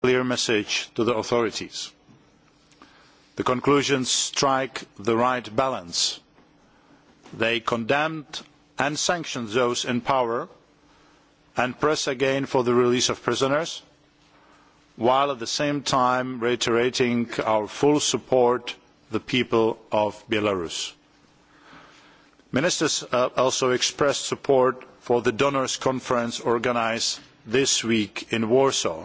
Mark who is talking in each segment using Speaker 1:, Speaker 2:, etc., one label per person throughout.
Speaker 1: clear message to the authorities. The conclusions strike the right balance. They condemn and sanction those in power and press again for the release of prisoners, while at the same time reiterating our full support the people of Belarus. Ministers uh, also expressed support for the donors' conference organised this week in Warsaw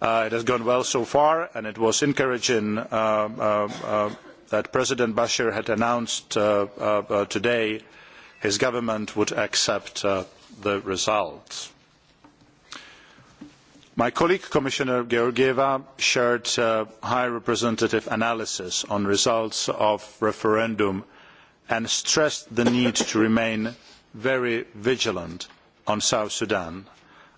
Speaker 1: Uh, it has gone well so far and it was encouraging uh, uh, that president bashir had announced today his government would accept the results. my colleague commissioner georgieva shared high representative analysis on results of referendum and stressed the need to remain very vigilant on south sudan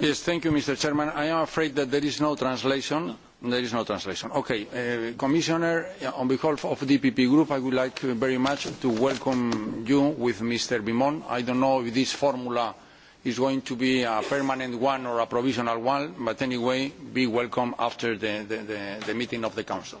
Speaker 2: Yes, thank you, Mr. Chairman. I am afraid that there is no translation. There is no translation. Okay, uh, Commissioner, uh, on behalf of the DPP Group, I would like very much to welcome you with Mr. Bimon. I don't know if this formula is going to be a permanent one or a provisional one, but anyway, be welcome after the meeting of the Council.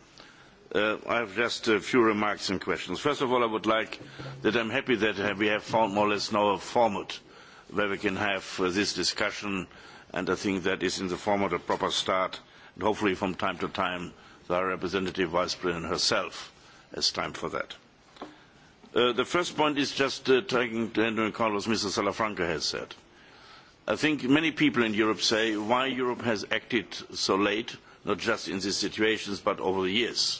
Speaker 3: Uh, I have just a few remarks and questions. First of all, I would like to say that i am happy that we have found more or less now a format where we can have uh, this discussion, and I think that is in the form of a proper start, and hopefully from time to time the High Representative Vice President herself has time for that. Uh, the first point is just taking into account what Mr. Salafranca has said. I think many people in Europe say why Europe has acted so late, not just in these situations, but over the years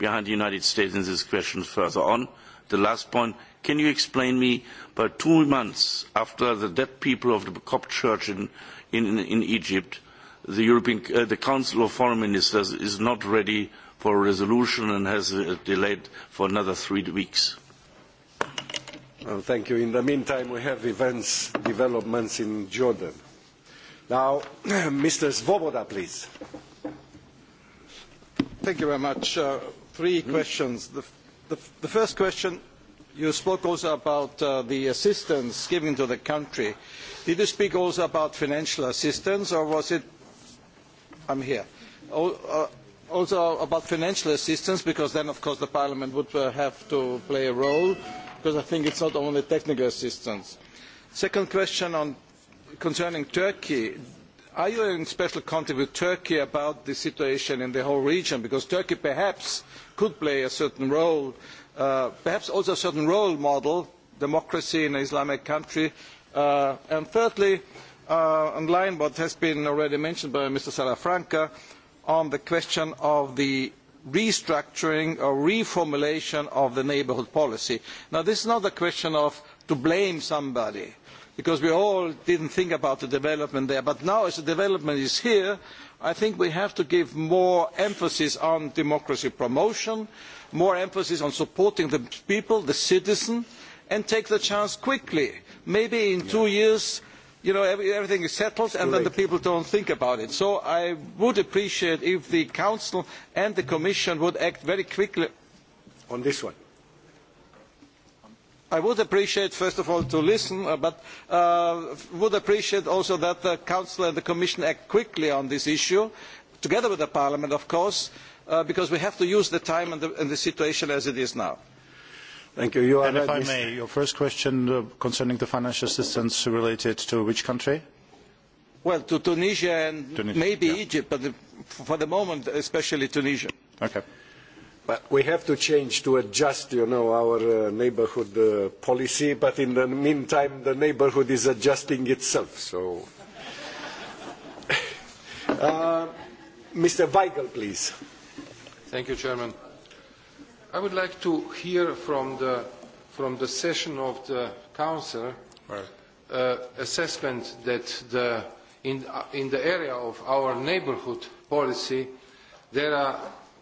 Speaker 3: behind the United States in this question further on. The last point, can you explain me, by two months after the dead people of the Coptic church in, in, in Egypt, the, European, uh, the Council of Foreign Ministers is not ready for a resolution and has uh, delayed for another three weeks.
Speaker 4: Well, thank you. In the meantime, we have events, developments in Jordan. Now, Mr. Svoboda, please. Thank you very much. Uh,
Speaker 5: three hmm? questions. The, first question, you spoke also about uh, the assistance given to the country. Did you speak also about financial assistance, or was it... I'm here. Uh, also about financial assistance, because then, of course, the Parliament would uh, have to play a role, because I think it's not only technical assistance. Second question on, concerning Turkey are you in special contact with Turkey about the situation in the whole region? Because Turkey perhaps could play a certain role, uh, perhaps also a certain role model, democracy in an Islamic country. Uh, and thirdly, uh, in line what has been already mentioned by Mr. Salafranca, on the question of the restructuring or reformulation of the neighbourhood policy. Now, this is not a question of to blame somebody because we all didn't think about the development there. But now as the development is here, I think we have to give more emphasis on democracy promotion, more emphasis on supporting the people, the citizen, and take the chance quickly. Maybe in yeah. two years, you know, every, everything is settled and then the people don't think about it. So I would appreciate if the Council and the Commission would act very quickly on this one. I would appreciate, first of all, to listen, uh, but i uh, would appreciate also that the Council and the Commission act quickly on this issue, together with Parliament, of course, uh, because we have to use the time and the, situation as it is now.
Speaker 1: Thank you. and if I may, your first question concerning the financial assistance related to which country?
Speaker 5: Well, to Tunisia and maybe Egypt, but for the moment, especially Tunisia.
Speaker 4: But we have to change to adjust, you know, our uh, neighbourhood uh, policy. But in the meantime, the neighbourhood is adjusting itself. So,
Speaker 6: uh, Mr. Weigel, please. Thank you, Chairman. I would like to hear from the from the session of the Council right. uh, assessment that the in uh, in the area of our neighbourhood policy there are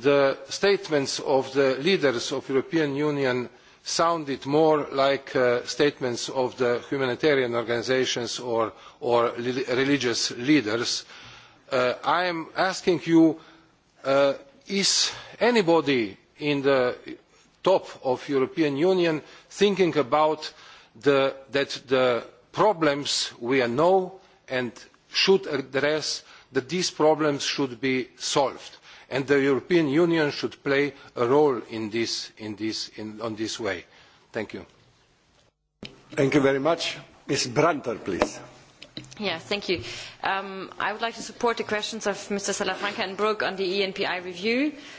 Speaker 6: the statements of the leaders of the european union sounded more like uh, statements of the humanitarian organisations or, religious leaders. Uh, i am asking you uh, is anybody in the top of the european union thinking about the, that the problems we know and should address that these problems should be solved? and the european union should play a role in this, in this, in, on this way. thank you. thank you very much. ms brantner please.
Speaker 7: Yeah, thank you. Um, I would like to support the questions of Mr. Salafranca and Brok on the ENPI review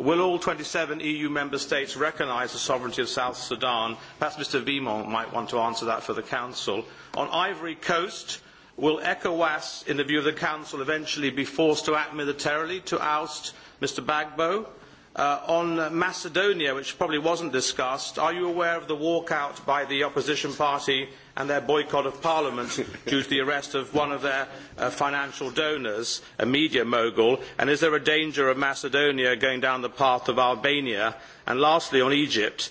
Speaker 8: Will all 27 EU member states recognise the sovereignty of South Sudan? Perhaps Mr Vimont might want to answer that for the Council. On Ivory Coast, will ECOWAS, in the view of the Council, eventually be forced to act militarily to oust Mr Bagbo? Uh, on Macedonia, which probably wasn't discussed, are you aware of the walkout by the opposition party and their boycott of parliament due to the arrest of one of their uh, financial donors, a media mogul? And is there a danger of Macedonia going down the path of Albania? And lastly, on Egypt,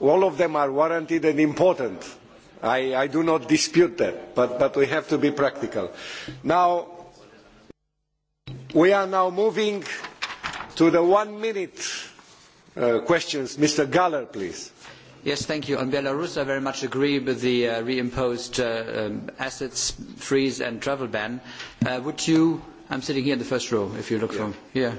Speaker 4: all of them are warranted and important. I, I do not dispute that, but, but we have to be practical. Now, we are now moving to the one minute uh, questions. Mr. Galler, please.
Speaker 9: Yes, thank you. On Belarus, I very much agree with the uh, reimposed uh, um, assets freeze and travel ban. Uh, would you, I'm sitting here in the first row, if you look yeah. from here. Yeah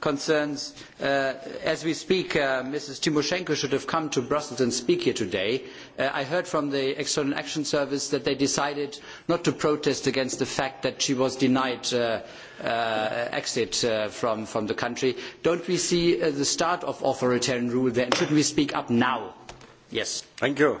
Speaker 9: concerns, uh, as we speak, uh, Mrs. Timoshenko should have come to Brussels and speak here today. Uh, I heard from the External Action Service that they decided not to protest against the fact that she was denied uh, uh, exit uh, from, from, the country. Don't we see the start of authoritarian rule there? And shouldn't we speak up
Speaker 10: now?
Speaker 11: Yes. Thank you.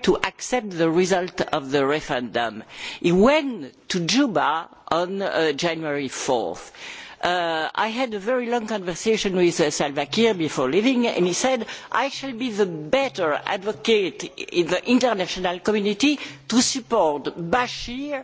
Speaker 12: to accept the result of the referendum. He went to Juba on four uh, January 4th. Uh, I had a very long conversation with uh, Salva Kiir before leaving, and he said, I shall be the better advocate in the international community to support Bashir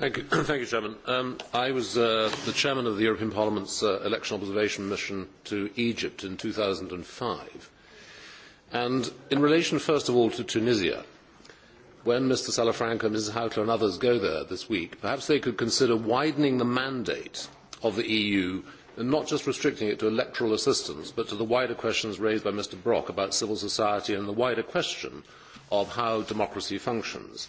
Speaker 6: Mr President, um, I was uh, the chairman of the European Parliament's uh, election observation mission to Egypt in two thousand And five and in relation, first of all, to Tunisia, when Mr Salafranca, Mrs hautala and others go there this week, perhaps they could consider widening the mandate of the EU and not just restricting it to electoral assistance, but to the wider questions raised by Mr Brok about civil society and the wider question of how democracy functions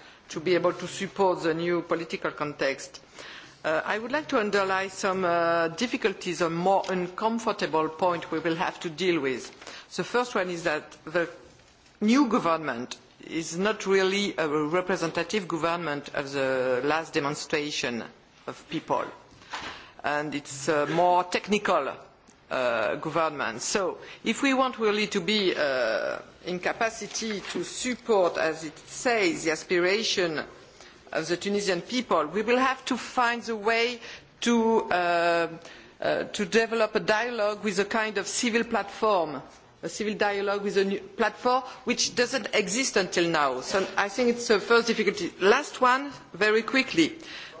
Speaker 13: to be able to support the new political context. Uh, I would like to underline some uh, difficulties, a more uncomfortable point we will have to deal with. The first one is that the new government is not really a representative government of the last demonstration of people. And it's uh, more technical uh, governments. So if we want really to be uh, in capacity to support, as it says, the aspiration of the Tunisian people, we will have to find a way to, uh, uh, to develop a dialogue with a kind of civil platform a civil dialogue with a new platform which does not exist until now. So I think it's the first difficulty. Last one, very quickly.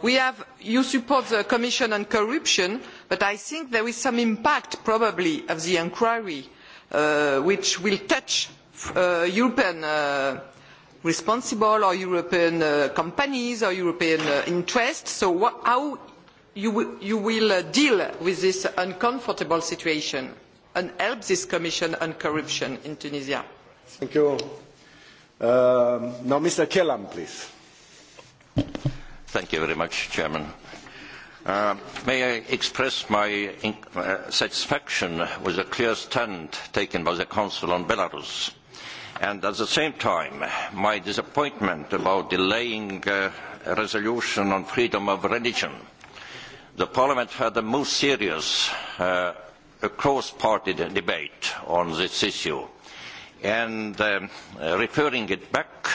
Speaker 13: We have, you support the Commission on Corruption but i think there is some impact probably of the inquiry uh, which will touch uh, european uh, responsible or european companies or european interests so how you, you will deal with this uncomfortable situation and help this commission on corruption in tunisia
Speaker 4: thank you um, now mr kelam please
Speaker 11: thank you very much chairman Uh, may I express my uh, satisfaction with the clear stand taken by the Council on Belarus and at the same time my disappointment about delaying uh, a resolution on freedom of religion. The Parliament had a most serious uh, cross-party debate on this issue and um, referring it back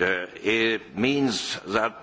Speaker 11: it means that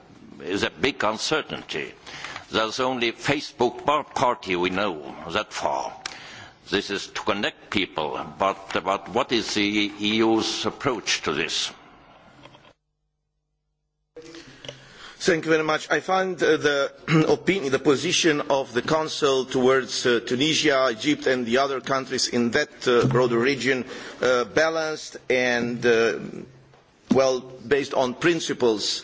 Speaker 11: is a big uncertainty. There's only Facebook party we know that far. This is to connect people, but, but what is the EU's approach to this?
Speaker 5: Thank you very much. I find uh, the opinion, the position of the Council towards uh, Tunisia, Egypt and the other countries in that uh, broader region uh, balanced and uh, well based on principles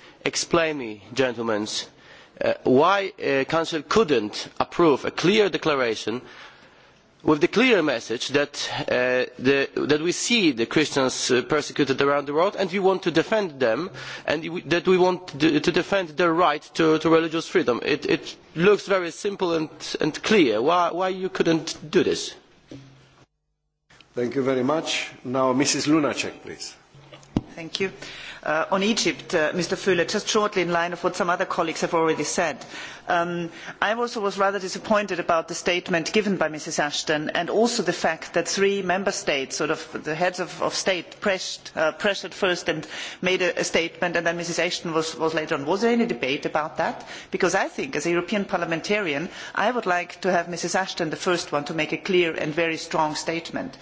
Speaker 5: explain me gentlemen uh, why the uh, council could not approve a clear declaration with the clear message that, uh, we see the christians persecuted around the world and we want to defend them and that we want to defend their right to, religious freedom. It, looks very simple and, clear. why, could you not do this?
Speaker 4: Thank you very much. Now, Mrs. Lunacek, please.
Speaker 14: Thank you. Uh, on Egypt, uh, Mr. fle just shortly in line of what some other colleagues have already said i um, I also was rather disappointed about the statement given by Mrs. Ashton
Speaker 12: and also the fact that three member states, sort of the heads of, state, uh, pressured
Speaker 14: first and made a, statement and then Mrs. Ashton was, later on. Was there any debate about that? Because I think as a European parliamentarian, I would like to have Mrs. Ashton the first one to make a clear and very strong statement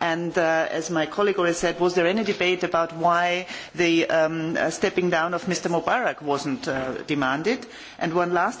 Speaker 14: and uh, as my colleague already said was there any debate about why the um, uh, stepping down of mr mubarak was not demanded?
Speaker 12: and one last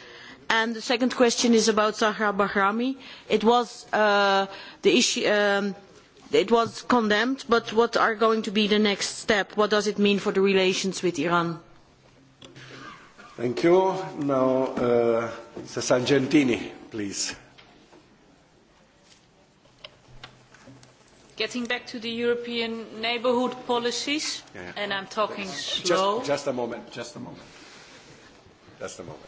Speaker 12: And the second question is about Zahra Bahrami. It was, uh, the issue, um, it was condemned, but what are going to be the next step? What does it mean for the relations with Iran?
Speaker 4: Thank you. Now, uh, Mr. Sargentini, please.
Speaker 12: Getting back to the European neighbourhood policies, yeah. and I'm talking slow. Just,
Speaker 4: just a moment, just a moment, just a moment.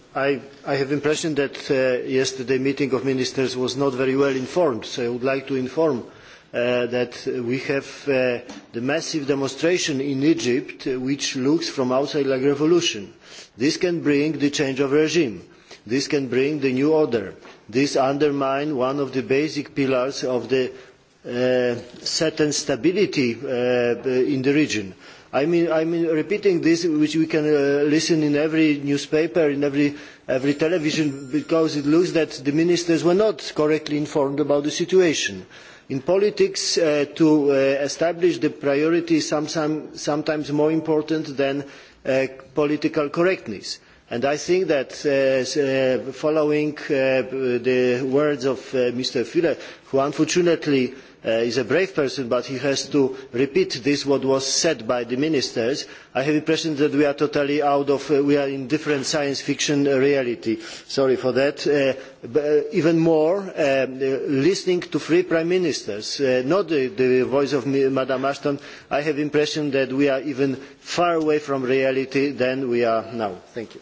Speaker 15: I, have the impression that uh, yesterday's meeting of ministers was not very well informed, so I would like to inform uh, that we have uh, the massive demonstration in Egypt, uh, which looks from outside like revolution. This can bring the change of regime. This can bring the new order. This undermines one of the basic pillars of the uh, certain stability uh, in the region. I mean, I mean, repeating this, which we can uh, listen in every newspaper, in every, every television, because it looks that the ministers were not correctly informed about the situation. In politics, uh, to uh, establish the priority is sometimes more important than uh, political correctness. And I think that uh, uh, following uh, the words of Mr. Füle, who unfortunately uh, is a brave person but he has to repeat this what was said by the ministers i have the impression that we are totally out of uh, we are in different science fiction reality sorry for that uh, uh even more um, uh, listening to three prime ministers not the, the, voice of madam ashton i have the impression that we are even far away from reality than we are now thank you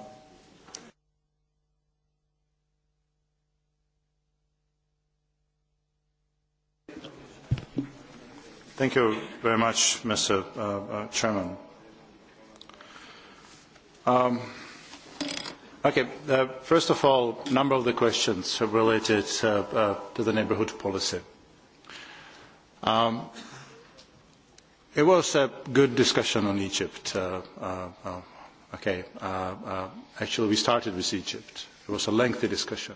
Speaker 1: Thank you very much, Mr. Uh, uh, Chairman. Um, okay, uh, first of all, a number of the questions are related to the neighbourhood policy. Um, it was a good discussion on Egypt. okay, actually we started with Egypt. It was a lengthy discussion.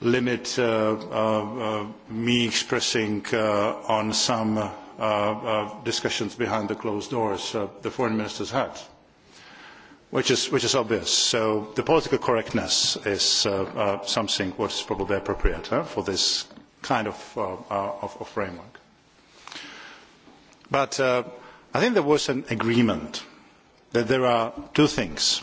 Speaker 1: limit uh, uh, uh, me expressing on some discussions behind the closed doors the foreign ministers had, which is, which is obvious. So the political correctness is something what is probably appropriate for this kind of framework. But I think there was an agreement that there are two things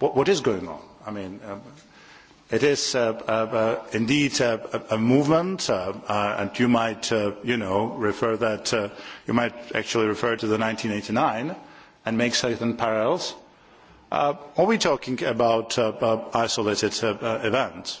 Speaker 1: what, is going on. I mean, um, it is uh, uh, uh indeed uh, a, a movement uh, and you might you know refer that you might actually refer to the 1989 and make certain parallels are we talking about isolated events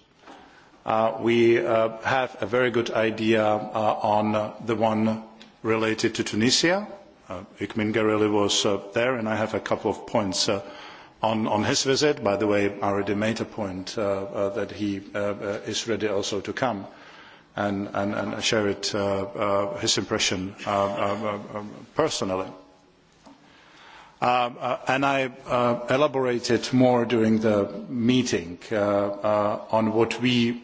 Speaker 1: Uh, we uh, have a very good idea uh, on the one related to Tunisia. Uh, Ikmin was there, and I have a couple of points on, his visit. By the way, I already made a point that he is ready also to come and, share his impression personally. and i elaborated more during the meeting on what we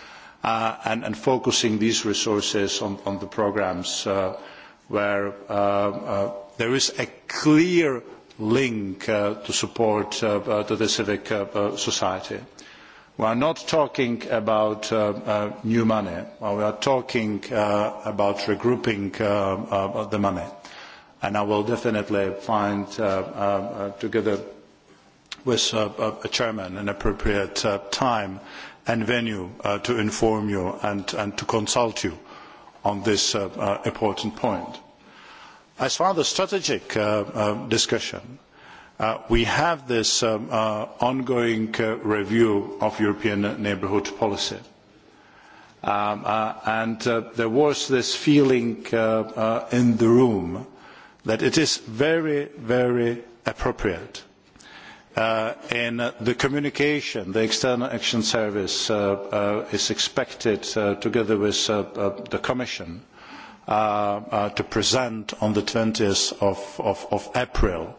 Speaker 1: Uh, and, focusing these resources on, the programmes uh, where uh, there is a clear link to support the civic society. We are not talking about new money. We are talking about regrouping the money. And I will definitely find, together with uh, a chairman an appropriate uh, time and venue uh, to inform you and, and, to consult you on this uh, uh, important point. As far as the strategic uh, discussion, we have this um, ongoing review of European neighbourhood policy. Um, and there was this feeling in the room that it is very, very appropriate Uh, in the communication, the External Action Service uh, uh, is expected, together with the Commission, to present on twenty 20th April,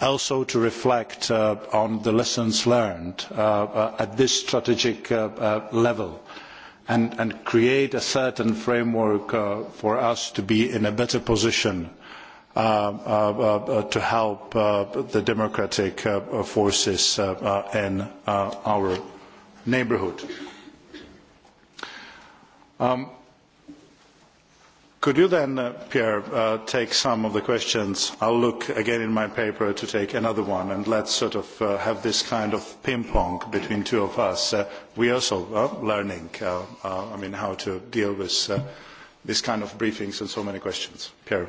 Speaker 1: also to reflect on the lessons learned at this strategic level and, and, create a certain framework for us to be in a better position Uh, uh, uh, to help the democratic forces in our neighbourhood. Um, could you then, uh, Pierre, uh, take some of the questions? I'll look again in my paper to take another one, and let's sort of uh, have this kind of ping-pong between two of us. Uh, we also are learning, I mean, how to deal with this
Speaker 10: kind of briefings and so many questions. Pierre.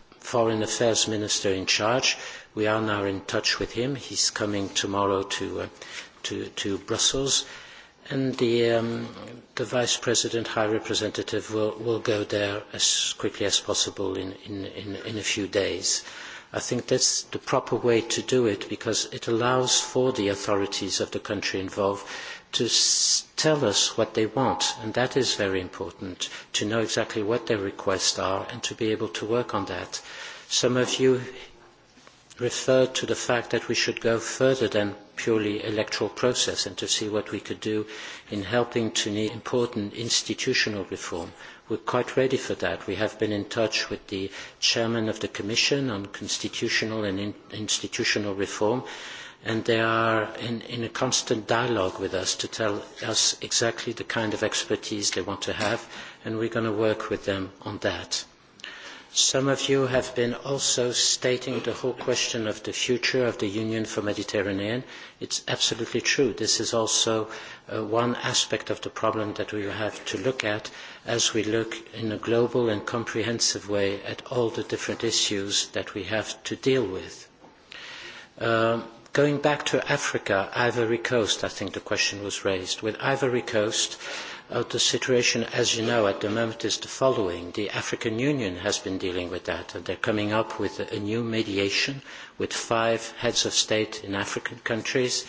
Speaker 10: foreign affairs minister in charge. We are now in touch with him. He's coming tomorrow to, uh, to, to Brussels. And the, um, the Vice President, High Representative, will, will go there as quickly as possible in, in, in, in a few days. I think that's the proper way to do it because it allows for the authorities of the country involved to tell us what they want, and that is very important, to know exactly what their requests are and to be able to work on that. Some of you referred to the fact that we should go further than purely electoral process and to see what we could do in helping to need important institutional reform. We're quite ready for that. We have been in touch with the chairman of the Commission on constitutional and in institutional reform and they are in, in a constant dialogue with us to tell us exactly the kind of expertise they want to have and we're going to work with them on that. Some of you have been also stating the whole question of the future of the Union for Mediterranean. It's absolutely true. This is also uh, one aspect of the problem that we will have to look at as we look in a global and comprehensive way at all the different issues that we have to deal with. Um, going back to Africa, Ivory Coast, I think the question was raised. With Ivory Coast, uh, Uh, the situation, as you know, at the moment is the following. The African Union has been dealing with that, and they're coming up with a, new mediation with five heads of state in African countries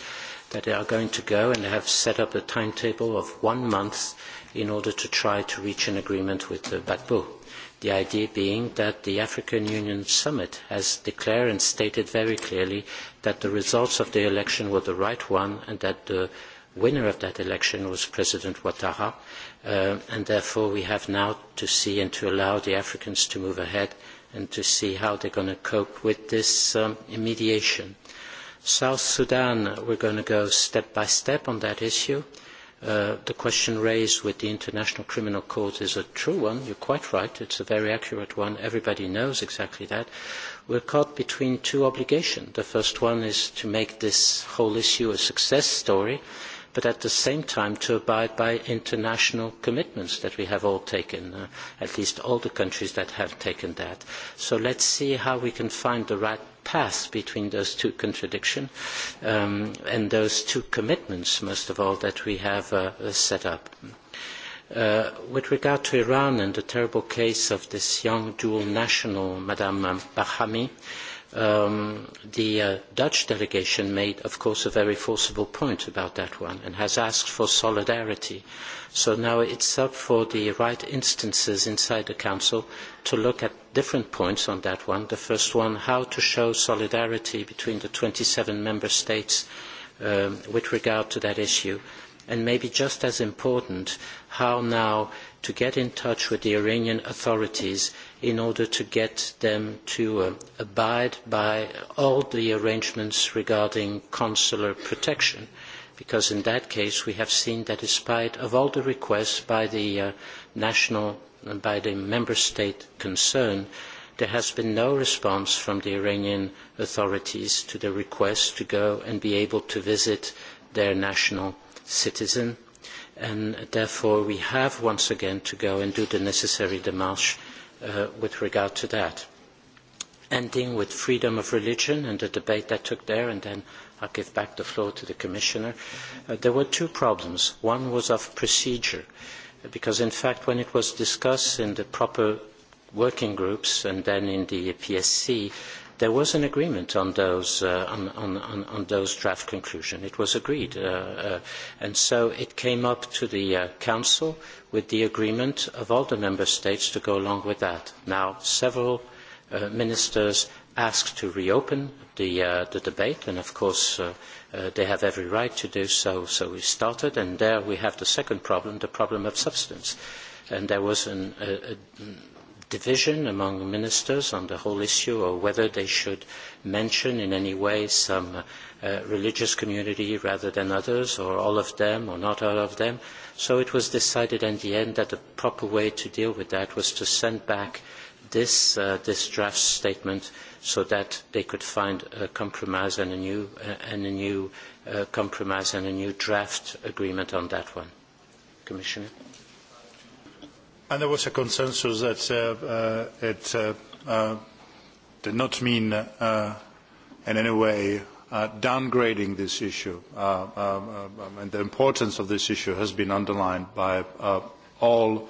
Speaker 10: that are going to go and have set up a timetable of one month in order to try to reach an agreement with uh, Batbo. The idea being that the African Union summit has declared and stated very clearly that the results of the election were the right one and that the uh, winner of that election was President Ouattara, uh, and therefore we have now to see and to allow the Africans to move ahead and to see how they're going to cope with this um, mediation. South Sudan, we're going to go step by step on that issue. Uh, the question raised with the International Criminal Court is a true one. You're quite right. It's a very accurate one. Everybody knows exactly that. We're caught between two obligations. The first one is to make this whole issue a success story but at the same time to abide by international commitments that we have all taken, uh, at least all the countries that have taken that. So let's see how we can find the right path between those two contradictions um, and those two commitments, most of all, that we have uh, uh, set up. Uh, with regard to Iran and the terrible case of this young dual national, Madame Bahami, Um, the uh, Dutch delegation made, of course, a very forcible point about that one and has asked for solidarity. So now it's up for the right instances inside the Council to look at different points on that one. The first one, how to show solidarity between the 27 member states um, with regard to that issue. And maybe just as important, how now to get in touch with the Iranian authorities in order to get them to uh, abide by all the arrangements regarding consular protection because in that case we have seen that despite of all the requests by the uh, national and uh, by the member state concerned there has been no response from the Iranian authorities to the request to go and be able to visit their national citizen and therefore we have once again to go and do the necessary démarche uh, with regard to that. Ending with freedom of religion and the debate that took there, and then I'll give back the floor to the Commissioner. Uh, there were two problems. One was of procedure, because in fact when it was discussed in the proper working groups and then in the PSC, there was an agreement on those, uh, on, on, on those draft conclusions. It was agreed. Uh, uh, and so it came up to the uh, Council with the agreement of all the Member States to go along with that. Now, several uh, ministers asked to reopen the, uh, the debate, and of course uh, uh, they have every right to do so, so we started, and there we have the second problem, the problem of substance. And there was an, a, a division among ministers on the whole issue or whether they should mention in any way some uh, religious community rather than others or all of them or not all of them. So it was decided in the end that the proper way to deal with that was to send back this, uh, this draft statement so that they could find a compromise and a new, uh, and a new uh, compromise and a new draft agreement on that one. Commissioner?
Speaker 1: And there was a consensus that uh, uh it uh, uh, did not mean uh, in any way uh, downgrading this issue. Uh, um, um, um, and the importance of this issue has been underlined by uh, all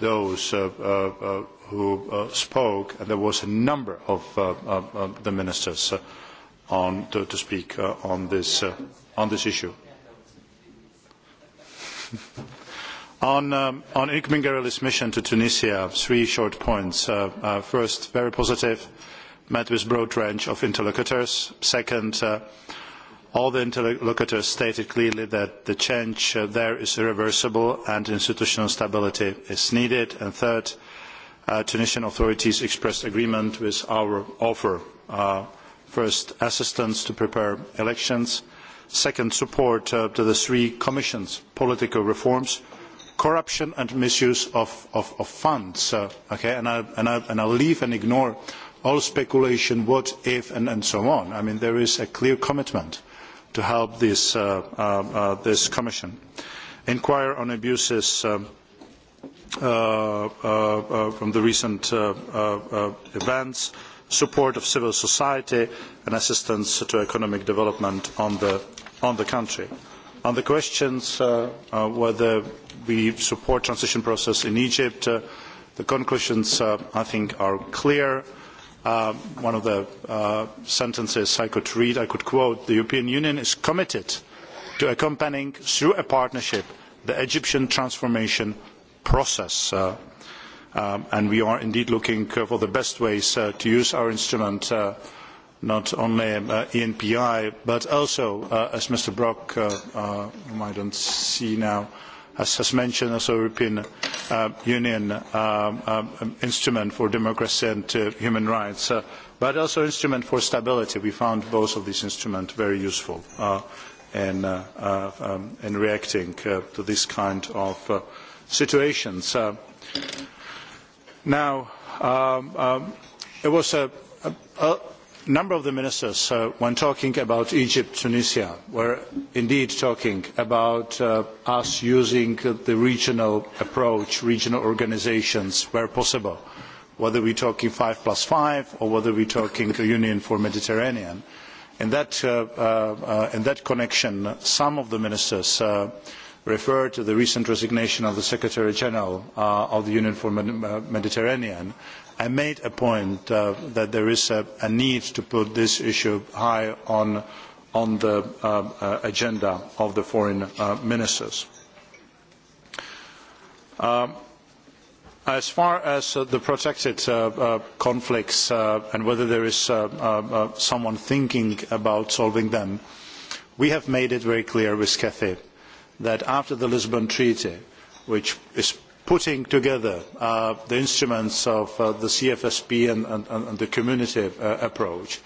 Speaker 1: those uh, uh, uh who uh, spoke, and there was a number of uh, uh, um, the ministers uh, on, to, to speak uh, on, this, uh, on this issue. on, um, on guerrilla's mission to tunisia three short points uh, uh, first very positive met with a broad range of interlocutors second uh, all the interlocutors stated clearly that the change there is irreversible and institutional stability is needed and third tunisian authorities expressed agreement with our offer first assistance to prepare elections second support to the three commission's political reforms corruption and misuse of, funds. okay? and, I, I'll leave and ignore all speculation, what if, and, so on. I mean, there is a clear commitment to help this, uh, uh, uh, commission inquire on abuses from the recent events, support of civil society, and assistance to economic development in on the country on the questions uh, uh, whether we support transition process in Egypt, uh, the conclusions I think are clear. one of the sentences I could read, I could quote, the European Union is committed to accompanying through a partnership the Egyptian transformation process. Um, and we are indeed looking for the best ways to use our instrument not only uh, ENPI, but also, uh, as Mr. Brok, uh, whom I don't see now, has mentioned, also European Union um, instrument for democracy and human rights, but also instrument for stability. We found both of these instruments very useful um, in, reacting to this kind of situations. now, um, it was a a number of the ministers uh, when talking about egypt and tunisia were indeed talking about uh, us using the regional approach regional organisations where possible whether we are talking five plus five or whether we are talking a union for the mediterranean. In that, uh, in that connection some of the ministers referred to the recent resignation of the secretary general of the union for the mediterranean i made a point uh, that there is a, need to put this issue high on, the uh, uh, agenda of the foreign ministers. Um, as far as the protected conflicts and whether there is someone thinking about solving them we have made it very clear with CAFE that after the lisbon treaty which is putting together uh, the instruments of uh, the CFSP and, the community uh, approach.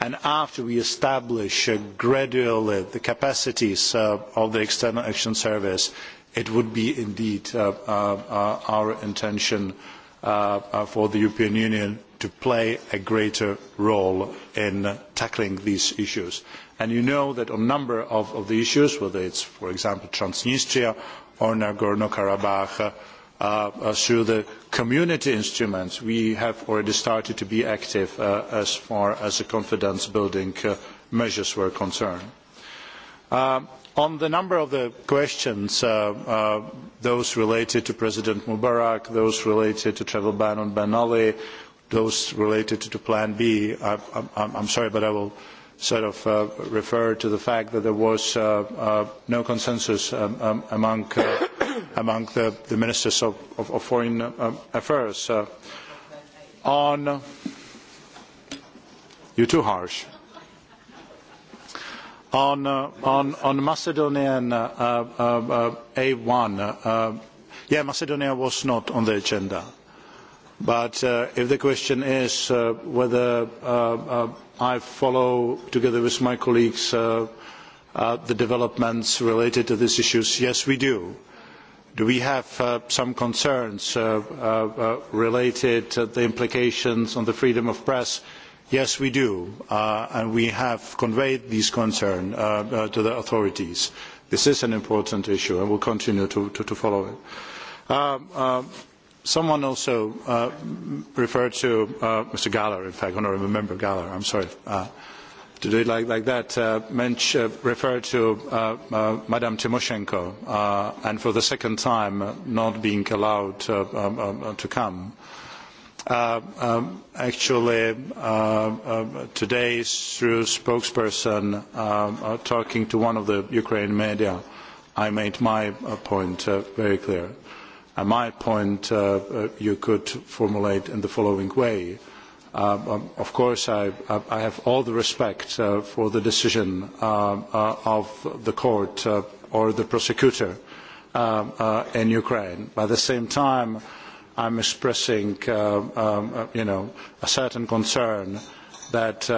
Speaker 1: And after we establish gradually the capacities of the External Action Service, it would be indeed our intention for the European Union to play a greater role in tackling these issues. And you know that on a number of, of the issues, whether it's, for example, Transnistria or Nagorno-Karabakh, Uh, uh, through the community instruments, we have already started to be active uh, as far as the confidence building measures were concerned. on the number of the questions, those related to President Mubarak, those related to travel ban on Ben Ali, those related to Plan B, I, am sorry, but I will sort of refer to the fact that there was no consensus um, um, among among the, ministers of, foreign uh, affairs. Uh, on you're too harsh. On, uh, Macedonian uh, a one yes Macedonia was not on the agenda. But if the question is whether I follow, together with my colleagues, the developments related to these issues, yes, we do do we have uh, some concerns uh, uh, related to the implications on the freedom of press? yes we do and we have conveyed these concerns to the authorities. this is an important issue and we will continue to, follow it someone also referred to Mr. gahler in fact, Honourable Member I am sorry, to do it like, like that, uh, Mensch uh, referred to uh, uh, Madame Tymoshenko, uh, and for the second time uh, not being allowed uh, um, uh, to come. Uh, um, actually, today, through spokesperson talking to one of the Ukrainian media, I made my point very clear. And my point you could formulate in the following way Um, um, of course, I, I, have all the respect uh, for the decision uh, uh, of the court or the prosecutor um, in Ukraine. But at the same time, I'm expressing, um, you know, a certain concern that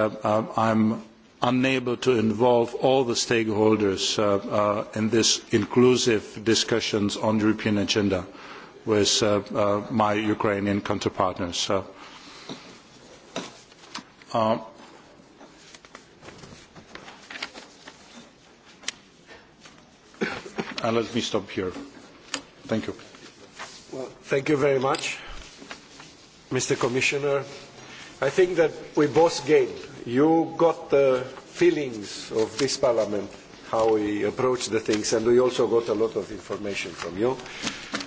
Speaker 1: I'm unable to involve all the stakeholders uh, uh, in this inclusive discussions on the European agenda with uh, my Ukrainian counterpartners. Uh, and let me stop here. Thank you.
Speaker 4: Well, thank you very much, Mr. Commissioner. I think that we both gained. You got the feelings of this Parliament, how we approach the things, and we also got a lot of information from you.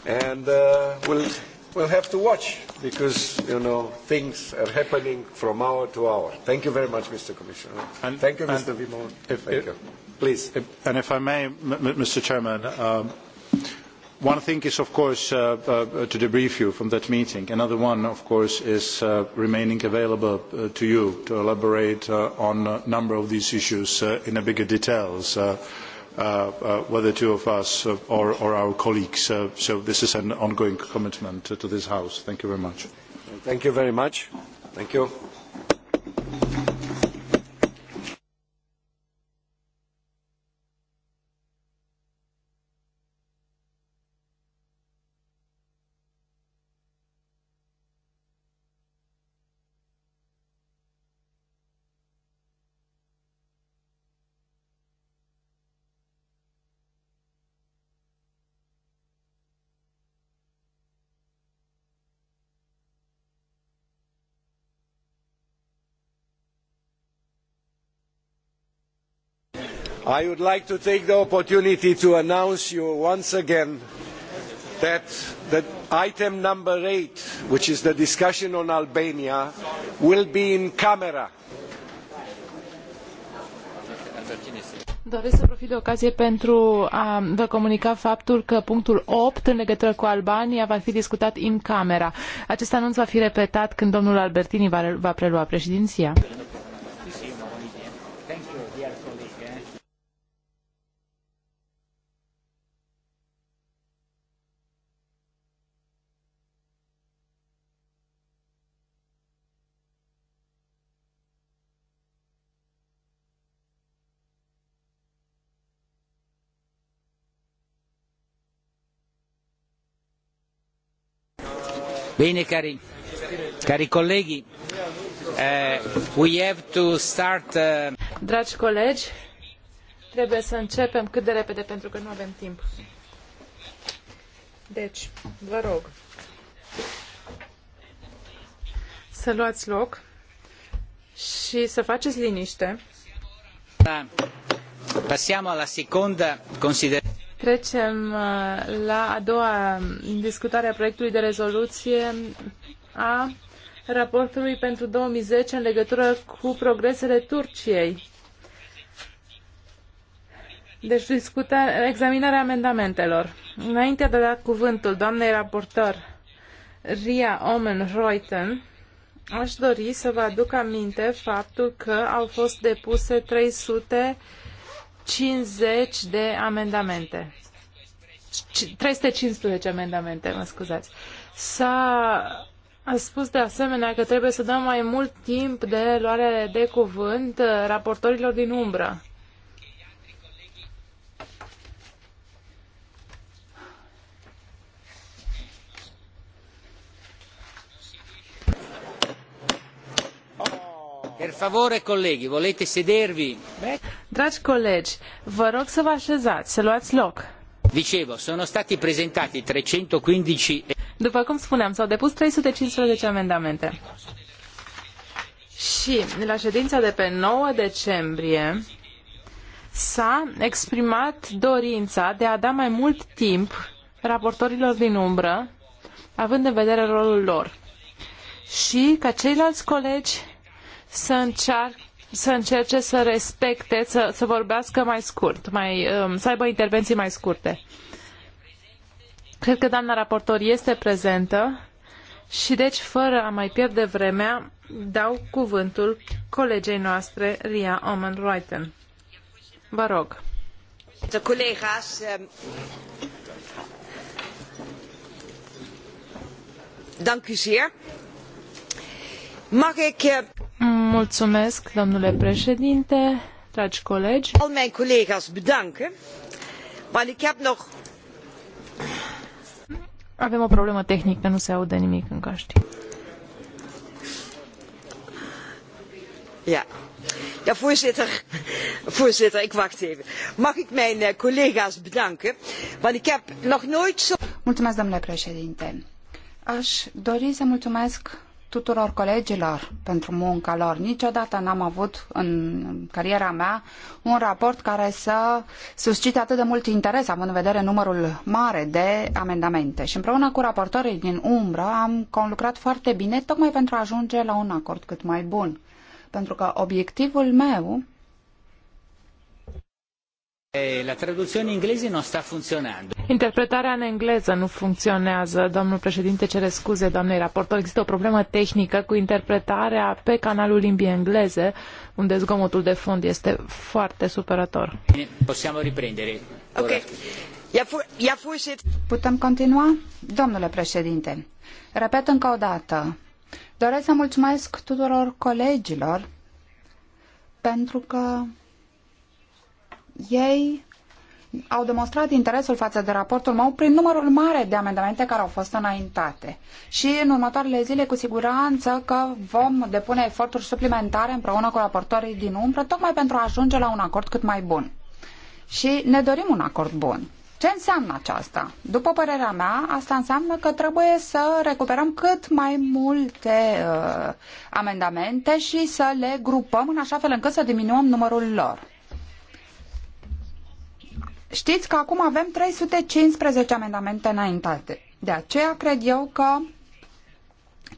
Speaker 4: And uh, we'll we'll have to watch because you know things are happening from hour to hour. Thank you very much, Mr. Commissioner. And, Thank you, Mr.
Speaker 1: Vimon. Thank if, you. Please. If, and if I may, M Mr. Chairman, um, one thing is, of course, uh, uh, to debrief you from that meeting. Another one, of course, is uh, remaining available uh, to you to elaborate uh, on a number of these issues uh, in a bigger details. Uh, Uh, uh, whether two of us uh, or, our colleagues. so this is an ongoing commitment to this House. Thank you very much.
Speaker 16: Thank you
Speaker 4: very much. Thank you. I would like to take the opportunity to announce you once again that item number eight, which is the discussion on Albania, will be in camera.
Speaker 17: Doresc să profit de ocazie pentru a vă comunica faptul că punctul 8 în legătură cu Albania va fi discutat în camera. Acest anunț va fi repetat când domnul Albertini va, va prelua președinția.
Speaker 18: Bine, cari, cari colegi, uh, we have to start... Uh... Dragi colegi,
Speaker 17: trebuie să începem cât de repede pentru că nu avem timp. Deci, vă rog să luați loc și să faceți liniște.
Speaker 18: Passiamo alla seconda considerazione.
Speaker 17: Trecem uh, la a doua discutare a proiectului de rezoluție a raportului pentru 2010 în legătură cu progresele Turciei. Deci discuta examinarea amendamentelor. Înainte de a da cuvântul doamnei raportor Ria Omen Reuten, aș dori să vă aduc aminte faptul că au fost depuse 300 50 de amendamente. 315 amendamente, mă scuzați. S-a a spus de asemenea că trebuie să dăm mai mult timp de luare de cuvânt uh, raportorilor din umbră. Dragi colegi, vă rog să vă așezați, să luați loc.
Speaker 18: Dicevo, sono stati presentati 315...
Speaker 17: După cum spuneam, s-au depus 315 amendamente. Și la ședința de pe 9 decembrie s-a exprimat dorința de a da mai mult timp raportorilor din umbră, având în vedere rolul lor și ca ceilalți colegi să încearcă să încerce să respecte, să, să vorbească mai scurt, mai, um, să aibă intervenții mai scurte. Cred că doamna raportor este prezentă și deci, fără a mai pierde vremea, dau cuvântul colegei noastre, Ria Omen Reuten. Vă rog.
Speaker 12: Um,
Speaker 14: dank u zeer.
Speaker 17: Mag ik... Uh, Mulțumesc, domnule președinte, dragi colegi. Al mijn collega's bedanken, want ik heb nog... Avem o problemă tehnică, nu se aude nimic în caști. Ja. Ja, voorzitter.
Speaker 12: Voorzitter, ik wacht even. Mag ik mijn eh, collega's bedanken? Want ik heb nog
Speaker 14: nooit zo... Mulțumesc, domnule președinte. Aș dori să mulțumesc tuturor colegilor pentru munca lor. Niciodată n-am avut în cariera mea un raport care să suscite atât de mult interes, având în vedere numărul mare de amendamente. Și împreună cu raportorii din umbră am conlucrat foarte bine tocmai pentru a ajunge la un acord cât mai bun. Pentru că obiectivul meu
Speaker 18: la traduzione engleză nu sta funzionando.
Speaker 17: Interpretarea în engleză nu funcționează. Domnul președinte cere scuze, doamnei raportor. Există o problemă tehnică cu interpretarea pe canalul limbii engleze, unde zgomotul de fond este foarte supărător.
Speaker 18: Possiamo riprendere. Ok.
Speaker 14: Putem continua? Domnule președinte, repet încă o dată. Doresc să mulțumesc tuturor colegilor pentru că ei au demonstrat interesul față de raportul meu prin numărul mare de amendamente care au fost înaintate. Și în următoarele zile, cu siguranță că vom depune eforturi suplimentare împreună cu raportorii din umbră, tocmai pentru a ajunge la un acord cât mai bun. Și ne dorim un acord bun. Ce înseamnă aceasta? După părerea mea, asta înseamnă că trebuie să recuperăm cât mai multe uh, amendamente și să le grupăm în așa fel încât să diminuăm numărul lor. Știți că acum avem 315 amendamente înaintate. De aceea cred eu că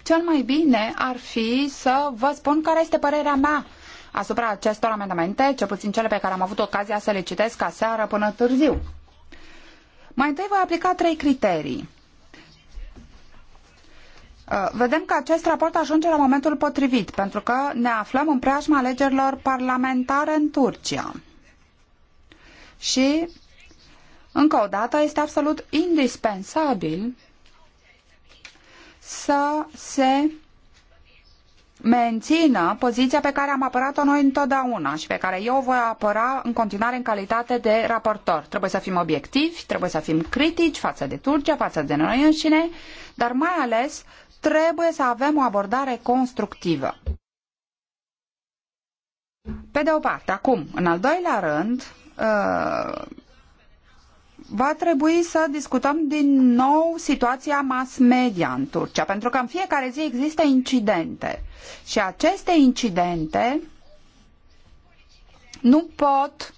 Speaker 14: cel mai bine ar fi să vă spun care este părerea mea asupra acestor amendamente, cel puțin cele pe care am avut ocazia să le citesc aseară până târziu. Mai întâi voi aplica trei criterii. Uh, vedem că acest raport ajunge la momentul potrivit, pentru că ne aflăm în preajma alegerilor parlamentare în Turcia. Și, încă o dată, este absolut indispensabil să se mențină poziția pe care am apărat-o noi întotdeauna și pe care eu o voi apăra în continuare în calitate de raportor. Trebuie să fim obiectivi, trebuie să fim critici față de Turcia, față de noi înșine, dar mai ales trebuie să avem o abordare constructivă. Pe de o parte, acum, în al doilea rând, Uh, va trebui să discutăm din nou situația mass media în Turcia, pentru că în fiecare zi există incidente și aceste incidente nu pot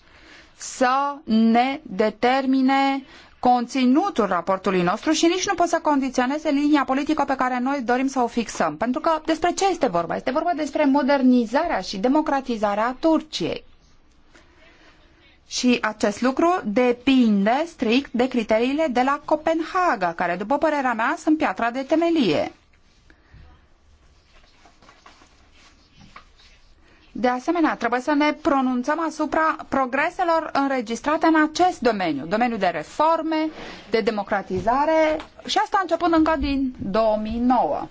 Speaker 14: să ne determine conținutul raportului nostru și nici nu pot să condiționeze linia politică pe care noi dorim să o fixăm. Pentru că despre ce este vorba? Este vorba despre modernizarea și democratizarea Turciei. Și acest lucru depinde strict de criteriile de la Copenhaga, care, după părerea mea, sunt piatra de temelie. De asemenea, trebuie să ne pronunțăm asupra progreselor înregistrate în acest domeniu, domeniul de reforme, de democratizare și asta începând încă din 2009.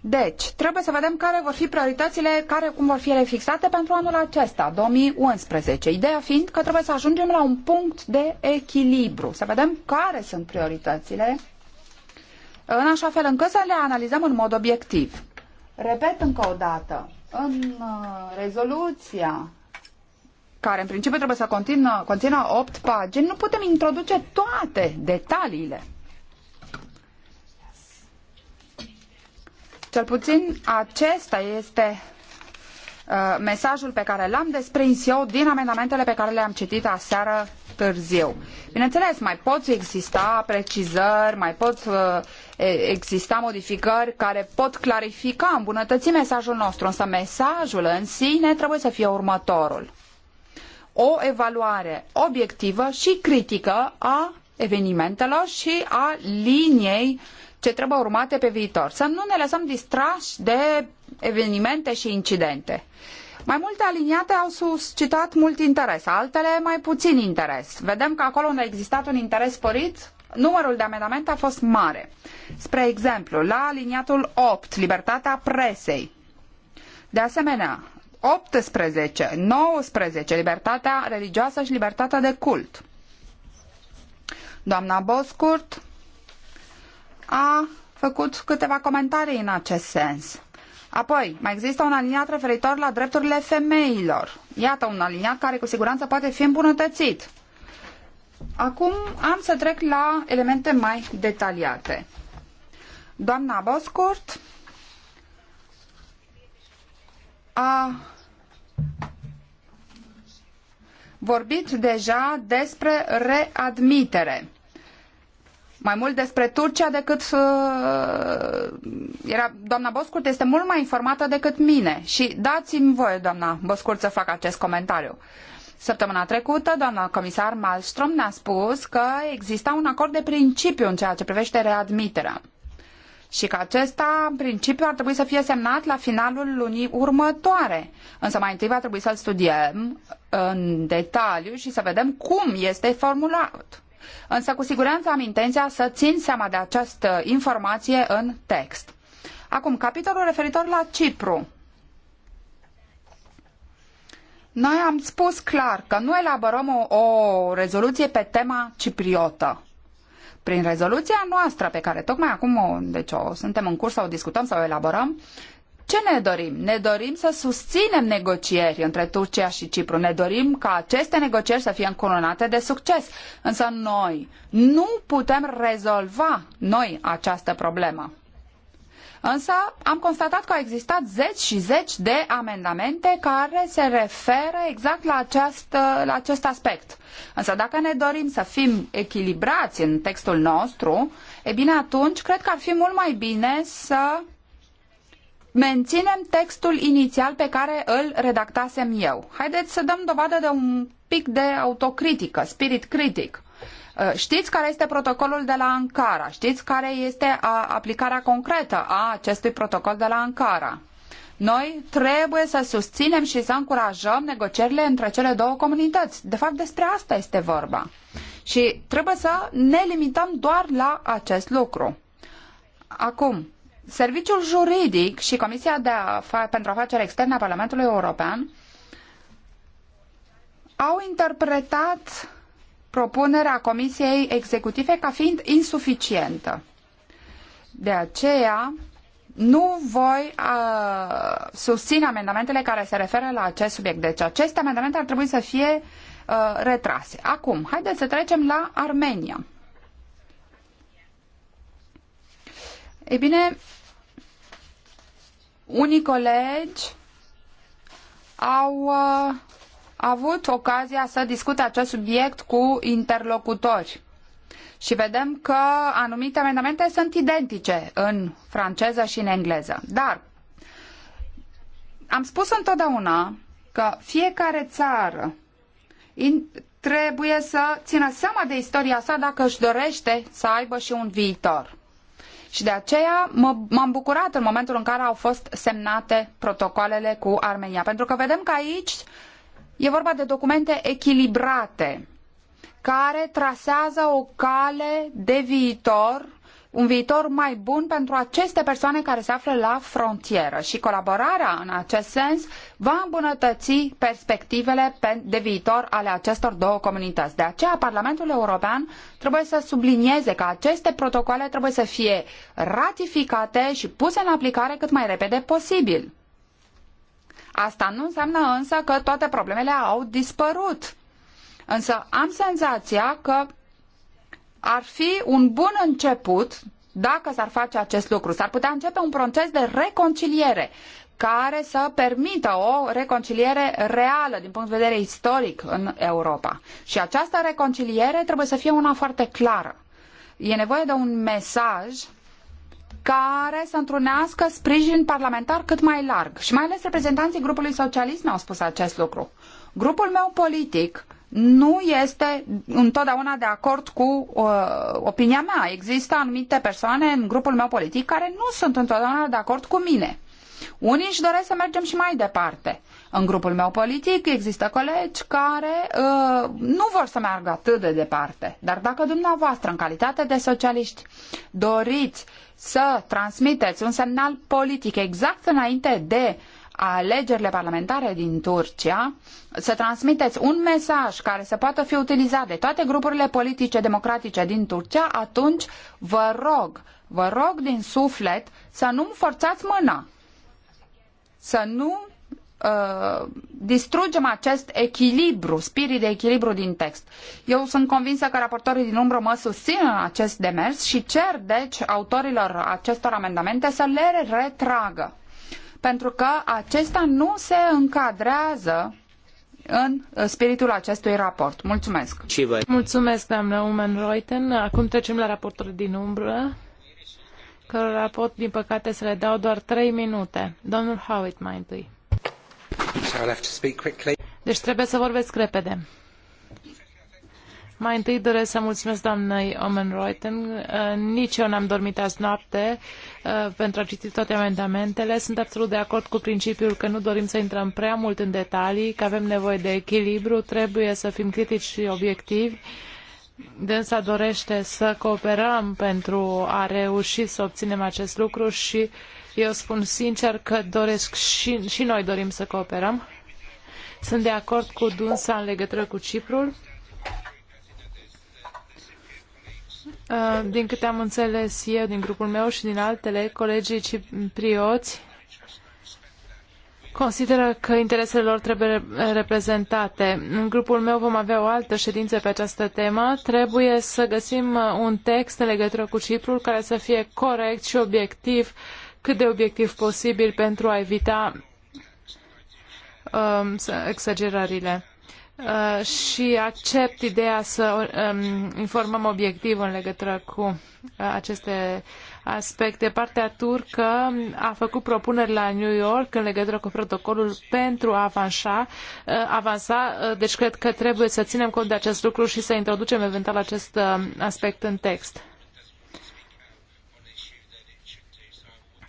Speaker 14: Deci, trebuie să vedem care vor fi prioritățile, care, cum vor fi ele fixate pentru anul acesta, 2011. Ideea fiind că trebuie să ajungem la un punct de echilibru, să vedem care sunt prioritățile, în așa fel încât să le analizăm în mod obiectiv. Repet încă o dată, în uh, rezoluția care în principiu trebuie să conțină, conțină 8 pagini, nu putem introduce toate detaliile. Cel puțin acesta este uh, mesajul pe care l-am desprins eu din amendamentele pe care le-am citit aseară târziu. Bineînțeles, mai pot exista precizări, mai pot uh, exista modificări care pot clarifica, îmbunătăți mesajul nostru, însă mesajul în sine trebuie să fie următorul. O evaluare obiectivă și critică a evenimentelor și a liniei ce trebuie urmate pe viitor. Să nu ne lăsăm distrași de evenimente și incidente. Mai multe aliniate au suscitat mult interes, altele mai puțin interes. Vedem că acolo unde a existat un interes sporit, numărul de amendamente a fost mare. Spre exemplu, la aliniatul 8, libertatea presei. De asemenea, 18, 19, libertatea religioasă și libertatea de cult. Doamna Boscurt a făcut câteva comentarii în acest sens. Apoi, mai există un aliniat referitor la drepturile femeilor. Iată un aliniat care cu siguranță poate fi îmbunătățit. Acum am să trec la elemente mai detaliate. Doamna Boscurt a vorbit deja despre readmitere mai mult despre Turcia decât uh, era, doamna Boscurt este mult mai informată decât mine și dați-mi voie, doamna Boscurt, să fac acest comentariu. Săptămâna trecută, doamna comisar Malmström ne-a spus că exista un acord de principiu în ceea ce privește readmiterea și că acesta, în principiu, ar trebui să fie semnat la finalul lunii următoare. Însă mai întâi va trebui să-l studiem în detaliu și să vedem cum este formulat Însă, cu siguranță am intenția să țin seama de această informație în text. Acum, capitolul referitor la Cipru. Noi am spus clar că nu elaborăm o, o rezoluție pe tema cipriotă. Prin rezoluția noastră, pe care tocmai acum o, deci o, suntem în curs să o discutăm, să o elaborăm, ce ne dorim? Ne dorim să susținem negocieri între Turcia și Cipru. Ne dorim ca aceste negocieri să fie încununate de succes. Însă noi nu putem rezolva noi această problemă. Însă am constatat că au existat zeci și zeci de amendamente care se referă exact la, această, la acest aspect. Însă dacă ne dorim să fim echilibrați în textul nostru, e bine atunci cred că ar fi mult mai bine să menținem textul inițial pe care îl redactasem eu. Haideți să dăm dovadă de un pic de autocritică, spirit critic. Uh, știți care este protocolul de la Ankara, știți care este aplicarea concretă a acestui protocol de la Ankara. Noi trebuie să susținem și să încurajăm negocierile între cele două comunități. De fapt, despre asta este vorba. Și trebuie să ne limităm doar la acest lucru. Acum, Serviciul juridic și Comisia de Afa- pentru Afaceri Externe a Parlamentului European au interpretat propunerea Comisiei Executive ca fiind insuficientă. De aceea, nu voi uh, susține amendamentele care se referă la acest subiect. Deci aceste amendamente ar trebui să fie uh, retrase. Acum, haideți să trecem la Armenia. Ei bine, unii colegi au uh, avut ocazia să discute acest subiect cu interlocutori. Și vedem că anumite amendamente sunt identice în franceză și în engleză. Dar am spus întotdeauna că fiecare țară trebuie să țină seama de istoria sa dacă își dorește să aibă și un viitor. Și de aceea m-am bucurat în momentul în care au fost semnate protocoalele cu Armenia. Pentru că vedem că aici e vorba de documente echilibrate care trasează o cale de viitor un viitor mai bun pentru aceste persoane care se află la frontieră și colaborarea în acest sens va îmbunătăți perspectivele de viitor ale acestor două comunități. De aceea, Parlamentul European trebuie să sublinieze că aceste protocoale trebuie să fie ratificate și puse în aplicare cât mai repede posibil. Asta nu înseamnă însă că toate problemele au dispărut. Însă am senzația că ar fi un bun început dacă s-ar face acest lucru. S-ar putea începe un proces de reconciliere care să permită o reconciliere reală din punct de vedere istoric în Europa. Și această reconciliere trebuie să fie una foarte clară. E nevoie de un mesaj care să întrunească sprijin parlamentar cât mai larg. Și mai ales reprezentanții grupului socialist mi-au spus acest lucru. Grupul meu politic nu este întotdeauna de acord cu uh, opinia mea. Există anumite persoane în grupul meu politic care nu sunt întotdeauna de acord cu mine. Unii își doresc să mergem și mai departe. În grupul meu politic există colegi care uh, nu vor să meargă atât de departe. Dar dacă dumneavoastră, în calitate de socialiști, doriți să transmiteți un semnal politic exact înainte de uh, alegerile parlamentare din Turcia, să transmiteți un mesaj care să poată fi utilizat de toate grupurile politice democratice din Turcia, atunci vă rog, vă rog din suflet să nu-mi forțați mâna, să nu uh, distrugem acest echilibru, spirit de echilibru din text. Eu sunt convinsă că raportorii din umbră mă susțin în acest demers și cer, deci, autorilor acestor amendamente să le retragă pentru că acesta nu se încadrează în uh, spiritul acestui raport. Mulțumesc!
Speaker 17: Mulțumesc, doamnă Umen Reuten. Acum trecem la raportul din umbră, care raport, din păcate, se le dau doar trei minute. Domnul Howitt mai întâi. Deci trebuie să vorbesc repede. Mai întâi doresc să mulțumesc doamnei Omen Reuten. Uh, nici eu n-am dormit azi noapte uh, pentru a citi toate amendamentele. Sunt absolut de acord cu principiul că nu dorim să intrăm prea mult în detalii, că avem nevoie de echilibru, trebuie să fim critici și obiectivi. Dânsa dorește să cooperăm pentru a reuși să obținem acest lucru și eu spun sincer că doresc și, și noi dorim să cooperăm. Sunt de acord cu Dunsa în legătură cu Ciprul Uh, din câte am înțeles eu din grupul meu și din altele, colegii ciprioți consideră că interesele lor trebuie reprezentate. În grupul meu vom avea o altă ședință pe această temă. Trebuie să găsim uh, un text în legătură cu Ciprul care să fie corect și obiectiv, cât de obiectiv posibil pentru a evita um, exagerările. Uh, și accept ideea să um, informăm obiectiv în legătură cu uh, aceste aspecte. Partea turcă a făcut propuneri la New York în legătură cu protocolul pentru a avansa, uh, avansa deci cred că trebuie să ținem cont de acest lucru și să introducem eventual acest aspect în text.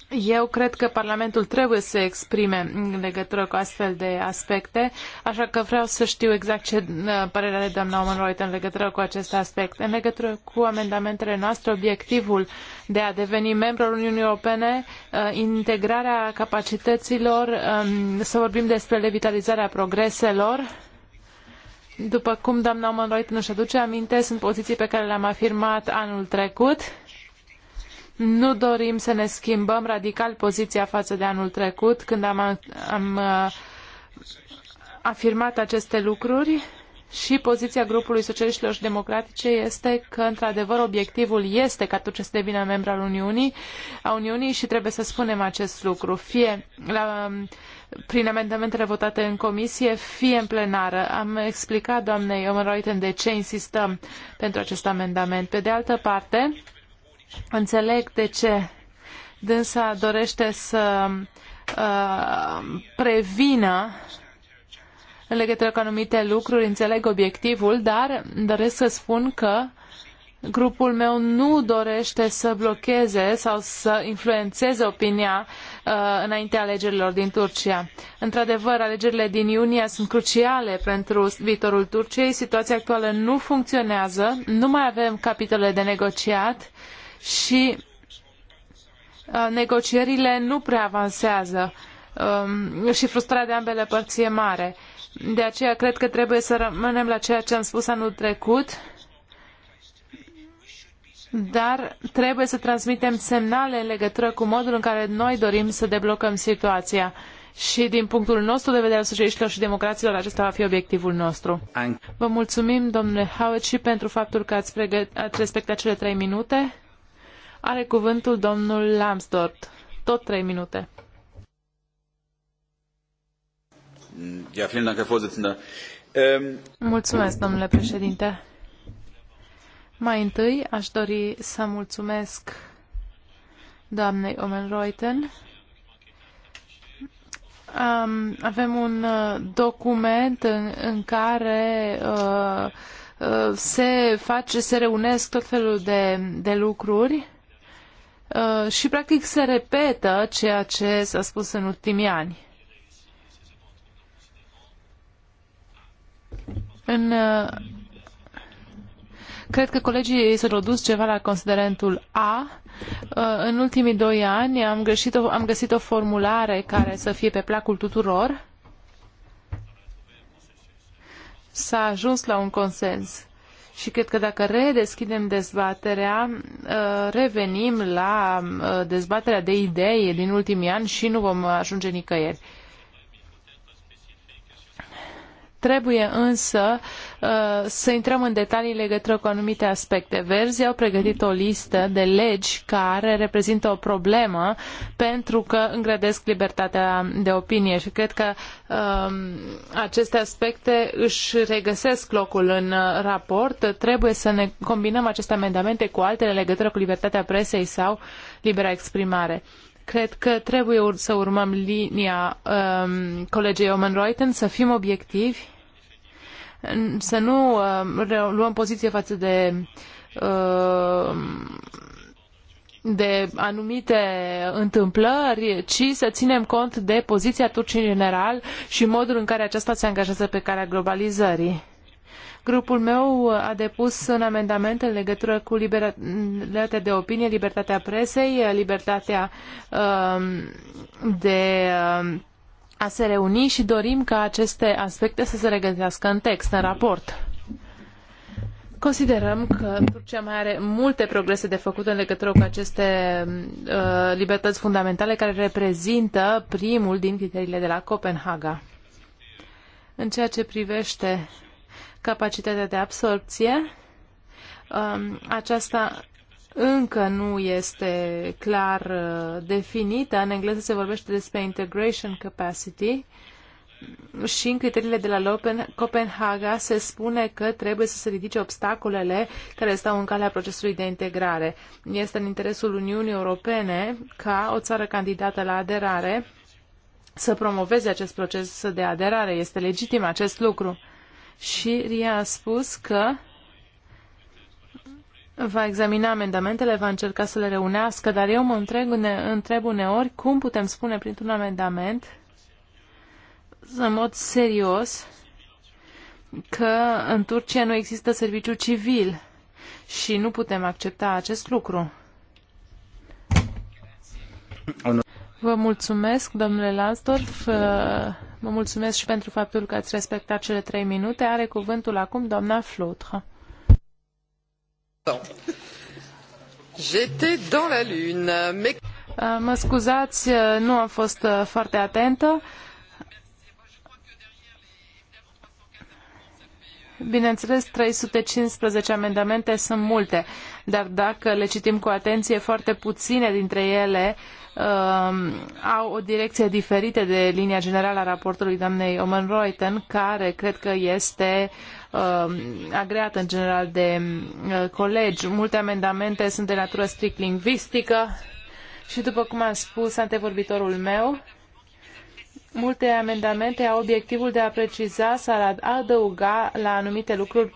Speaker 17: Eu cred că Parlamentul trebuie să exprime în legătură cu astfel de aspecte, așa că vreau să știu exact ce uh, părere are doamna Omenroit în legătură cu acest aspect. În legătură cu amendamentele noastre, obiectivul de a deveni membru al Uniunii Europene, uh, integrarea capacităților, um, să vorbim despre revitalizarea progreselor, după cum doamna Omenroit nu își aduce aminte, sunt poziții pe care le-am afirmat anul trecut. Nu dorim să ne schimbăm radical poziția față de anul trecut, când am, am uh, afirmat aceste lucruri și poziția grupului socialiștilor și democratice este că, într-adevăr, obiectivul este ca Turcia să devină membru al Uniunii, a Uniunii și trebuie să spunem acest lucru, fie la, um, prin amendamentele votate în comisie, fie în plenară. Am explicat doamnei Omeroiten de ce insistăm pentru acest amendament. Pe de altă parte, Înțeleg de ce dânsa dorește să uh, prevină în legătură cu anumite lucruri, înțeleg obiectivul, dar doresc să spun că grupul meu nu dorește să blocheze sau să influențeze opinia uh, înaintea alegerilor din Turcia. Într-adevăr, alegerile din iunie sunt cruciale pentru viitorul Turciei. Situația actuală nu funcționează, nu mai avem capitole de negociat și uh, negocierile nu prea avansează um, și frustrarea de ambele părți e mare. De aceea cred că trebuie să rămânem la ceea ce am spus anul trecut, dar trebuie să transmitem semnale în legătură cu modul în care noi dorim să deblocăm situația. Și din punctul nostru de vedere al socialiștilor și democraților, acesta va fi obiectivul nostru. Vă mulțumim, domnule Howard, și pentru faptul că ați, pregăt- ați respectat cele trei minute. Are cuvântul domnul Lambsdorff. Tot trei minute.
Speaker 9: Ja, vielen Dank, Herr Vorsitzender. Ähm,
Speaker 17: mulțumesc, domnule președinte. Mai întâi aș dori să mulțumesc doamnei Omen Um, avem un uh, document în, în care uh, uh, se face, se reunesc tot felul de, de lucruri Uh, și practic se repetă ceea ce s-a spus în ultimii ani. În, uh, cred că colegii s-au dus ceva la considerentul A. Uh, în ultimii doi ani am găsit, o, am găsit o formulare care să fie pe placul tuturor. S-a ajuns la un consens și cred că dacă redeschidem dezbaterea, uh, revenim la uh, dezbaterea de idei din ultimii ani și nu vom ajunge nicăieri. Trebuie însă uh, să intrăm în detalii legătură cu anumite aspecte. Verzii au pregătit o listă de legi care reprezintă o problemă pentru că îngrădesc libertatea de opinie și cred că um, aceste aspecte își regăsesc locul în uh, raport. Trebuie să ne combinăm aceste amendamente cu altele legătură cu libertatea presei sau libera exprimare. Cred că trebuie să urmăm linia um, colegei Omen Reuten, să fim obiectivi, să nu um, luăm poziție față de um, de anumite întâmplări, ci să ținem cont de poziția Turciei în general și modul în care aceasta se angajează pe calea globalizării. Grupul meu a depus un amendament în legătură cu libertatea de opinie, libertatea presei, libertatea um, de um, a se reuni și dorim ca aceste aspecte să se regăsească în text, în raport. Considerăm că Turcia mai are multe progrese de făcut în legătură cu aceste um, uh, libertăți fundamentale care reprezintă primul din criteriile de la Copenhaga. În ceea ce privește capacitatea de absorpție. Um, aceasta încă nu este clar uh, definită. În engleză se vorbește despre integration capacity și în criteriile de la Copenhaga se spune că trebuie să se ridice obstacolele care stau în calea procesului de integrare. Este în interesul Uniunii Europene ca o țară candidată la aderare să promoveze acest proces de aderare. Este legitim acest lucru și Ria a spus că va examina amendamentele, va încerca să le reunească, dar eu mă întreb, une, întreb uneori cum putem spune printr-un amendament în mod serios că în Turcia nu există serviciu civil și nu putem accepta acest lucru. Vă mulțumesc, domnule Lansdorf. Vă mulțumesc și pentru faptul că ați respectat cele trei minute. Are cuvântul acum doamna Flotre.
Speaker 13: J'étais dans la lune. Mais...
Speaker 17: Uh, mă scuzați, uh, nu am fost uh, foarte atentă. Bineînțeles, 315 amendamente sunt multe, dar dacă le citim cu atenție, foarte puține dintre ele uh, Um, au o direcție diferită de linia generală a raportului doamnei Omen Reuten, care cred că este um, agreată în general de uh, colegi. Multe amendamente sunt de natură strict lingvistică și, după cum a spus antevorbitorul meu, Multe amendamente au obiectivul de a preciza sau a adăuga la anumite lucruri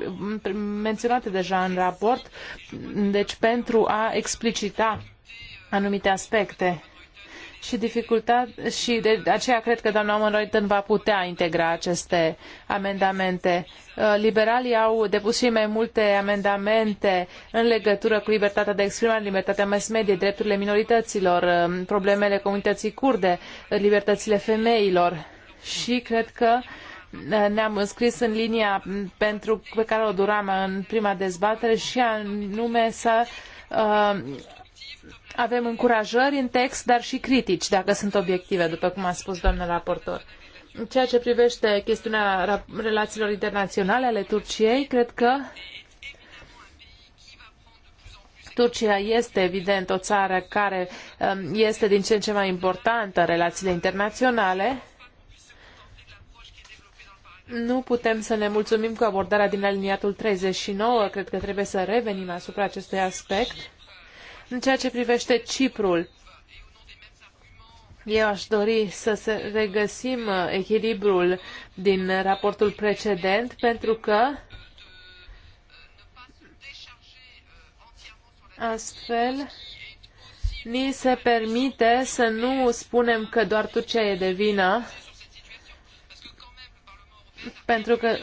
Speaker 17: menționate deja în raport, deci pentru a explicita anumite aspecte. Și, dificultate, și de aceea cred că doamna Omenroyten va putea integra aceste amendamente. Uh, liberalii au depus și mai multe amendamente în legătură cu libertatea de exprimare, libertatea mass media, drepturile minorităților, um, problemele comunității curde, libertățile femeilor. Și cred că uh, ne-am înscris în linia pentru, pe care o duram în prima dezbatere și anume să uh, avem încurajări în text, dar și critici, dacă sunt obiective, după cum a spus doamna raportor. În ceea ce privește chestiunea relațiilor internaționale ale Turciei, cred că Turcia este evident o țară care um, este din ce în ce mai importantă în relațiile internaționale. Nu putem să ne mulțumim cu abordarea din aliniatul 39, cred că trebuie să revenim asupra acestui aspect. În ceea ce privește Ciprul, eu aș dori să regăsim uh, echilibrul din raportul precedent, pentru că astfel ni se permite să nu spunem că doar Turcia e de vină, pentru că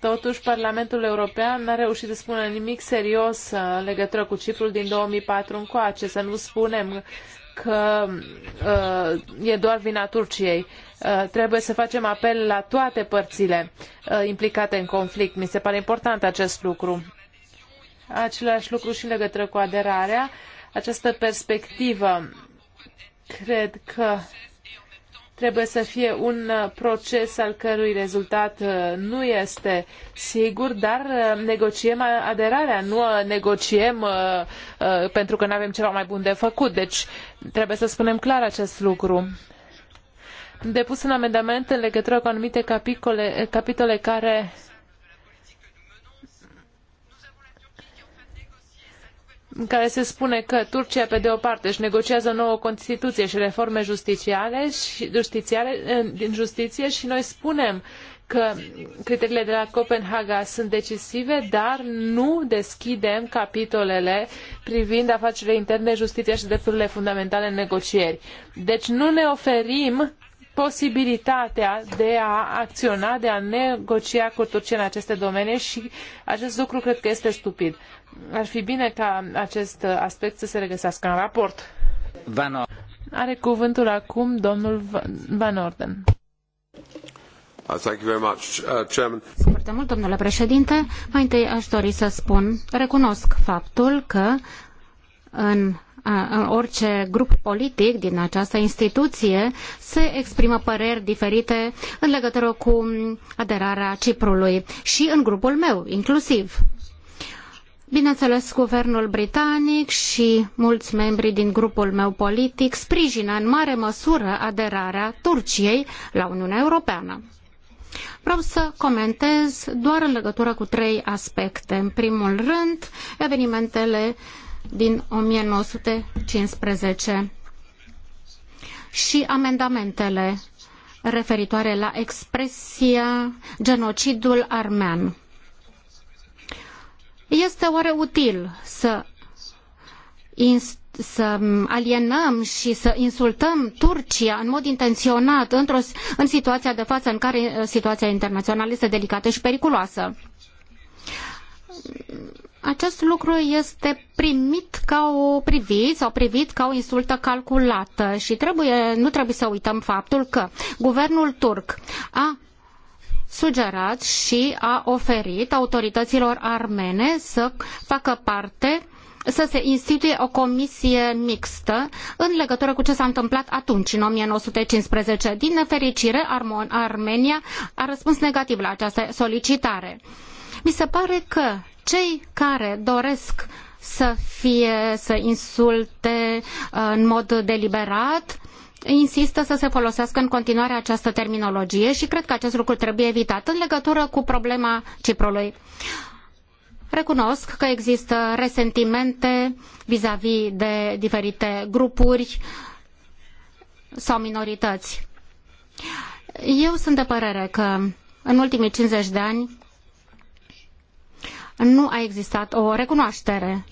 Speaker 17: Totuși, Parlamentul European n-a reușit să spună nimic serios în legătură cu Ciprul din 2004 încoace, să nu spunem că uh, e doar vina Turciei. Uh, trebuie să facem apel la toate părțile uh, implicate în conflict. Mi se pare important acest lucru. Același lucru și în legătură cu aderarea. Această perspectivă cred că trebuie să fie un uh, proces al cărui rezultat uh, nu este sigur, dar uh, negociem aderarea, nu negociem pentru că nu avem ceva mai bun de făcut. Deci trebuie să spunem clar acest lucru depus un amendament în legătură cu anumite capitole, capitole care în care se spune că Turcia, pe de o parte, își negociază o nouă Constituție și reforme justițiale și, justițiale, din justiție și noi spunem că criteriile de la Copenhaga sunt decisive, dar nu deschidem capitolele privind afacerile interne, justiția și drepturile fundamentale în negocieri. Deci nu ne oferim posibilitatea de a acționa, de a negocia cu Turcia în aceste domenii și acest lucru cred că este stupid. Ar fi bine ca acest aspect să se regăsească în raport. Van Are cuvântul acum domnul Van Orden.
Speaker 6: Uh, thank you very much, uh, Chairman.
Speaker 19: Foarte mult, domnule președinte. Mai întâi aș dori să spun, recunosc faptul că în în orice grup politic din această instituție se exprimă păreri diferite în legătură cu aderarea Ciprului și în grupul meu inclusiv. Bineînțeles, guvernul britanic și mulți membri din grupul meu politic sprijină în mare măsură aderarea Turciei la Uniunea Europeană. Vreau să comentez doar în legătură cu trei aspecte. În primul rând, evenimentele uh, din 1915 și amendamentele referitoare la expresia genocidul armean. Este oare util să, să alienăm și să insultăm Turcia în mod intenționat într-o, în situația de față în care uh, situația internațională este delicată și periculoasă? acest lucru este primit ca o privit sau privit ca o insultă calculată și trebuie, nu trebuie să uităm faptul că guvernul turc a sugerat și a oferit autorităților armene să facă parte să se instituie o comisie mixtă în legătură cu ce s-a întâmplat atunci, în 1915. Din nefericire, Armenia a răspuns negativ la această solicitare. Mi se pare că cei care doresc să fie, să insulte uh, în mod deliberat, insistă să se folosească în continuare această terminologie și cred că acest lucru trebuie evitat în legătură cu problema Ciprului. Recunosc că există resentimente vizavi de diferite grupuri sau minorități. Eu sunt de părere că în ultimii 50 de ani nu a existat o recunoaștere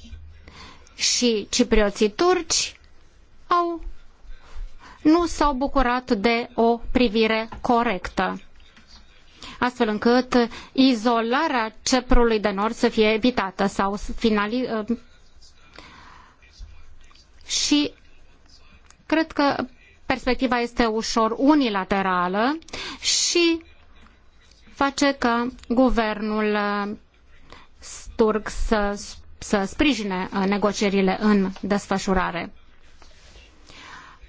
Speaker 19: și ciprioții turci au, nu s-au bucurat de o privire corectă astfel încât izolarea Ceprului de Nord să fie evitată sau finali... Uh, și cred că perspectiva este ușor unilaterală și face ca guvernul turc să, să sprijine uh, negocierile în desfășurare.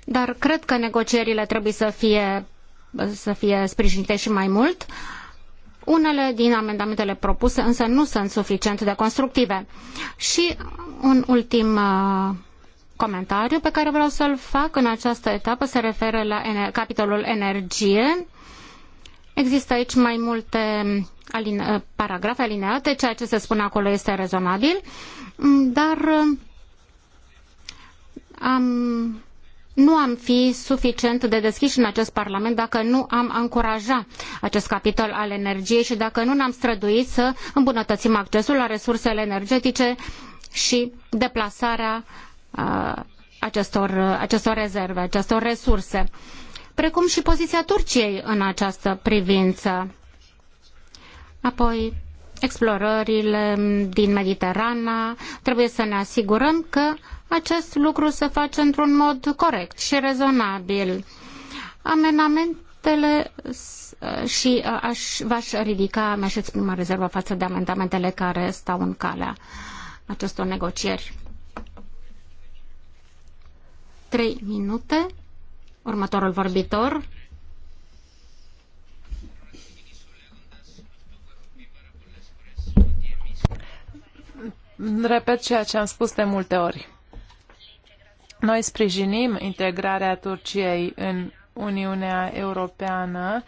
Speaker 19: Dar cred că negocierile trebuie să fie, uh, să fie sprijinite și mai mult. Unele din amendamentele propuse însă nu sunt suficient de constructive. Și un ultim uh, comentariu pe care vreau să-l fac în această etapă se referă la capitolul energie. Există aici mai multe aline- paragrafe alineate, ceea ce se spune acolo este rezonabil, dar am, nu am fi suficient de deschiși în acest Parlament dacă nu am încuraja acest capitol al energiei și dacă nu ne-am străduit să îmbunătățim accesul la resursele energetice și deplasarea acestor, acestor rezerve, acestor resurse, precum și poziția Turciei în această privință Apoi, explorările din Mediterana, trebuie să ne asigurăm că acest lucru se face într-un mod corect și rezonabil. Amendamentele și uh, aș, v-aș ridica, mi-aș exprima rezervă față de amendamentele care stau în calea acestor negocieri. Trei minute. Următorul vorbitor.
Speaker 17: repet ceea ce am spus de multe ori. Noi sprijinim integrarea Turciei în Uniunea Europeană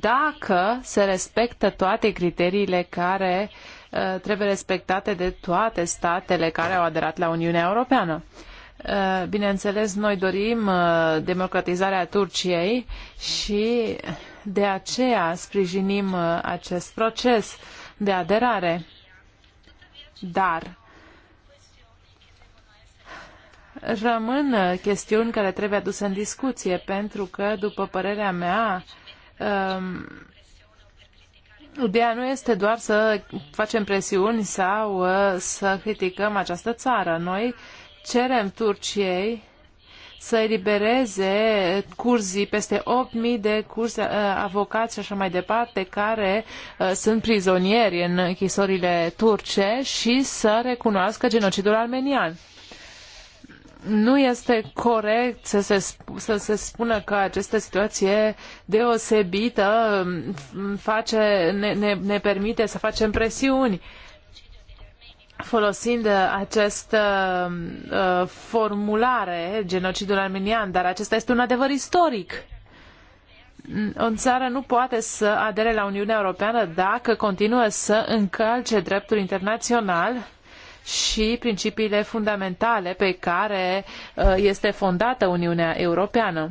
Speaker 17: dacă se respectă toate criteriile care uh, trebuie respectate de toate statele care au aderat la Uniunea Europeană. Uh, bineînțeles, noi dorim uh, democratizarea Turciei și de aceea sprijinim uh, acest proces de aderare. Dar rămân uh, chestiuni care trebuie aduse în discuție, pentru că, după părerea mea, um, ideea nu este doar să facem presiuni sau uh, să criticăm această țară. Noi cerem Turciei să elibereze curzii peste 8.000 de curzi uh, avocați și așa mai departe care uh, sunt prizonieri în închisorile turce și să recunoască genocidul armenian nu este corect să se, să se spună că această situație deosebită um, face, ne, ne, ne permite să facem presiuni. Uh, folosind uh, acest uh, uh, formulare, genocidul armenian, dar acesta este un adevăr istoric. O țară nu poate să adere la Uniunea Europeană dacă continuă să încalce dreptul internațional și principiile fundamentale pe care uh, este fondată Uniunea Europeană.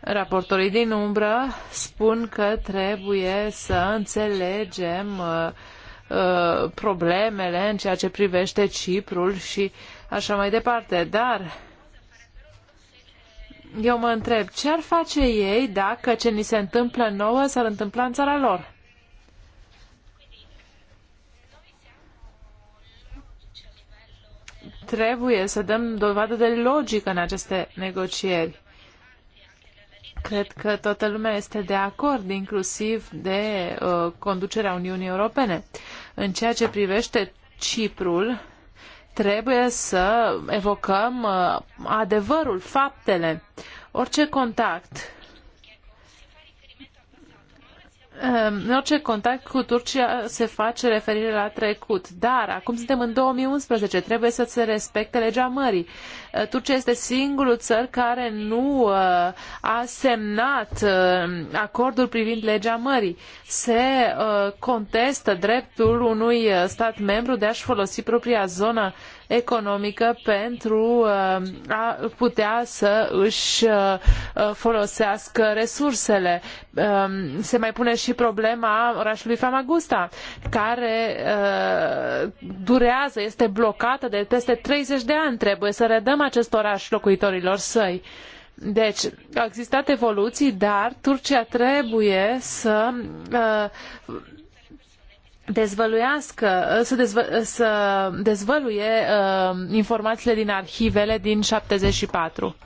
Speaker 17: Raportorii din umbră spun că trebuie să înțelegem uh, Uh, problemele în ceea ce privește Ciprul și așa mai departe. Dar eu mă întreb, ce ar face ei dacă ce ni se întâmplă nouă s-ar întâmpla în țara lor? Trebuie să dăm dovadă de logică în aceste negocieri. Cred că toată lumea este de acord, inclusiv de uh, conducerea Uniunii Europene. În ceea ce privește Ciprul, trebuie să evocăm uh, adevărul, faptele. Orice contact Ehm, în orice contact cu Turcia se face referire la trecut, dar acum suntem în 2011, trebuie să se respecte legea mării. Eh, Turcia este singurul țăr care nu eh, a semnat eh, acordul privind legea mării. Se contestă dreptul unui stat membru de a-și folosi propria zonă economică pentru uh, a putea să își uh, folosească resursele. Um, se mai pune și problema orașului Famagusta, care uh, durează, este blocată de peste 30 de ani. Trebuie să redăm acest oraș locuitorilor săi. Deci, au existat evoluții, dar Turcia trebuie să uh, dezvăluiască, să, dezvă, să dezvăluie uh, informațiile din arhivele din 74.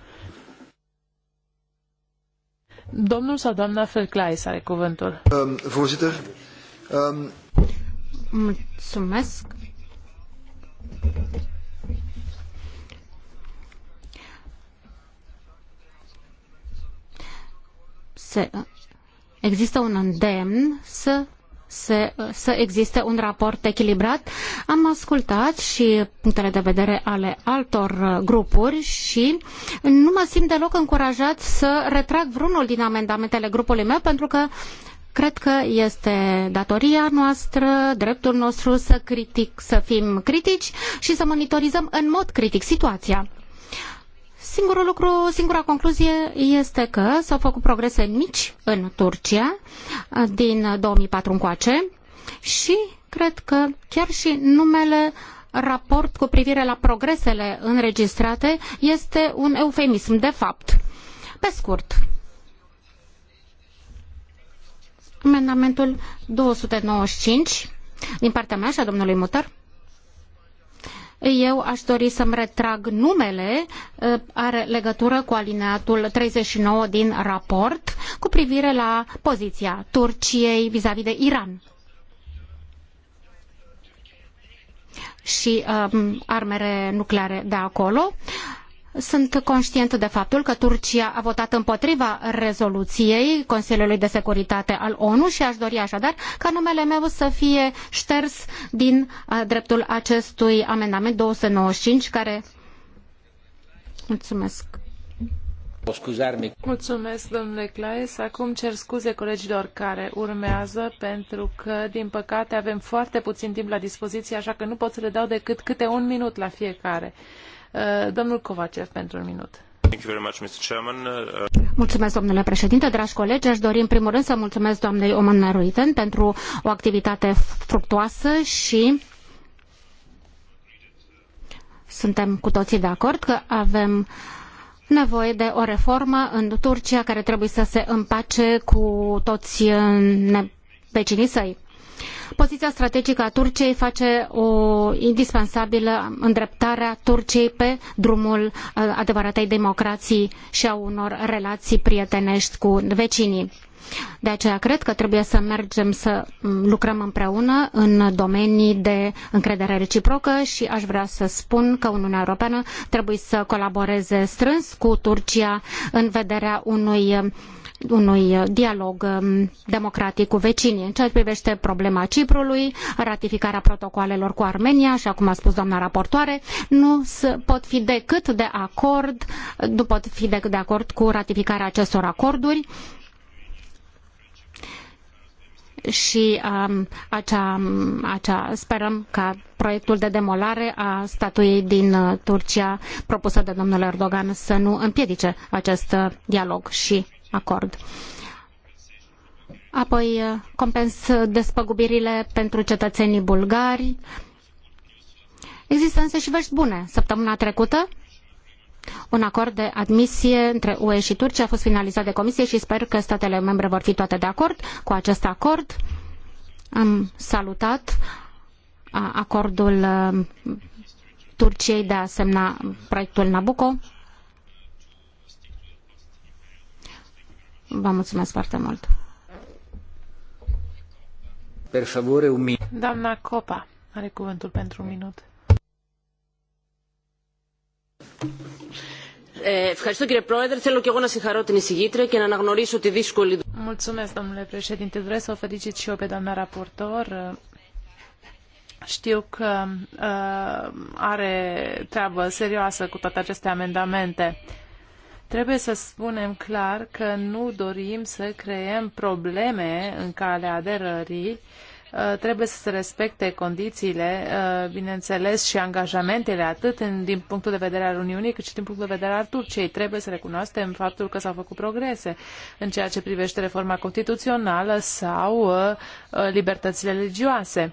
Speaker 17: Domnul sau doamna Felclais are cuvântul.
Speaker 15: Um, um...
Speaker 17: Mulțumesc.
Speaker 19: Se, există un îndemn să se, să existe un raport echilibrat. Am ascultat și punctele de vedere ale altor grupuri și nu mă simt deloc încurajat să retrag vreunul din amendamentele grupului meu pentru că cred că este datoria noastră, dreptul nostru să critic, să fim critici și să monitorizăm în mod critic situația. Singurul lucru, singura concluzie este că s-au făcut progrese mici în Turcia din 2004 încoace și cred că chiar și numele raport cu privire la progresele înregistrate este un eufemism de fapt. Pe scurt, amendamentul 295 din partea mea și a domnului Mutar eu aș dori să-mi retrag numele, eh, are legătură cu alineatul 39 din raport cu privire la poziția Turciei vizavi de Iran. și um, armele nucleare de acolo. Uh, sunt conștient de faptul că Turcia a votat împotriva rezoluției Consiliului de Securitate al ONU și aș dori așadar ca numele meu să fie șters din dreptul acestui amendament 295 care... Mulțumesc.
Speaker 17: Mulțumesc, domnule Claes. Acum cer scuze colegilor care urmează, pentru că, din păcate, avem foarte puțin timp la dispoziție, așa că nu pot să le dau decât câte un minut la fiecare. Uh, domnul Kovacev, pentru un minut.
Speaker 1: Uh,
Speaker 19: mulțumesc, domnule președinte, dragi colegi. Aș dori în primul rând să mulțumesc doamnei Oman Ruiten pentru o activitate fructuoasă și suntem cu toții de acord că avem nevoie de o reformă în Turcia care trebuie să se împace cu toți vecinii săi. Poziția strategică a Turciei face o indispensabilă îndreptarea Turciei pe drumul uh, adevăratei democrații și a unor relații prietenești cu vecinii. De aceea cred că trebuie să mergem să mm, lucrăm împreună în domenii de încredere reciprocă și aș vrea să spun că Uniunea Europeană trebuie să colaboreze strâns cu Turcia în vederea unui mm, unui uh, dialog um, democratic cu vecinii. În ceea ce privește problema Ciprului, ratificarea protocoalelor cu Armenia, așa cum a spus doamna raportoare, nu pot fi decât de acord, nu pot fi decât de acord cu ratificarea acestor acorduri și um, acea, um, acea, sperăm ca proiectul de demolare a statuiei din uh, Turcia propusă de domnul Erdogan să nu împiedice acest uh, dialog și acord. Apoi eh, compens despăgubirile pentru cetățenii bulgari. Există însă și vești bune. Săptămâna trecută, un acord de admisie între UE și Turcia a fost finalizat de comisie și sper că statele membre vor fi toate de acord cu acest acord. Am salutat acordul eh, Turciei de a semna proiectul Nabucco
Speaker 17: Vă mulțumesc foarte mult.
Speaker 18: Per favore, un minut.
Speaker 17: Doamna Copa are cuvântul pentru un minut. Eh, ευχαριστώ κύριε Πρόεδρε. Θέλω και εγώ να συγχαρώ την εισηγήτρια και να αναγνωρίσω τη δύσκολη... Mulțumesc, domnule președinte. Vreau să o felicit și eu pe doamna raportor. Știu că uh, are treabă serioasă cu toate aceste amendamente. Uh, Trebuie să spunem clar că nu dorim să creăm probleme în calea aderării. Uh, trebuie să se respecte condițiile, uh, bineînțeles, și angajamentele, atât din punctul de vedere al Uniunii, cât și din punctul de vedere al Turciei. Trebuie să recunoaștem faptul că s-au făcut progrese în ceea ce privește reforma constituțională sau uh, libertățile religioase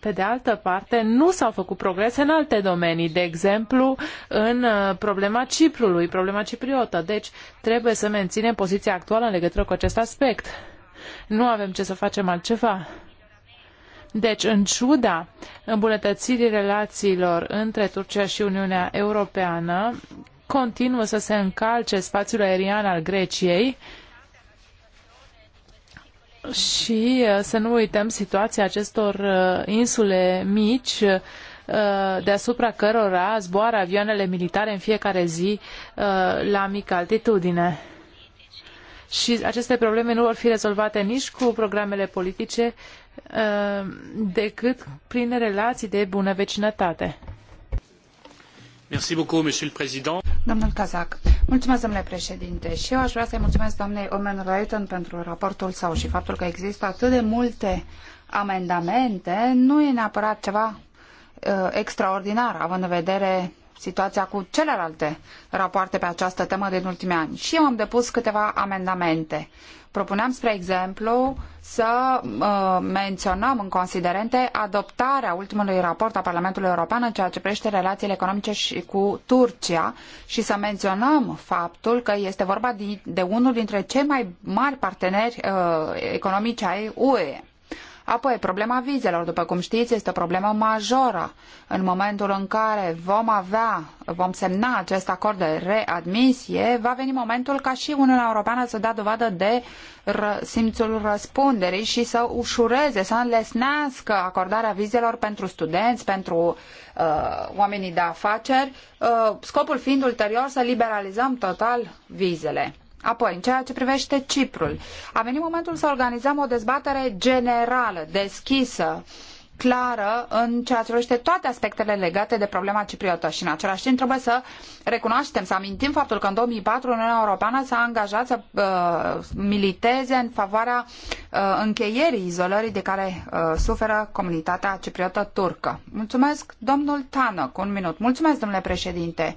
Speaker 17: pe de altă parte, nu s-au făcut progrese în alte domenii, de exemplu, în uh, problema Ciprului, problema cipriotă. Deci, trebuie să menținem poziția actuală în legătură cu acest aspect. Nu avem ce să facem altceva. Deci, în ciuda îmbunătățirii relațiilor între Turcia și Uniunea Europeană, continuă să se încalce spațiul aerian al Greciei, și uh, să nu uităm situația acestor uh, insule mici uh, deasupra cărora zboară avioanele militare în fiecare zi la mică altitudine. Și aceste probleme nu vor fi rezolvate nici cu programele politice, decât prin relații de bună vecinătate i Mulțumesc, domnule
Speaker 14: președinte. Și eu a vrea să-i mulumesc doamnei oomen ruijten pentru raportul său și faptul că există atât de multe amendamente nu e neapărat ceva uh, extraordinar, având în vedere situația cu celelalte rapoarte pe această temă din ultimii ani. Și eu am depus câteva amendamente. Propuneam, spre exemplu, să uh, menționăm în considerente adoptarea ultimului raport a Parlamentului European în ceea ce privește relațiile economice și cu Turcia și să menționăm faptul că este vorba de, de unul dintre cei mai mari parteneri uh, economici ai UE. Apoi, problema vizelor, după cum știți, este o problemă majoră. În momentul în care vom avea, vom semna acest acord de readmisie, va veni momentul ca și Uniunea Europeană să dea dovadă de simțul răspunderii și să ușureze, să înlesnească acordarea vizelor pentru studenți, pentru uh, oamenii de afaceri, uh, scopul fiind ulterior să liberalizăm total vizele. Apoi, în ceea ce privește Ciprul, a venit momentul să organizăm o dezbatere generală, deschisă, clară în ceea ce privește toate aspectele legate de problema cipriotă și în același timp trebuie să recunoaștem, să amintim faptul că în 2004 Uniunea Europeană s-a angajat să uh, militeze în favoarea uh, încheierii izolării de care uh, suferă comunitatea cipriotă turcă. Mulțumesc, domnul Tană, un minut. Mulțumesc, domnule președinte.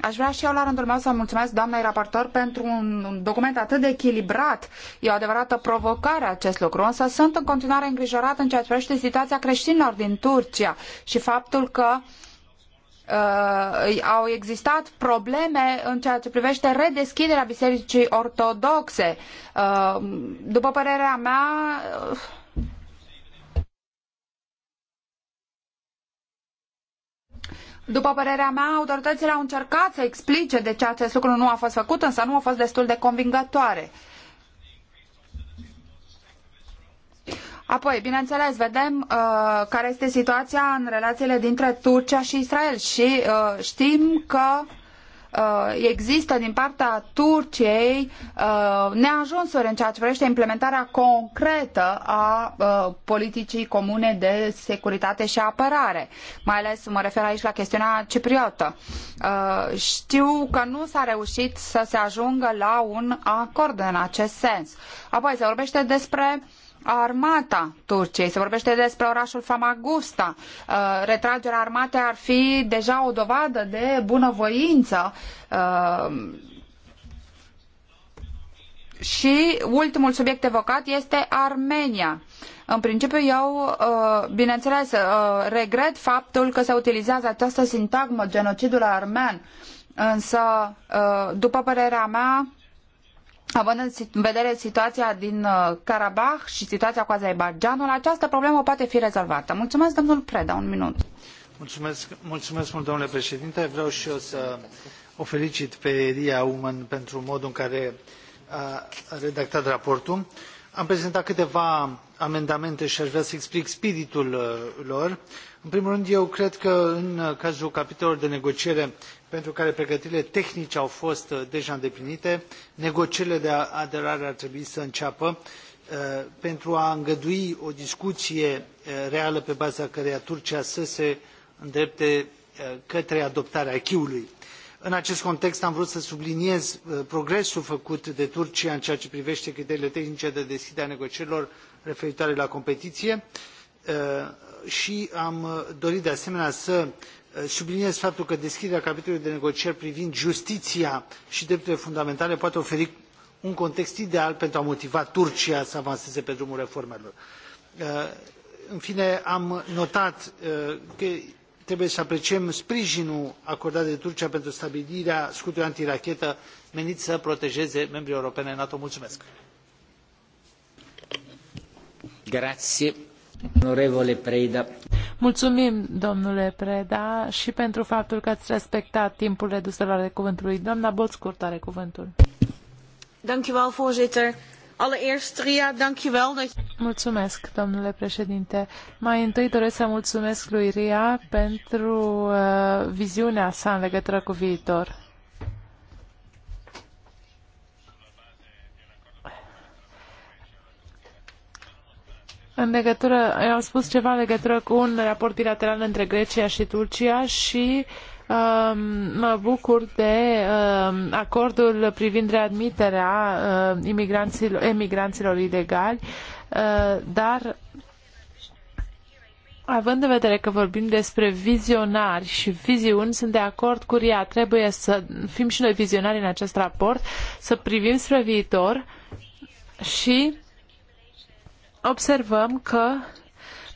Speaker 14: Aș vrea și eu la rândul meu să mulțumesc doamnei raportor pentru un document atât de echilibrat. E o adevărată provocare acest lucru, însă sunt în continuare îngrijorat în ceea ce privește situația creștinilor din Turcia și faptul că uh, au existat probleme în ceea ce privește redeschiderea Bisericii Ortodoxe. Uh, după părerea mea, uh, După părerea mea, autoritățile au încercat să explice de ce acest lucru nu a fost făcut, însă nu a fost destul de convingătoare. Apoi, bineînțeles, vedem uh, care este situația în relațiile dintre Turcia și Israel și uh, știm că Uh, există din partea Turciei uh, neajunsuri în ceea ce privește implementarea concretă a uh, politicii comune de securitate și apărare. Mai ales mă refer aici la chestiunea cipriotă. Știu că nu s-a reușit să se ajungă la un acord în acest sens. Apoi se vorbește despre uh, armata Turciei, se vorbește despre orașul Famagusta. Uh, retragerea armatei ar fi deja o dovadă de bunăvoință. Uh, și ultimul subiect evocat este Armenia. În principiu, eu, uh, bineînțeles, uh, regret faptul că se utilizează această sintagmă, genocidul armen, însă, după părerea mea, Având în vedere situația din uh, Karabakh și situația cu Azerbaijanul, această problemă poate fi rezolvată. Mulțumesc, domnul Preda, un minut.
Speaker 16: Mulțumesc, mulțumesc mult, domnule președinte. Vreau și eu să o felicit pe Ria Uman pentru modul în care a redactat raportul. Am prezentat câteva amendamente și aș vrea să explic spiritul uh, lor. În primul rând, eu cred că în uh, cazul capitolelor de negociere pentru care pregătirile tehnice au fost uh, deja îndeplinite. Negocierile de aderare ar trebui să înceapă uh, pentru a îngădui o discuție uh, reală pe baza căreia Turcia să se îndrepte către adoptarea acquis-ului. În acest context am vrut să subliniez progresul făcut de Turcia în ceea ce privește criteriile tehnice de deschidere a negocierilor referitoare la competiție și am dorit de asemenea să Uh, subliniez faptul că deschiderea capitolului de negocieri privind justiția și drepturile fundamentale poate oferi un context ideal pentru a motiva turcia să avanseze pe drumul reformelor. Uh, în fine am notat uh, că trebuie să apreciem sprijinul acordat de turcia pentru stabilirea scutului antirachetă menit să protejeze membrii europeni ai nato. mulțumesc.
Speaker 17: Mulțumim, domnule Preda, și pentru faptul că ați respectat timpul redus al ale cuvântului. Doamna Boțcurt are cuvântul. Mulțumesc, domnule președinte. Mai întâi doresc să mulțumesc lui Ria pentru uh, viziunea sa în legătură cu viitor. în legătură, au spus ceva în legătură cu un raport bilateral între Grecia și Turcia și um, mă bucur de um, acordul privind readmiterea uh, imigranților, emigranților ilegali, uh, dar Având în vedere că vorbim despre vizionari și viziuni, sunt de acord cu ea. Trebuie să fim și noi vizionari în acest raport, să privim spre viitor și observăm că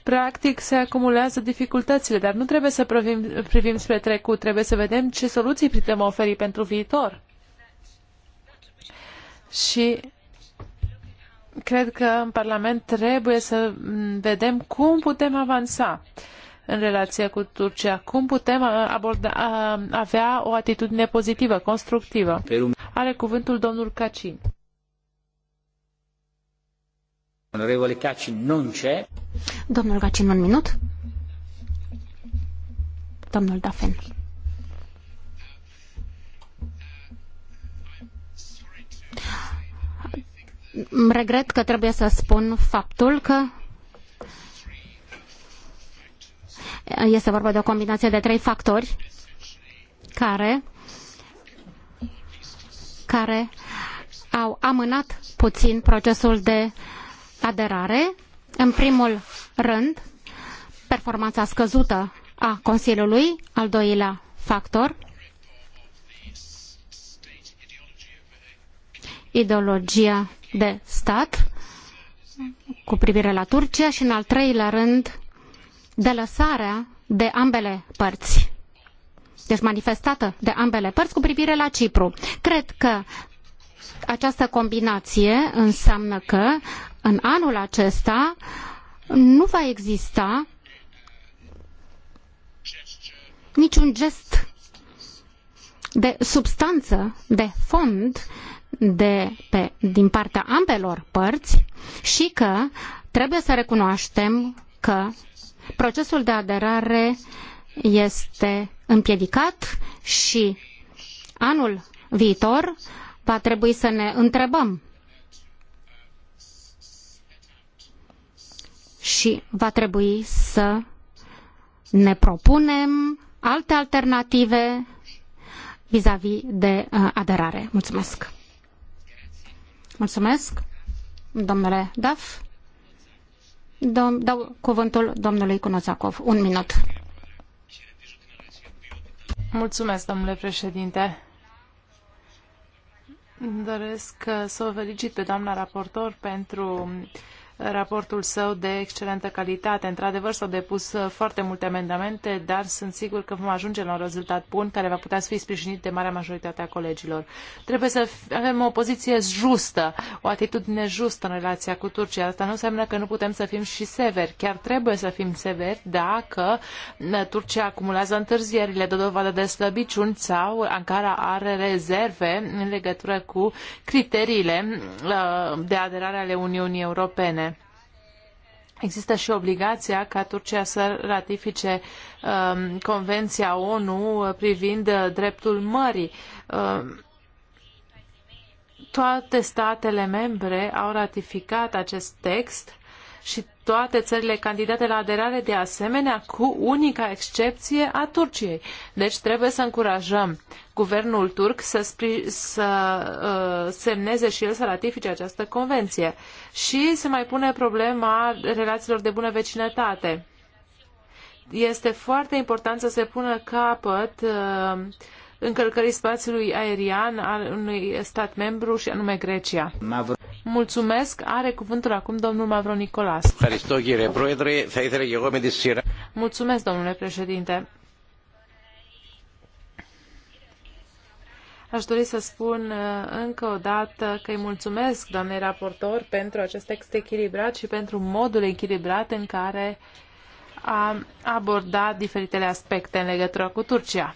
Speaker 17: practic se acumulează dificultățile, dar nu trebuie să privim, privim spre trecut, trebuie să vedem ce soluții putem oferi pentru viitor. Și cred că în Parlament trebuie să vedem cum putem avansa în relația cu Turcia, cum putem aborda, avea o atitudine pozitivă, constructivă. Are cuvântul domnul Cacin.
Speaker 18: Onorevole Caci, non c'è.
Speaker 19: Domnul Cacin, un minut. Domnul Dafen. Regret că trebuie să spun faptul că este vorba de o combinație de trei factori care care au amânat puțin procesul de uh, aderare, în primul rând, performanța scăzută a Consiliului, al doilea factor, ideologia de stat cu privire la Turcia și, în al treilea rând, de lăsarea de ambele părți, deci manifestată de ambele părți cu privire la Cipru. Cred că această combinație înseamnă că în anul acesta nu va exista niciun gest de substanță, de fond de pe, din partea ambelor părți și că trebuie să recunoaștem că procesul de aderare este împiedicat și anul viitor va trebui să ne întrebăm și va trebui să ne propunem alte alternative vis-a-vis -vis de uh, aderare. Mulțumesc! Mulțumesc, domnule Daf. Dom dau cuvântul domnului Cunoțacov. Un minut.
Speaker 17: Mulțumesc, domnule președinte. Doresc uh, să o felicit pe doamna raportor pentru raportul său de excelentă calitate. Într-adevăr, s-au depus uh, foarte multe amendamente, dar sunt sigur că vom ajunge la un rezultat bun care va putea fi sprijinit de marea majoritate a colegilor. Trebuie să avem o poziție justă, o atitudine justă în relația cu Turcia. Asta nu înseamnă că nu putem să fim și severi. Chiar trebuie să fim severi dacă uh, Turcia acumulează întârzierile de dovadă de slăbiciuni sau Ankara are rezerve în legătură cu criteriile uh, de aderare ale Uniunii Europene. Există și obligația ca Turcia să ratifice um, Convenția ONU privind uh, dreptul mării. Um, toate statele membre au ratificat acest text și toate țările candidate la aderare de asemenea, cu unica excepție a Turciei. Deci trebuie să încurajăm guvernul turc să, spri, să uh, semneze și el să ratifice această convenție. Și se mai pune problema relațiilor de bună vecinătate. Este foarte important să se pună capăt uh, încălcării spațiului aerian al unui stat membru și anume Grecia. Mulțumesc. Are cuvântul acum domnul Mavro Nicolas. Mulțumesc, domnule președinte. Aș dori să spun uh, încă o dată că îi mulțumesc, doamnei raportor, pentru acest text echilibrat și pentru modul echilibrat în care a abordat diferitele aspecte în legătură cu Turcia.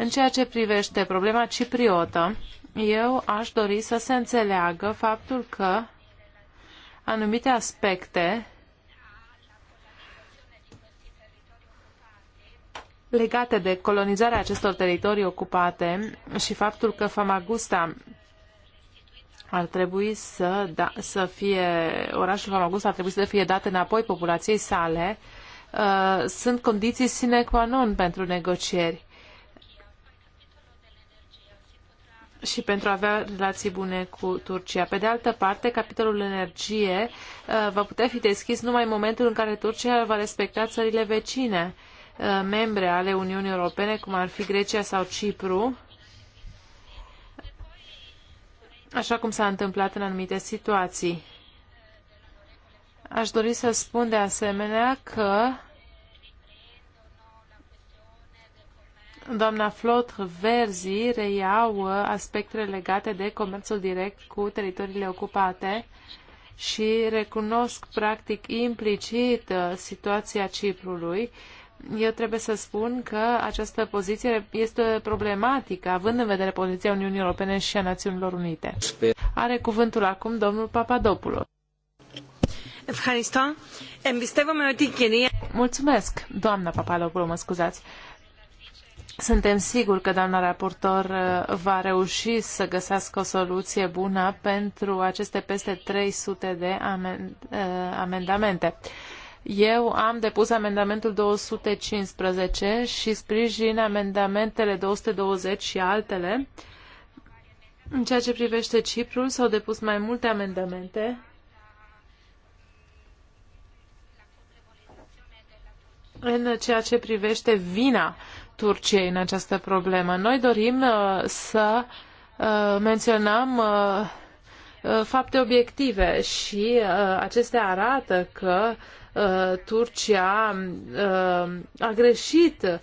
Speaker 17: În ceea ce privește problema cipriotă, eu aș dori să se înțeleagă faptul că anumite aspecte legate de colonizarea acestor teritorii ocupate și faptul că Famagusta ar trebui să, da, să fie, orașul Famagusta ar trebui să fie dat înapoi populației sale, uh, sunt condiții sine qua non pentru negocieri. și pentru a avea relații bune cu Turcia. Pe de altă parte, capitolul energie uh, va putea fi deschis numai în momentul în care Turcia va respecta țările vecine, uh, membre ale Uniunii Europene, cum ar fi Grecia sau Cipru, așa cum s-a întâmplat în anumite situații. Aș dori să spun de asemenea că Doamna Flotr Verzi reiau uh, aspectele legate de comerțul direct cu teritoriile ocupate și recunosc practic implicit uh, situația Ciprului. Eu trebuie să spun că această poziție este problematică, având în vedere poziția Uniunii Europene și a Națiunilor Unite. Are cuvântul acum domnul Papadopoulos. Mulțumesc, doamna Papadopoulou, mă scuzați. Suntem siguri că doamna raportor uh, va reuși să găsească o soluție bună pentru aceste peste 300 de uh, amendamente. Eu am depus amendamentul 215 și sprijin amendamentele 220 și altele. În ceea ce privește Ciprul, s-au depus mai multe amendamente în ceea ce privește vina Turciei în această problemă. Noi dorim uh, să uh, menționăm uh, fapte obiective și acestea arată că Turcia a greșit,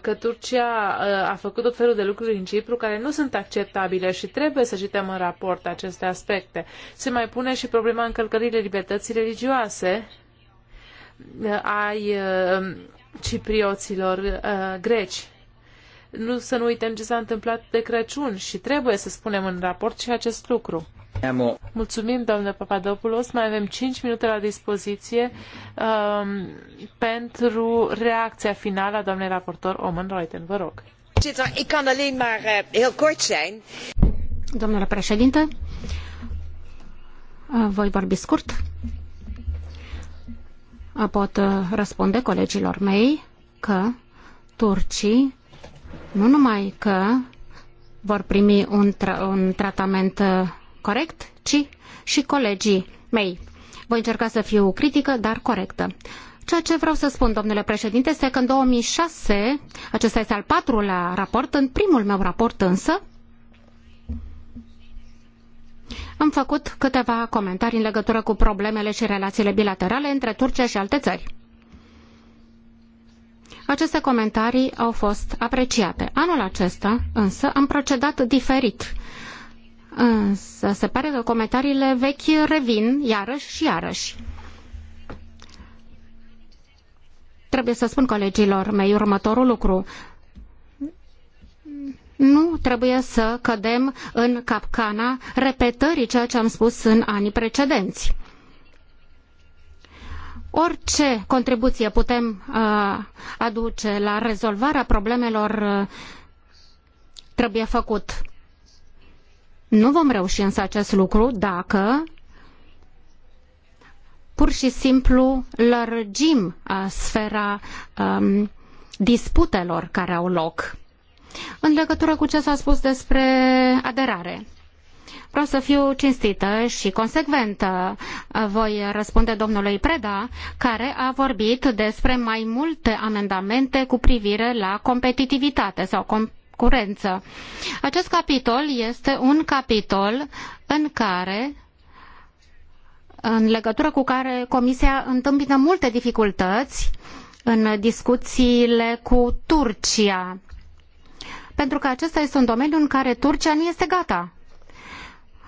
Speaker 17: că Turcia a făcut tot felul de lucruri în Cipru care nu sunt acceptabile și trebuie să cităm în raport aceste aspecte. Se mai pune și problema încălcării libertății religioase ai uh, ciprioților uh, greci. Nu să nu uităm ce s-a întâmplat de Crăciun și trebuie să spunem în raport și acest lucru. Mulțumim, domnule Papadopoulos. Mai avem 5 minute la dispoziție um, pentru reacția finală a doamnei raportor Oman Reuten. Vă rog.
Speaker 7: Eh,
Speaker 19: domnule președinte, eh, voi vorbi scurt pot uh, răspunde colegilor mei că turcii nu numai că vor primi un, tra un tratament uh, corect, ci și colegii mei. Voi încerca să fiu critică, dar corectă. Ceea ce vreau să spun, domnule președinte, este că în 2006, acesta este al patrulea raport, în primul meu raport însă, am făcut câteva comentarii în legătură cu problemele și relațiile bilaterale între Turcia și alte țări. Aceste comentarii au fost apreciate. Anul acesta, însă, am procedat diferit. Însă se pare că comentariile vechi revin iarăși și iarăși. Trebuie să spun colegilor mei următorul lucru nu trebuie să cădem în capcana repetării ceea ce am spus în anii precedenți. Orice contribuție putem uh, aduce la rezolvarea problemelor uh, trebuie făcut. Nu vom reuși însă acest lucru dacă pur și simplu lărgim uh, sfera um, disputelor care au loc în legătură cu ce s-a spus despre aderare, Vreau să fiu cinstită și consecventă. Voi răspunde domnului Preda, care a vorbit despre mai multe amendamente cu privire la competitivitate sau concurență. Acest capitol este un capitol în care în legătură cu care Comisia întâmpină multe dificultăți în discuțiile cu Turcia pentru că acesta este un domeniu în care Turcia nu este gata.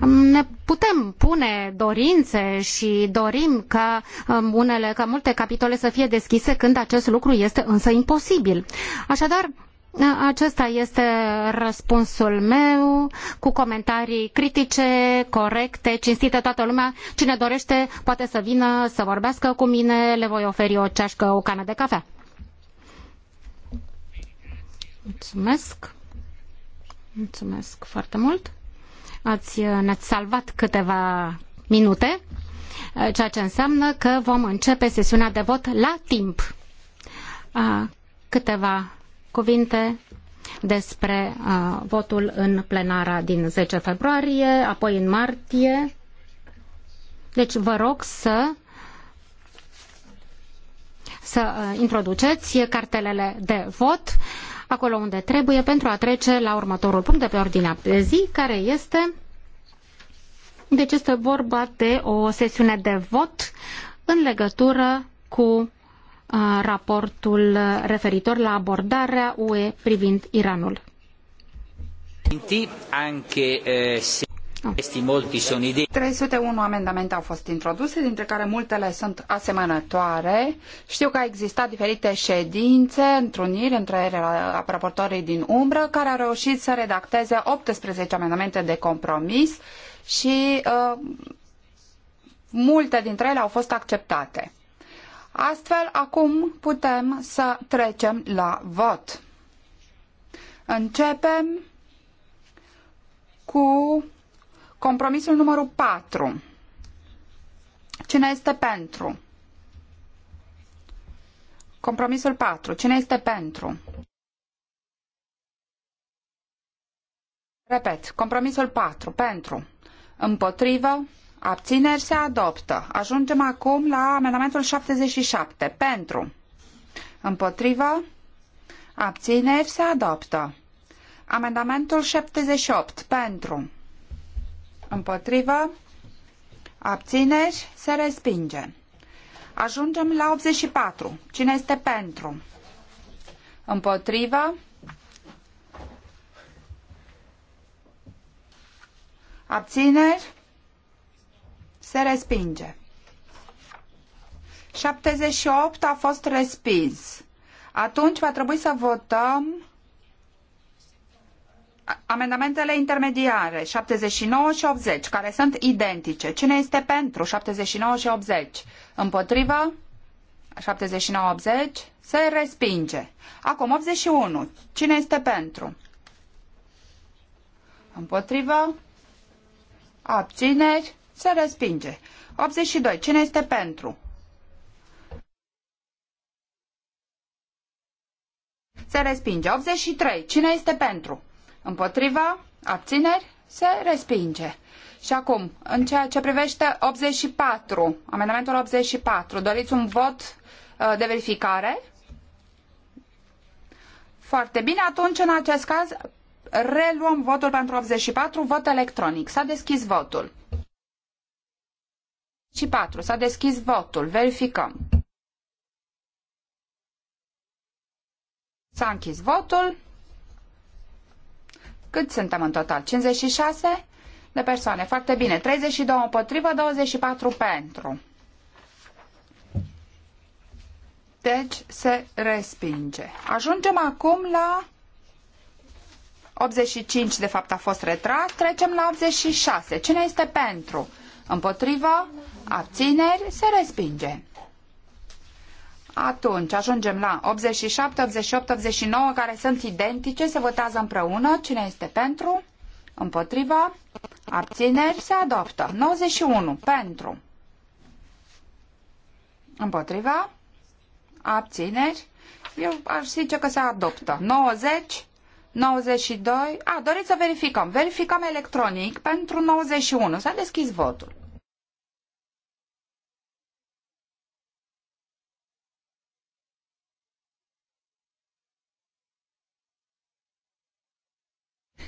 Speaker 19: Ne putem pune dorințe și dorim ca, um, unele, ca multe capitole să fie deschise când acest lucru este însă imposibil. Așadar, acesta este răspunsul meu, cu comentarii critice, corecte, cinstite toată lumea. Cine dorește poate să vină să vorbească cu mine, le voi oferi o ceașcă, o cană de cafea. Mulțumesc. Mulțumesc foarte mult. Ați, uh, ne-ați salvat câteva minute, uh, ceea ce înseamnă că vom începe sesiunea de vot la timp. Uh, câteva cuvinte despre votul în plenara din 10 februarie, apoi în martie. Deci vă rog să să introduceți cartelele de vot acolo unde trebuie pentru a trece la următorul punct de pe ordinea de zi, care este... Deci este vorba de o sesiune de vot în legătură cu uh, raportul referitor la abordarea UE privind Iranul.
Speaker 18: Anche, eh, 301
Speaker 14: da. amendamente au fost introduse, dintre care multele sunt asemănătoare. Știu că a existat diferite ședințe, întruniri între raportorii din umbră, care au reușit să redacteze 18 amendamente de compromis și uh, multe dintre ele au fost acceptate. Astfel, acum putem să trecem la vot. Începem cu Compromisul numărul 4. Cine este pentru? Compromisul 4. Cine este pentru? Repet, compromisul 4. Pentru. Împotrivă. Abțineri se adoptă. Ajungem acum la amendamentul 77. Pentru. Împotrivă. Abțineri se adoptă. Amendamentul 78. Pentru. Împotrivă. Abțineri. Se respinge. Ajungem la 84. Cine este pentru? Împotrivă. Abțineri. Se respinge. 78 a fost respins. Atunci va trebui să votăm amendamentele intermediare 79 și 80, care sunt identice. Cine este pentru 79 și 80? Împotrivă? 79-80 se respinge. Acum 81. Cine este pentru? Împotrivă? Abțineri? Se respinge. 82. Cine este pentru? Se respinge. 83. Cine este pentru? Împotriva? Abțineri? Se respinge. Și acum, în ceea ce privește 84, amendamentul 84, doriți un vot uh, de verificare? Foarte bine, atunci în acest caz reluăm votul pentru 84, vot electronic. S-a deschis votul. 84, s-a deschis votul, verificăm. S-a închis votul cât suntem în total? 56 de persoane. Foarte bine. 32 împotrivă, 24 pentru. Deci se respinge. Ajungem acum la 85, de fapt a fost retras. Trecem la 86. Cine este pentru? Împotrivă? Abțineri? Se respinge. Atunci ajungem la 87, 88, 89 care sunt identice, se votează împreună. Cine este pentru? Împotriva? Abțineri? Se adoptă. 91 pentru. Împotriva? Abțineri? Eu aș zice că se adoptă. 90, 92. A, doriți să verificăm. Verificăm electronic pentru 91. S-a deschis votul.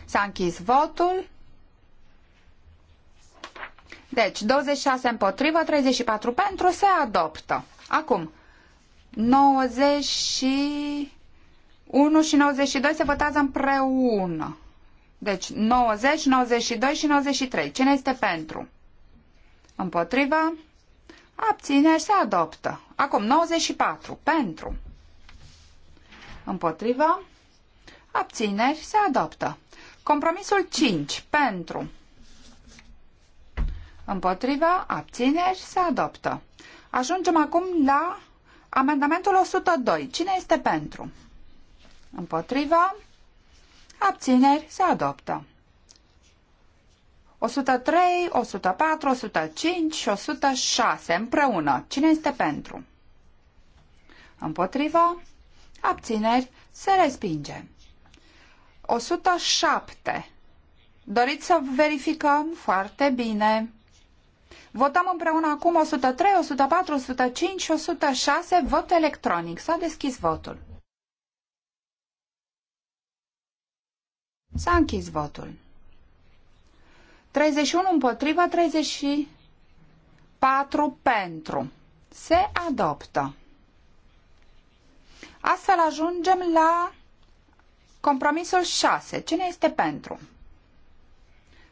Speaker 14: S-a închis votul. Deci, 26 împotrivă, 34 pentru, se adoptă. Acum, 91 și 92 se votează împreună. Deci, 90, 92 și 93. Cine este pentru? abține și se adoptă. Acum, 94. Pentru. abține și se adoptă. Compromisul 5. Pentru. Împotriva, abțineri, se adoptă. Ajungem acum la amendamentul 102. Cine este pentru? Împotriva, abțineri, se adoptă. 103, 104, 105 și 106 împreună. Cine este pentru? Împotriva, abțineri, se respinge. 107. Doriți să verificăm? Foarte bine. Votăm împreună acum 103, 104, 105 și 106. Vot electronic. S-a deschis votul. S-a închis votul. 31 împotriva, 34 pentru. Se adoptă. Astfel ajungem la Compromisul 6. Cine este pentru?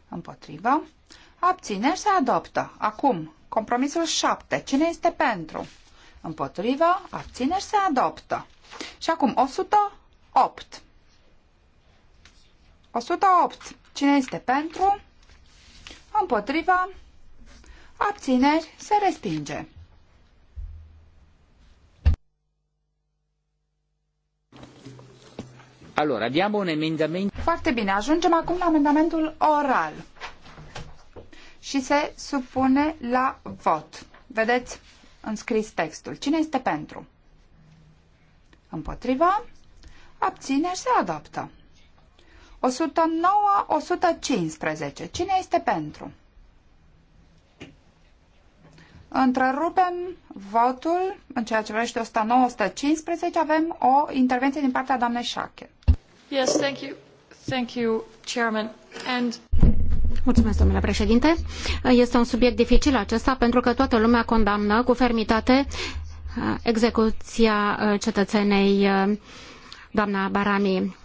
Speaker 14: Împotrivă. Abțineri se adoptă. Acum, compromisul 7. Cine este pentru? Împotrivă. Abțineri se adoptă. Și acum, 108. 108. Cine este pentru? Împotrivă. Abțineri se respinge.
Speaker 18: Allora, abbiamo un emendamento...
Speaker 14: Foarte bine, ajungem acum la amendamentul oral și se supune la vot. Vedeți înscris textul. Cine este pentru? Împotriva? Abține și se adoptă. 109-115. Cine este pentru? Întrerupem votul în ceea ce vrește 109-115. Avem o intervenție din partea
Speaker 19: doamnei Șache.
Speaker 7: Yes, thank you. Thank you, Chairman.
Speaker 19: Este un subiect dificil acesta pentru că toată lumea condamnă cu fermitate uh, execuția uh, cetățenei uh, doamna Barami.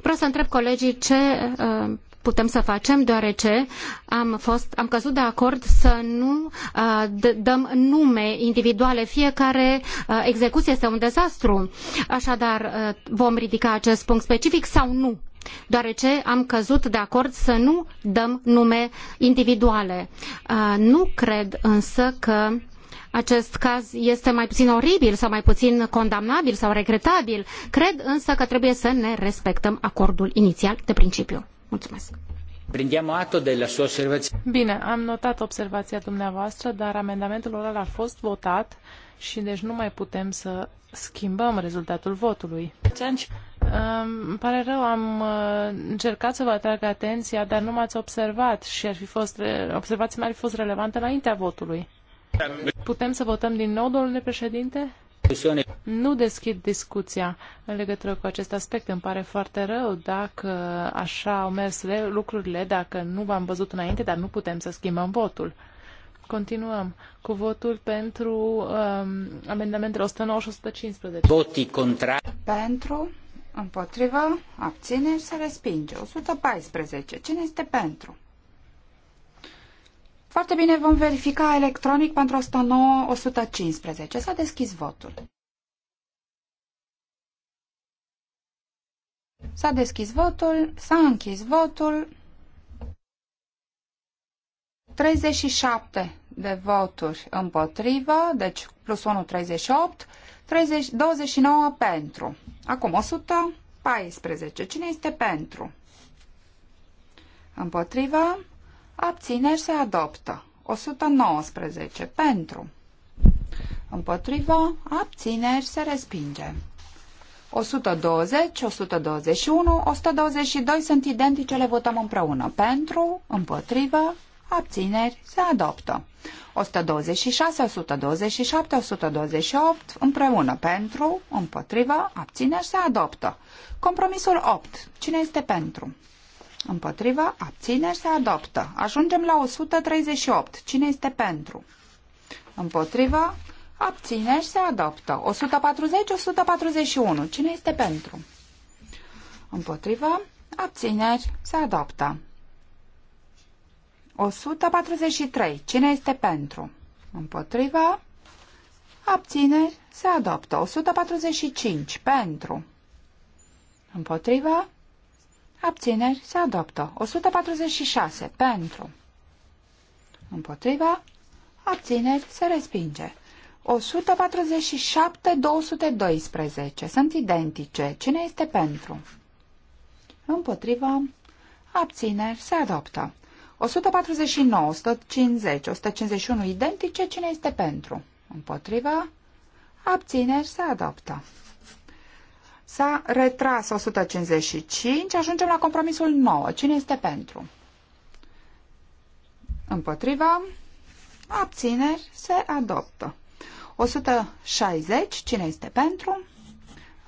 Speaker 19: Vreau să întreb colegii ce putem să facem, deoarece am, fost, am căzut de acord să nu uh, dăm nume individuale. Fiecare uh, execuție este un dezastru. Așadar, uh, vom ridica acest punct specific sau nu? deoarece am căzut de acord să nu dăm nume individuale. Nu cred însă că acest caz este mai puțin oribil sau mai puțin condamnabil sau regretabil. Cred însă că trebuie să ne respectăm acordul inițial de principiu. Mulțumesc.
Speaker 18: Prindiamo atto della sua
Speaker 17: Bine, am notat observația dumneavoastră, dar amendamentul oral a fost votat și deci nu mai putem să schimbăm rezultatul votului. Îmi pare rău, am uh, încercat să vă atrag atenția, dar nu m-ați observat și ar fi fost, observația mea ar fi fost relevantă înaintea votului. Putem să votăm din nou, domnule președinte? Nu deschid discuția în legătură cu acest aspect. Îmi pare foarte rău dacă așa au mers lucrurile, dacă nu v-am văzut înainte, dar nu putem să schimbăm votul. Continuăm cu votul pentru um, amendamentele 109 și 115.
Speaker 18: Voti contra.
Speaker 17: Pentru,
Speaker 14: împotrivă, abțineri, se respinge. 114. Cine este pentru? Foarte bine, vom verifica electronic pentru 109 115. S-a deschis votul. S-a deschis votul, s-a închis votul. 37 de voturi împotrivă, deci plus 1, 38, 30, 29 pentru. Acum 114. Cine este pentru? Împotrivă. Abțineri se adoptă. 119 pentru. Împotriva, abțineri se respinge. 120, 121, 122 sunt identice, le votăm împreună. Pentru, împotrivă, abțineri, se adoptă. 126, 127, 128 împreună. Pentru, împotrivă, abțineri, se adoptă. Compromisul 8. Cine este pentru? Împotrivă, abțineri, se adoptă. Ajungem la 138. Cine este pentru? Împotrivă, abțineri, se adoptă. 140-141. Cine este pentru? Împotrivă, abțineri, se adoptă. 143. Cine este pentru? Împotrivă, abțineri, se adoptă. 145. Pentru. Împotrivă, Abțineri se adoptă. 146 pentru. Împotriva. Abțineri se respinge. 147-212 sunt identice. Cine este pentru? Împotriva. Abțineri se adoptă. 149, 150, 151 identice. Cine este pentru? Împotriva. Abțineri se adoptă. S-a retras 155, ajungem la compromisul 9. Cine este pentru? Împotriva, abțineri, se adoptă. 160, cine este pentru?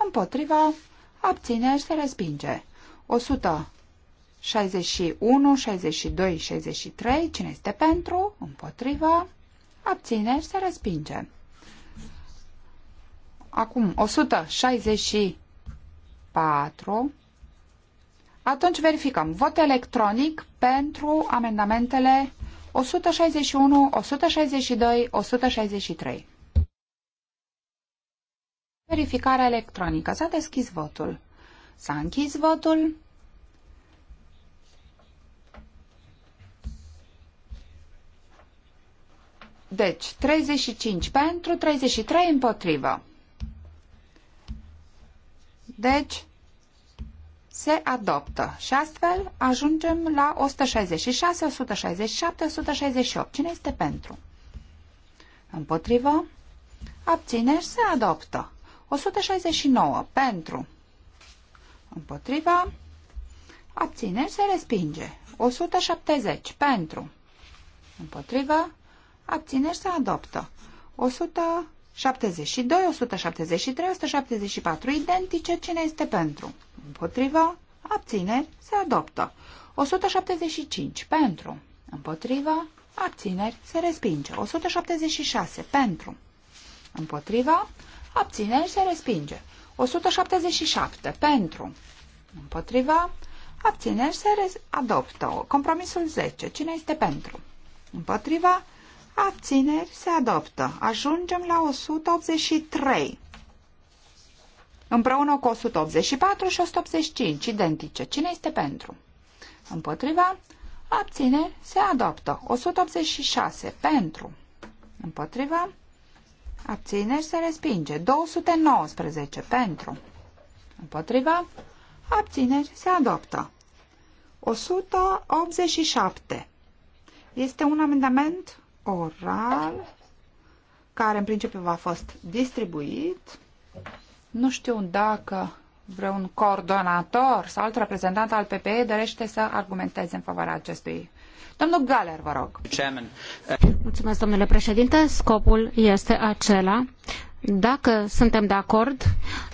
Speaker 14: Împotriva, abțineri, se respinge. 161, 62, 63, cine este pentru? Împotriva, abțineri, se respinge. Acum, 160 4. Atunci verificăm. Vot electronic pentru amendamentele 161, 162, 163. Verificare electronică. S-a deschis votul. S-a închis votul. Deci, 35 pentru, 33 împotrivă. Deci, se adoptă. Și astfel ajungem la 166, 167, 168. Cine este pentru? Împotrivă? Abțineri se adoptă. 169 pentru. Împotriva. Abțineri se respinge. 170 pentru. Împotriva. Abțineri se adoptă. 100 72, 173, 174 identice. Cine este pentru? Împotriva. Abțineri. Se adoptă. 175 pentru. Împotriva. Abțineri. Se respinge. 176 pentru. Împotriva. Abțineri. Se respinge. 177 pentru. Împotriva. Abțineri. Se adoptă. Compromisul 10. Cine este pentru? Împotriva. Abțineri se adoptă. Ajungem la 183. Împreună cu 184 și 185, identice. Cine este pentru? Împotriva. Abțineri se adoptă. 186 pentru. Împotriva. Abțineri se respinge. 219 pentru. Împotriva. Abțineri se adoptă. 187. Este un amendament oral care în principiu va fost distribuit. Nu știu dacă vreun coordonator sau alt reprezentant al PPE dorește să argumenteze în favoarea acestui.
Speaker 19: Domnul Galer, vă rog.
Speaker 9: Uh,
Speaker 19: Mulțumesc, domnule președinte. Scopul este acela. Dacă suntem de acord,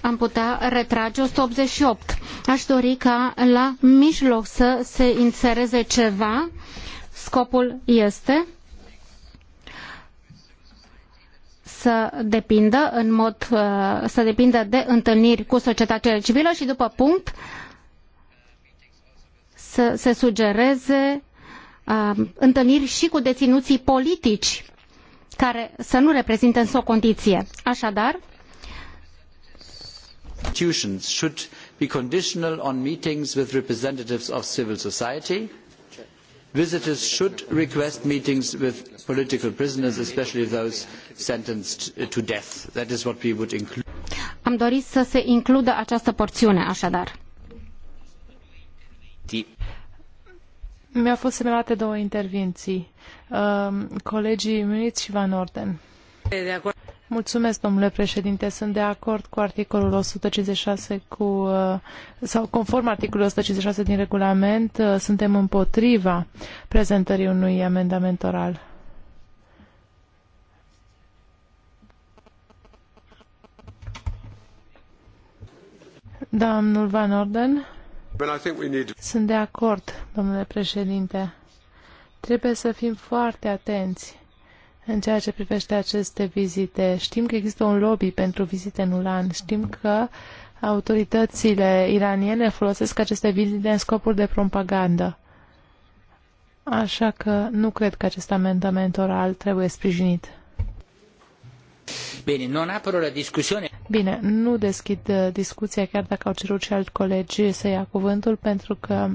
Speaker 19: am putea retrage 188. Aș dori ca la mijloc să se insereze ceva. Scopul este să depindă în mod uh, să depindă de întâlniri cu societatea civilă și după punct să se sugereze uh, întâlniri și cu deținuții politici care să nu reprezintă însă o condiție. Așadar,
Speaker 9: institutions should be conditional on meetings with representatives of civil society visitors should request meetings with political prisoners especially those sentenced to death. that is what we would include.
Speaker 19: am dorit să se includă această porțiune
Speaker 17: așadar. Mi-au fost semnalate două intervenții. Uh, colegii Muniz și Van Orden. Mulțumesc, domnule președinte. Sunt de acord cu articolul 156 cu, uh, sau conform articolului 156 din regulament, uh, suntem împotriva prezentării unui amendament oral. Domnul Van Orden. Sunt de acord, domnule președinte. Trebuie să fim foarte atenți în ceea ce privește aceste vizite. Știm că există un lobby pentru vizite în Ulan. Știm că autoritățile iraniene folosesc aceste vizite în scopuri de propagandă. Așa că nu cred că acest amendament oral trebuie sprijinit.
Speaker 18: Bine, nu apără la discuțiune.
Speaker 17: Bine, nu deschid uh, discuția chiar dacă au cerut și alt colegi să ia cuvântul pentru că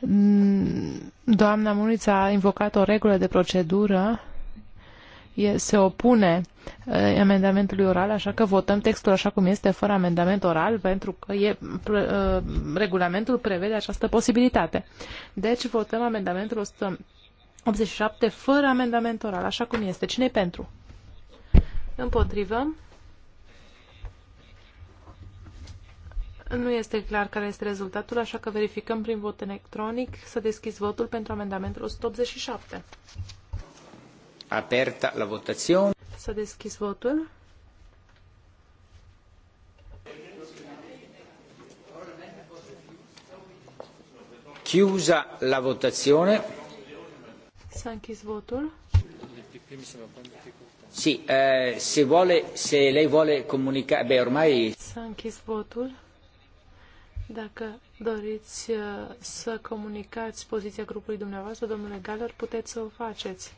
Speaker 17: mm, doamna Munița a invocat o regulă de procedură se opune amendamentului oral, așa că votăm textul așa cum este, fără amendament oral, pentru că e, regulamentul prevede această posibilitate. Deci votăm amendamentul 187 fără amendament oral, așa cum este. cine pentru? Împotrivă. Nu este clar care este rezultatul, așa că verificăm prin vot electronic să deschizi votul pentru amendamentul 187.
Speaker 18: Aperta la votazione.
Speaker 17: S-a deschis votul.
Speaker 18: Chiusa la votazione.
Speaker 17: S-a închis votul.
Speaker 18: Sì, eh, se, vuole, se lei vuole comunicare, beh ormai...
Speaker 17: S-a închis votul. Dacă doriți eh, să comunicați poziția grupului dumneavoastră, domnule Galer, puteți să o faceți.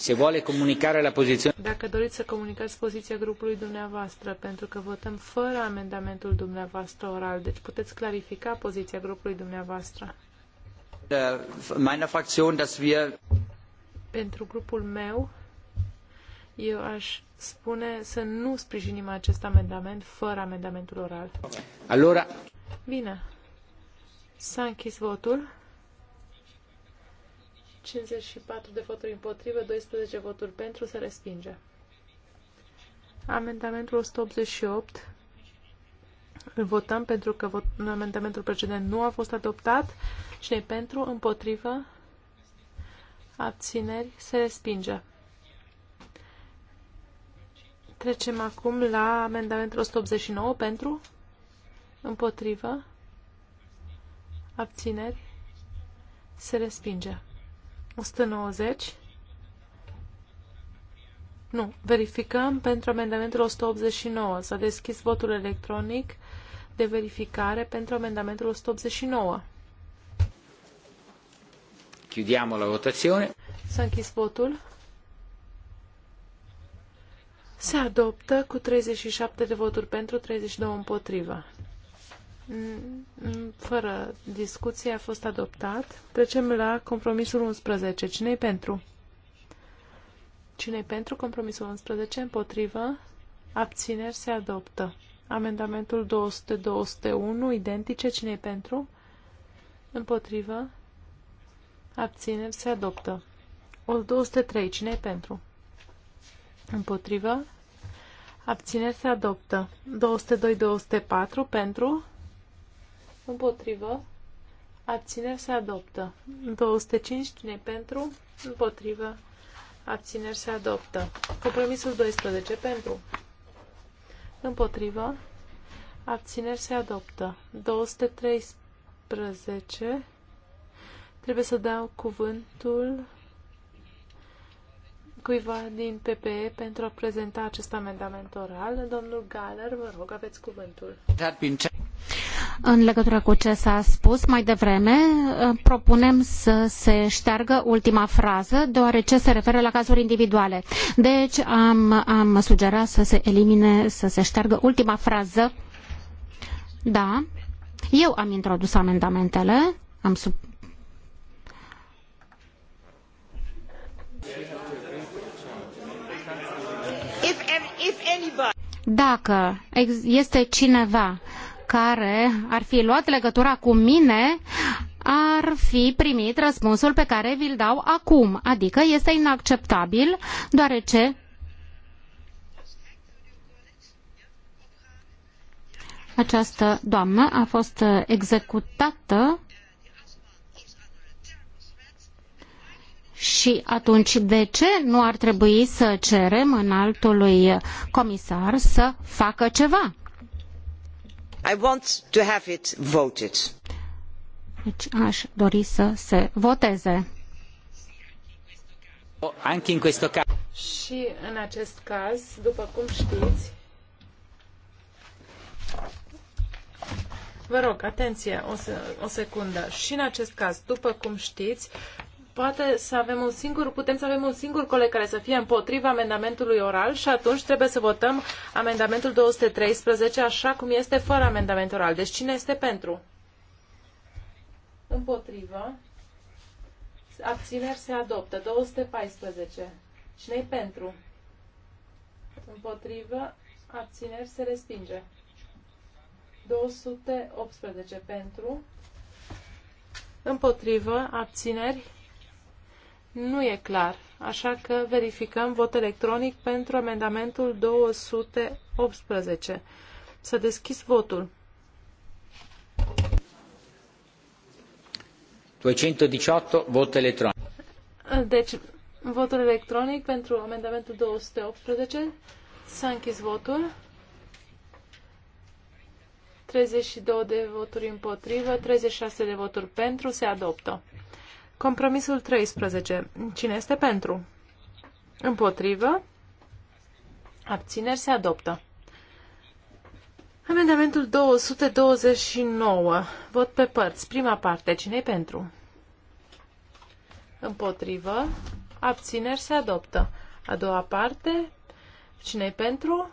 Speaker 18: Se vuole comunicare la poziție...
Speaker 17: Dacă doriți să comunicați poziția grupului dumneavoastră, pentru că votăm fără amendamentul dumneavoastră oral, deci puteți clarifica poziția grupului dumneavoastră.
Speaker 9: Da, meiner Fraktion, dass wir...
Speaker 17: Pentru grupul meu, eu aș spune să nu sprijinim acest amendament fără amendamentul oral. Allora... Bine. S-a închis votul. 54 de voturi împotrivă, 12 voturi pentru, se respinge. Amendamentul 188. Îl votăm pentru că vot, amendamentul precedent nu a fost adoptat. Cine pentru, împotrivă, abțineri, se respinge. Trecem acum la amendamentul 189 pentru, împotrivă, abțineri, se respinge. 190. Nu, verificăm pentru amendamentul 189. S-a deschis votul electronic de verificare pentru amendamentul 189.
Speaker 18: Chiudiamo la votazione.
Speaker 17: S-a închis votul. Se adoptă cu 37 de voturi pentru, 32 împotrivă. Mm, fără discuție a fost adoptat. Trecem la compromisul 11. Cine-i pentru? Cine-i pentru compromisul 11? Împotrivă? Abțineri se adoptă. Amendamentul 200-201, identice. Cine-i pentru? Împotrivă? Abțineri se adoptă. 203. Cine-i pentru? Împotrivă? Abțineri se adoptă. 202-204 pentru? împotrivă, abțineri se adoptă. 205, cine pentru, împotrivă, abțineri se adoptă. Compromisul 12, pentru, împotrivă, abțineri se adoptă. 213, trebuie să dau cuvântul cuiva din PPE pentru a prezenta acest amendament oral. Domnul Galer, vă rog, aveți cuvântul
Speaker 19: în legătură cu ce s-a spus mai devreme, uh, propunem să se șteargă ultima frază, deoarece se referă la cazuri individuale. Deci am, am sugerat să se elimine, să se șteargă ultima frază. Da, eu am introdus amendamentele, am sub... Dacă este cineva care ar fi luat legătura cu mine ar fi primit răspunsul pe care vi-l dau acum, adică este inacceptabil, deoarece această doamnă a fost executată Și atunci, de ce nu ar trebui să cerem înaltului comisar să facă ceva?
Speaker 12: I want
Speaker 18: to have it voted.
Speaker 19: Deci aș dori să se voteze.
Speaker 18: Anche in questo caso.
Speaker 17: Și în acest caz, după cum știți, Vă rog, atenție, o, o secundă. Și în acest caz, după cum știți, poate să avem un singur, putem să avem un singur coleg care să fie împotriva amendamentului oral și atunci trebuie să votăm amendamentul 213 așa cum este fără amendament oral. Deci cine este pentru? Împotrivă. Abțineri se adoptă. 214. Cine-i pentru? Împotrivă. Abțineri se respinge. 218 pentru. Împotrivă. Abțineri nu e clar, așa că verificăm vot electronic pentru amendamentul 218. Să deschis votul.
Speaker 18: 218, vot electronic.
Speaker 17: Deci, votul electronic pentru amendamentul 218. S-a închis votul. 32 de voturi împotrivă, 36 de voturi pentru, se adoptă. Compromisul 13. Cine este pentru? Împotrivă? Abțineri se adoptă. Amendamentul 229. Vot pe părți. Prima parte. Cine-i pentru? Împotrivă. Abțineri se adoptă. A doua parte. Cine-i pentru?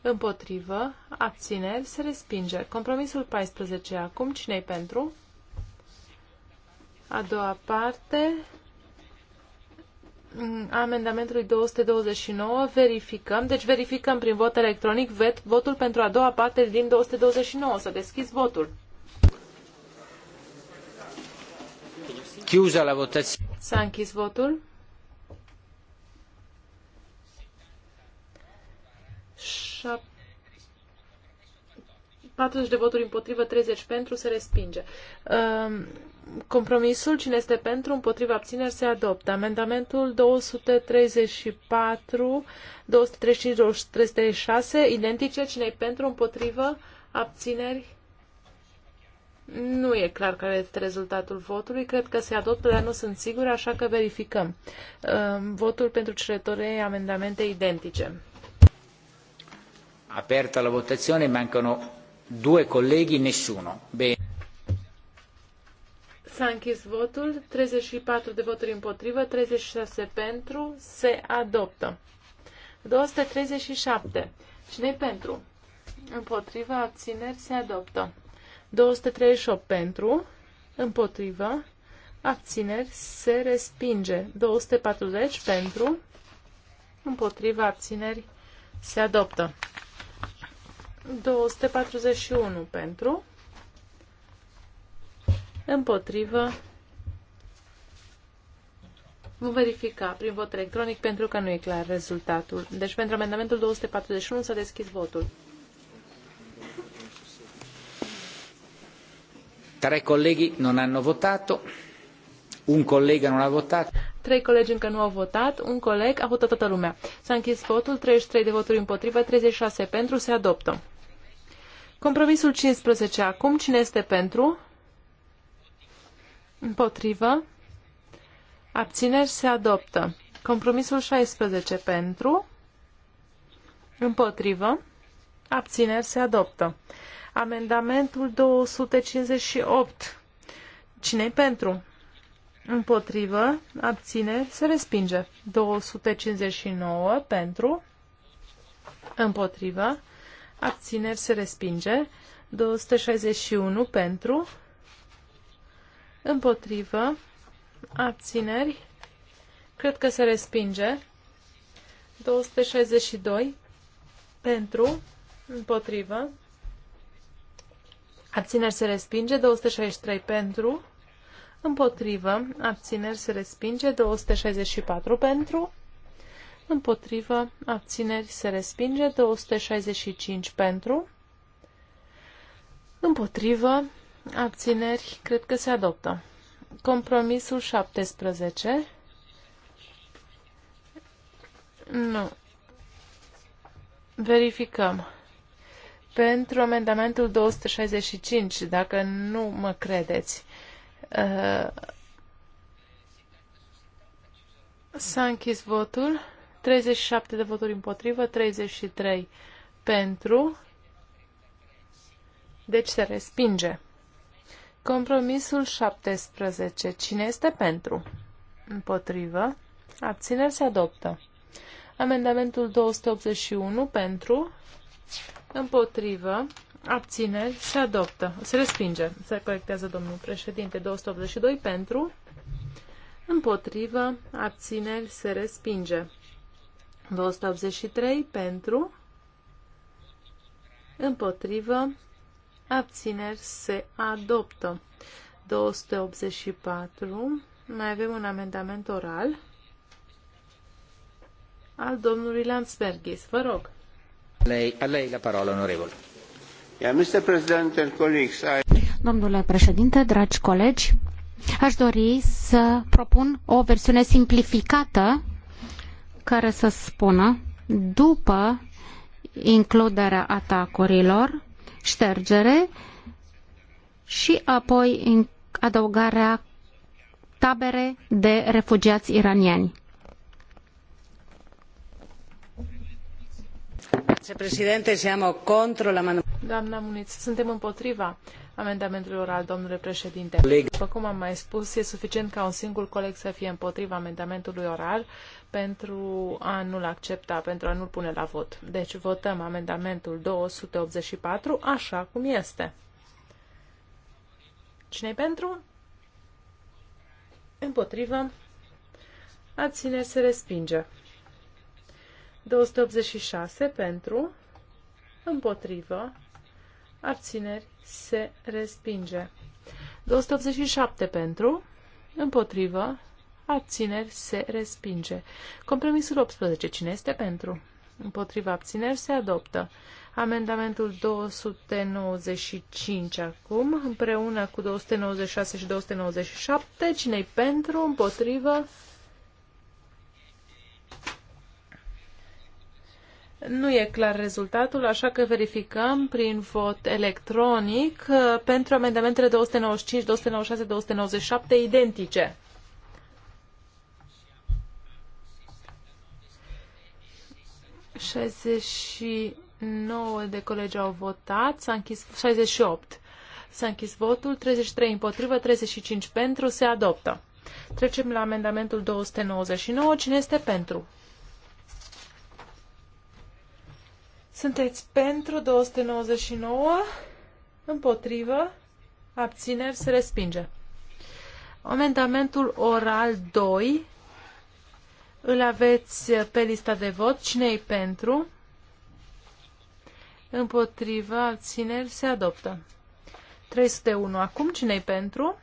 Speaker 17: Împotrivă. Abțineri se respinge. Compromisul 14. Acum cine-i pentru? A doua parte a mm, amendamentului 229 verificăm, deci verificăm prin vot electronic vet, votul pentru a doua parte din 229. Să deschizi votul.
Speaker 18: Chiusa la votație.
Speaker 17: S-a închis votul. 40 de voturi împotrivă, 30 pentru, se respinge. Ehm, Compromisul, cine este pentru, împotriva abțineri, se adoptă. Amendamentul 234, 235, 236, identice, cine e pentru, împotrivă, abțineri. Nu e clar care este rezultatul votului. Cred că se adoptă, dar nu sunt sigur, așa că verificăm. Ehm, votul pentru cele trei amendamente identice.
Speaker 18: Aperta la votazione, mancano due colleghi, nessuno. Bene.
Speaker 17: S-a închis votul, 34 de voturi împotrivă, 36 pentru, se adoptă. 237. cine pentru? Împotrivă, abțineri, se adoptă. 238 pentru, împotrivă, abțineri, se respinge. 240 pentru, împotrivă, abțineri, se adoptă. 241 pentru, împotrivă. Vom verifica prin vot electronic pentru că nu e clar rezultatul. Deci pentru amendamentul 241 s-a deschis votul.
Speaker 18: Trei colegi nu hanno votato, un coleg nu a votat.
Speaker 17: Trei colegi încă nu au votat, un coleg a votat toată lumea. S-a închis votul, 33 de voturi împotriva, 36 pentru, se adoptă. Compromisul 15 acum, cine este pentru? Împotrivă. Abțineri se adoptă. Compromisul 16 pentru. Împotrivă. Abțineri se adoptă. Amendamentul 258. Cine-i pentru? Împotrivă. Abțineri se respinge. 259 pentru. Împotrivă. Abțineri se respinge. 261 pentru împotrivă, abțineri, cred că se respinge, 262, pentru, împotrivă, abțineri se respinge, 263 pentru, împotrivă, abțineri se respinge, 264 pentru, împotrivă, abțineri se respinge, 265 pentru, împotrivă, abțineri, cred că se adoptă. Compromisul 17. Nu. Verificăm. Pentru amendamentul 265, dacă nu mă credeți, uh, s-a închis votul. 37 de voturi împotrivă, 33 pentru. Deci se respinge. Compromisul 17. Cine este pentru? Împotrivă. Abțineri se adoptă. Amendamentul 281 pentru. Împotrivă. Abțineri se adoptă. Se respinge. Se corectează domnul președinte. 282 pentru. Împotrivă. Abțineri se respinge. 283 pentru. Împotrivă abțineri se adoptă. 284. Mai avem un amendament oral al domnului Landsbergis. Vă rog. Lei, a lei la parola, onorevol. Yeah, Mr.
Speaker 15: President and colleagues, I...
Speaker 19: Domnule președinte, dragi colegi, aș dori să propun o versiune simplificată care să spună după includerea atacurilor ștergere și apoi adăugarea tabere de refugiați iranieni.
Speaker 17: Doamna Muniț, suntem împotriva amendamentelor al domnului președinte. După cum am mai spus, e suficient ca un singur coleg să fie împotriva amendamentului oral pentru a nu-l accepta, pentru a nu-l pune la vot. Deci votăm amendamentul 284 așa cum este. cine pentru? Împotrivă. ține se respinge. 286 pentru. Împotrivă. Abțineri se respinge. 287 pentru. Împotrivă abțineri, se respinge. Compromisul 18. Cine este pentru? Împotriva abțineri se adoptă. Amendamentul 295 acum, împreună cu 296 și 297. Cine-i pentru? Împotrivă? Nu e clar rezultatul, așa că verificăm prin vot electronic uh, pentru amendamentele 295, 296, 297 identice. 69 de colegi au votat, s-a închis 68. S-a închis votul, 33 împotrivă, 35 pentru, se adoptă. Trecem la amendamentul 299. Cine este pentru? Sunteți pentru 299? Împotrivă? Abțineri? Se respinge. Amendamentul oral 2 îl aveți pe lista de vot. cine e pentru? Împotriva abțineri se adoptă. 301. Acum cine e pentru?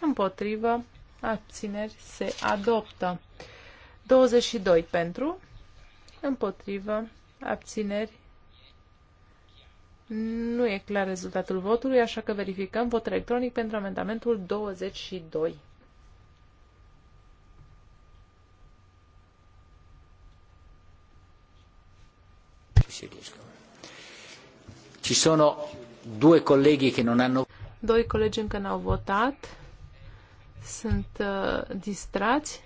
Speaker 17: Împotriva abțineri se adoptă. 22 pentru. Împotriva abțineri. Nu e clar rezultatul votului, așa că verificăm vot electronic pentru amendamentul 22.
Speaker 18: ci riescono. Ci sono due colleghi che non hanno...
Speaker 17: Doi colegi încă n-au votat, sunt uh, distrați,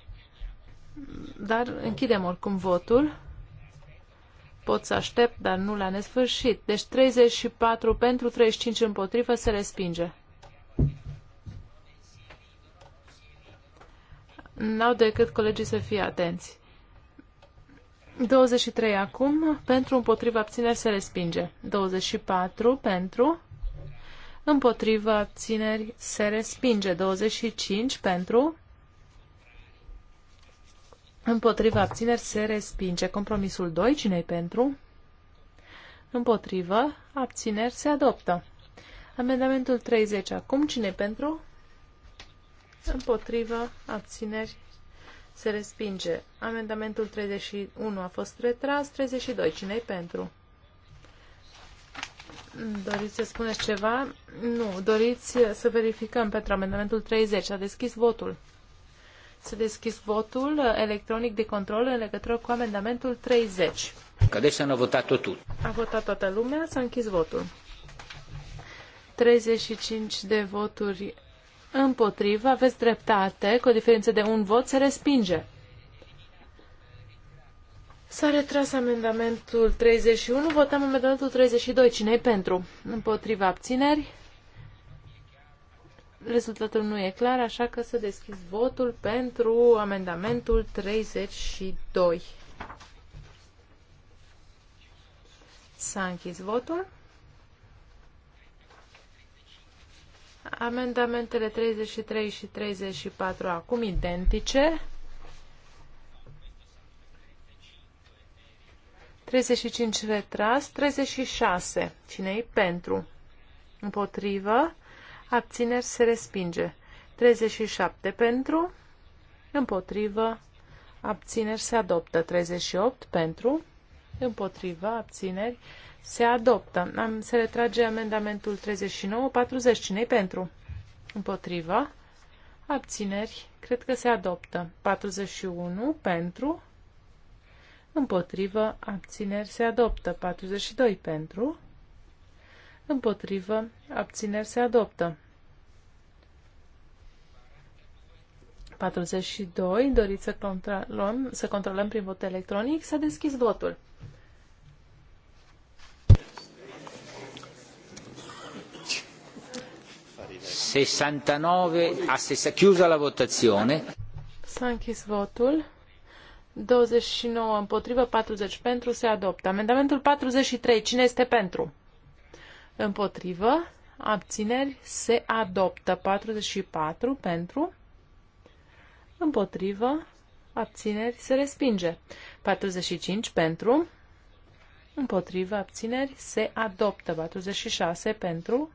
Speaker 17: dar închidem oricum votul. Pot să aștept, dar nu la nesfârșit. Deci 34 pentru, 35 împotrivă, se respinge. N-au decât colegii să fie atenți. 23 acum, pentru împotriva abțineri se respinge. 24 pentru, împotriva abțineri se respinge. 25 pentru, împotriva abțineri se respinge. Compromisul 2, cine pentru? împotriva abțineri se adoptă. Amendamentul 30 acum, cine pentru? împotriva abțineri se respinge. Amendamentul 31 a fost retras. 32. Cine-i pentru? Doriți să spuneți ceva? Nu. Doriți să verificăm pentru amendamentul 30. A deschis votul. Să deschis votul electronic de control în legătură cu amendamentul 30.
Speaker 18: Că deci s-a votat totul.
Speaker 17: A votat toată lumea, s-a închis votul. 35 de voturi Împotrivă, aveți dreptate, cu o diferență de un vot se respinge. S-a retras amendamentul 31, votăm amendamentul 32. cine e pentru? Împotriva abțineri. Rezultatul nu e clar, așa că să deschis votul pentru amendamentul 32. S-a închis votul. Amendamentele 33 și 34 acum identice. 35 retras, 36. Cine-i pentru? Împotrivă. Abțineri se respinge. 37 pentru. Împotrivă. Abțineri se adoptă. 38 pentru. Împotrivă. Abțineri se adoptă. Am, se retrage amendamentul 39, 40. cine pentru? Împotrivă. Abțineri. Cred că se adoptă. 41 pentru. Împotrivă. Abțineri. Se adoptă. 42 pentru. Împotrivă. Abțineri. Se adoptă. 42. Doriți să controlăm, să controlăm prin vot electronic. S-a deschis votul.
Speaker 18: 69 a chiusa la votazione.
Speaker 17: S-a închis votul. 29 împotrivă, 40 pentru, se adoptă. Amendamentul 43, cine este pentru? Împotrivă, abțineri, se adoptă. 44 pentru, împotrivă, abțineri, se respinge. 45 pentru, împotrivă, abțineri, se adoptă. 46 pentru,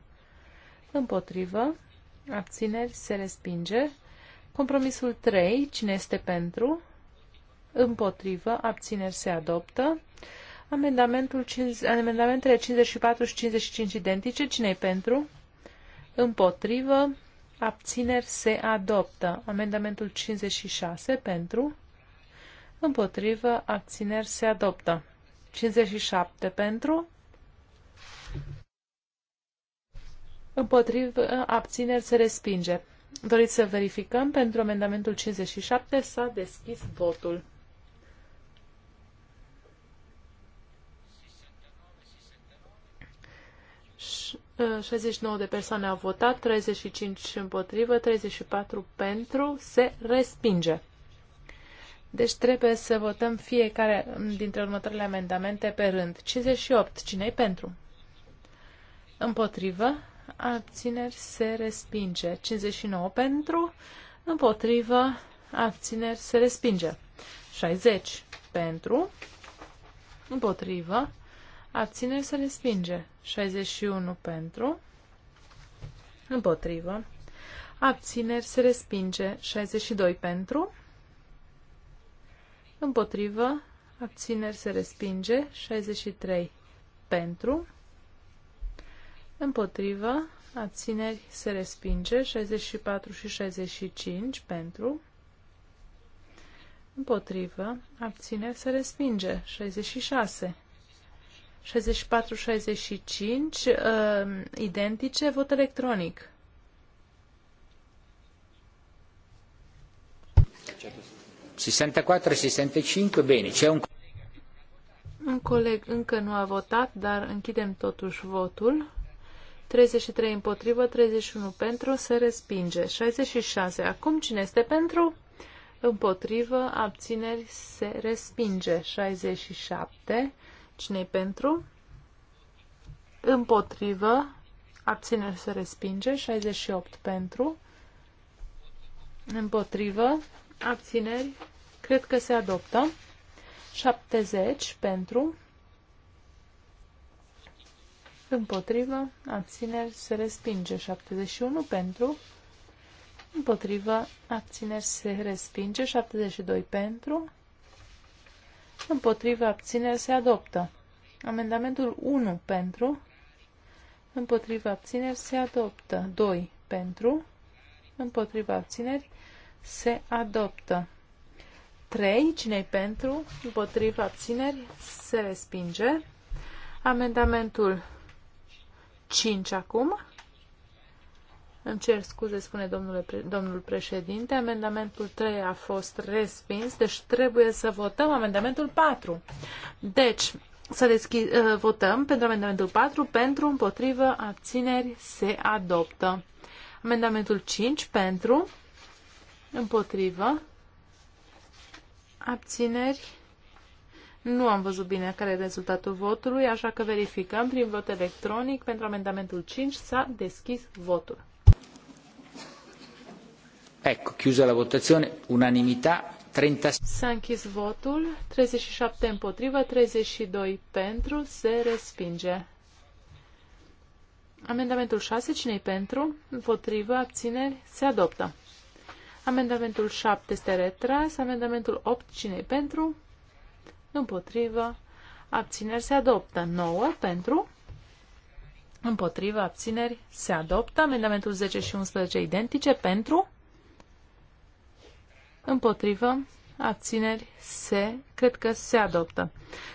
Speaker 17: împotrivă, Abțineri se respinge. Compromisul 3. Cine este pentru? Împotrivă. Abțineri se adoptă. Amendamentul 5, amendamentele 54 și 55 identice. cine e pentru? Împotrivă. Abțineri se adoptă. Amendamentul 56 pentru. Împotrivă. Abțineri se adoptă. 57 pentru. împotrivă, abțineri, se respinge. Doriți să verificăm? Pentru amendamentul 57 s-a deschis votul. 69 ă, de persoane au votat, 35 împotrivă, 34 pentru, se respinge. Deci trebuie să votăm fiecare dintre următoarele amendamente pe rând. 58. cine pentru? Împotrivă? abțineri se respinge. 59 pentru, împotrivă, abțineri se respinge. 60 pentru, împotrivă, abțineri se respinge. 61 pentru, împotrivă, abțineri se respinge. 62 pentru, împotrivă, abțineri se respinge. 63 pentru, Împotrivă. Abțineri se respinge. 64 și 65 pentru. Împotrivă. Abțineri se respinge. 66. 64-65 uh, identice, vot electronic.
Speaker 18: Si 64-65, bine, c'è un...
Speaker 17: Un coleg încă nu a votat, dar închidem totuși votul. 33 împotrivă, 31 pentru, se respinge. 66. Acum cine este pentru? Împotrivă, abțineri, se respinge. 67. Cine-i pentru? Împotrivă, abțineri, se respinge. 68 pentru. Împotrivă, abțineri, cred că se adoptă. 70 pentru împotrivă, abțineri, se respinge. 71 pentru, împotrivă, abțineri, se respinge. 72 pentru, împotrivă, abțineri, se adoptă. Amendamentul 1 pentru, împotrivă, abțineri, se adoptă. 2 pentru, Împotrivă, abțineri se adoptă. 3. cine pentru? Împotrivă, abțineri se respinge. Amendamentul 5 acum. Îmi cer scuze, spune domnule, domnul președinte. Amendamentul 3 a fost respins, deci trebuie să votăm amendamentul 4. Deci, să deschid, uh, votăm pentru amendamentul 4, pentru, împotrivă, abțineri, se adoptă. Amendamentul 5, pentru, împotrivă, abțineri, nu am văzut bine care e rezultatul votului, așa că verificăm prin vot electronic. Pentru amendamentul 5 s-a deschis votul.
Speaker 18: Ecco, chiusa la votazione, unanimità 30.
Speaker 17: S-a închis votul, 37 împotrivă, 32 pentru, se respinge. Amendamentul 6, cine pentru? Împotrivă, abțineri, se adoptă. Amendamentul 7 este retras, amendamentul 8, cine pentru? împotrivă, abțineri se adoptă. 9 pentru, împotrivă, abțineri se adoptă. Amendamentul 10 și 11 identice pentru, împotrivă, abțineri se, cred că se adoptă.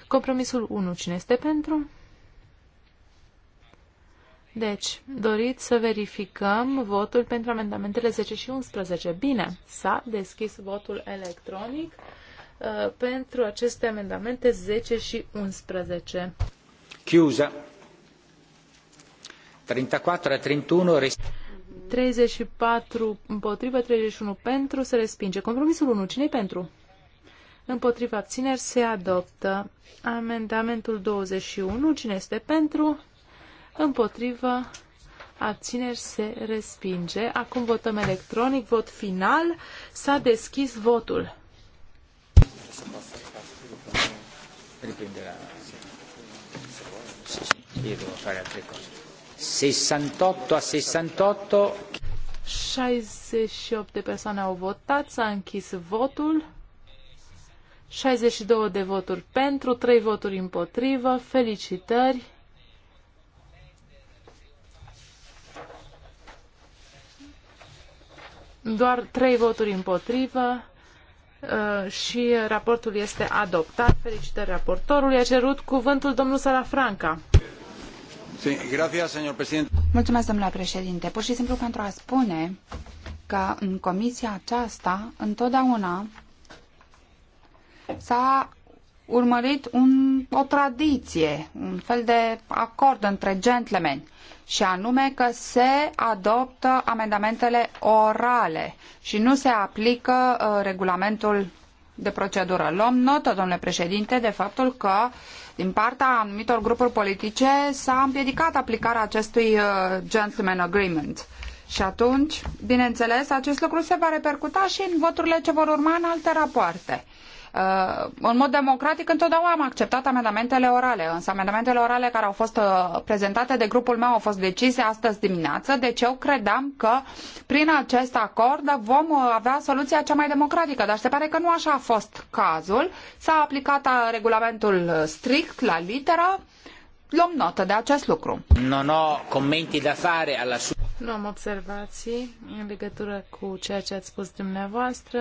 Speaker 17: Compromisul 1, cine este pentru? Deci, doriți să verificăm votul pentru amendamentele 10 și 11. Bine, s-a deschis votul electronic Uh, pentru aceste amendamente 10 și 11.
Speaker 18: Chiusa. 34 31
Speaker 17: 34 împotrivă, 31 pentru, se respinge. Compromisul 1, cine pentru? Împotriva abțineri se adoptă. Amendamentul 21, cine este pentru? Împotrivă, abțineri se respinge. Acum votăm electronic, vot final. S-a deschis votul
Speaker 18: fare altre cose. 68 a 68.
Speaker 17: 68 de persoane au votat, s-a închis votul. 62 de voturi pentru, 3 voturi împotrivă. Felicitări! Doar 3 voturi împotrivă. Uh, și raportul este adoptat. Felicitări raportorului. A cerut cuvântul domnul Sarafranca.
Speaker 14: Mulțumesc, domnule președinte. Pur și simplu pentru a spune că în comisia aceasta întotdeauna s-a urmărit un, o tradiție, un fel de acord între gentlemen și anume că se adoptă amendamentele orale și nu se aplică uh, regulamentul de procedură. Luăm notă, domnule președinte, de faptul că din partea anumitor grupuri politice s-a împiedicat aplicarea acestui uh, gentleman agreement. Și atunci, bineînțeles, acest lucru se va repercuta și în voturile ce vor urma în alte rapoarte. Uh, în mod democratic, întotdeauna am acceptat amendamentele orale, însă amendamentele orale care au fost uh, prezentate de grupul meu au fost decise astăzi dimineață, deci eu credeam că prin acest acord vom uh, avea soluția cea mai democratică, dar se pare că nu așa a fost cazul. S-a aplicat regulamentul
Speaker 18: strict
Speaker 17: la
Speaker 14: literă. Luăm notă de acest lucru.
Speaker 18: Nu, comentii fare
Speaker 17: Nu am observații în legătură cu ceea ce ați spus dumneavoastră.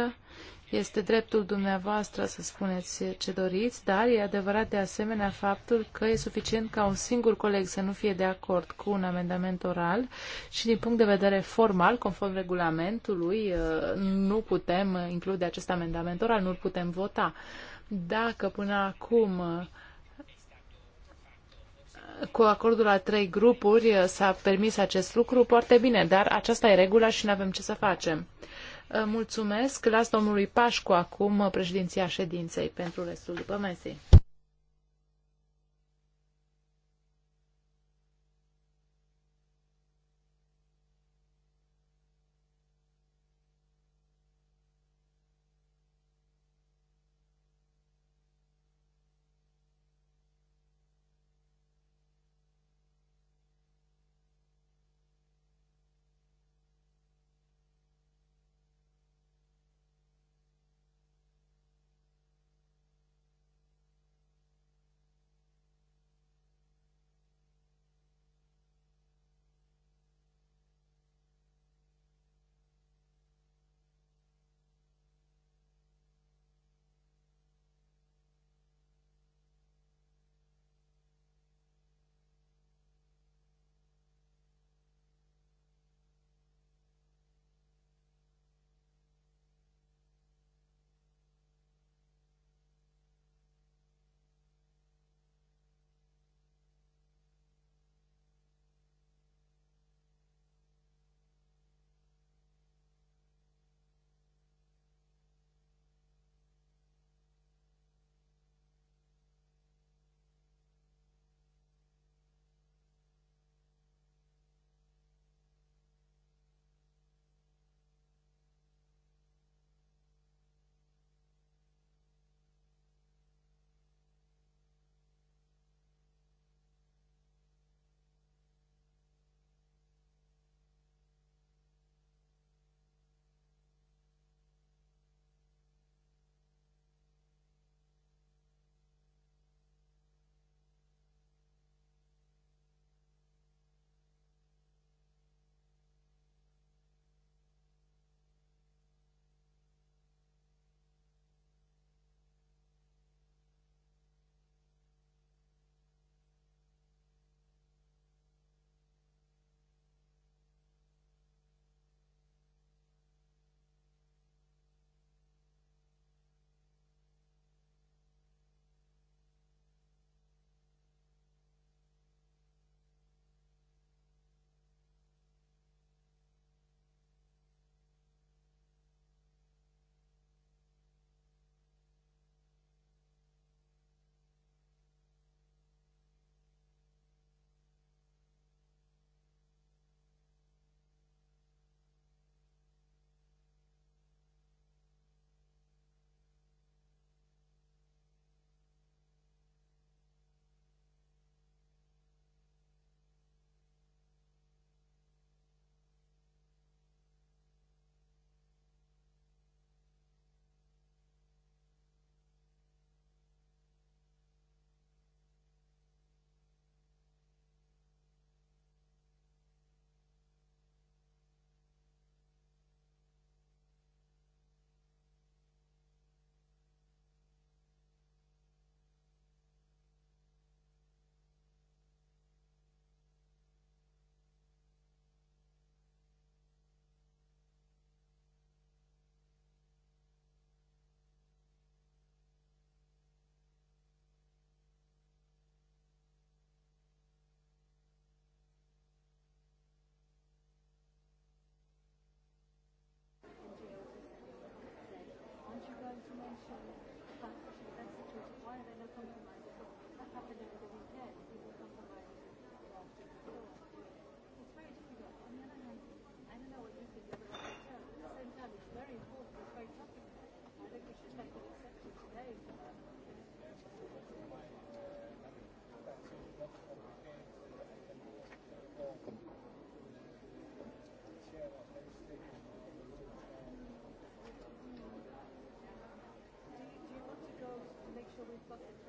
Speaker 17: Este dreptul dumneavoastră să spuneți ce doriți, dar e adevărat de asemenea faptul că e suficient ca un singur coleg să nu fie de acord cu un amendament oral și din punct de vedere formal, conform regulamentului, uh, nu putem include acest amendament oral, nu-l putem vota. Dacă până acum uh, cu acordul a trei grupuri uh, s-a permis acest lucru, foarte bine, dar aceasta e regula și nu avem ce să facem. Mulțumesc. Las domnului Pașcu acum președinția ședinței pentru restul după mesei.
Speaker 20: fost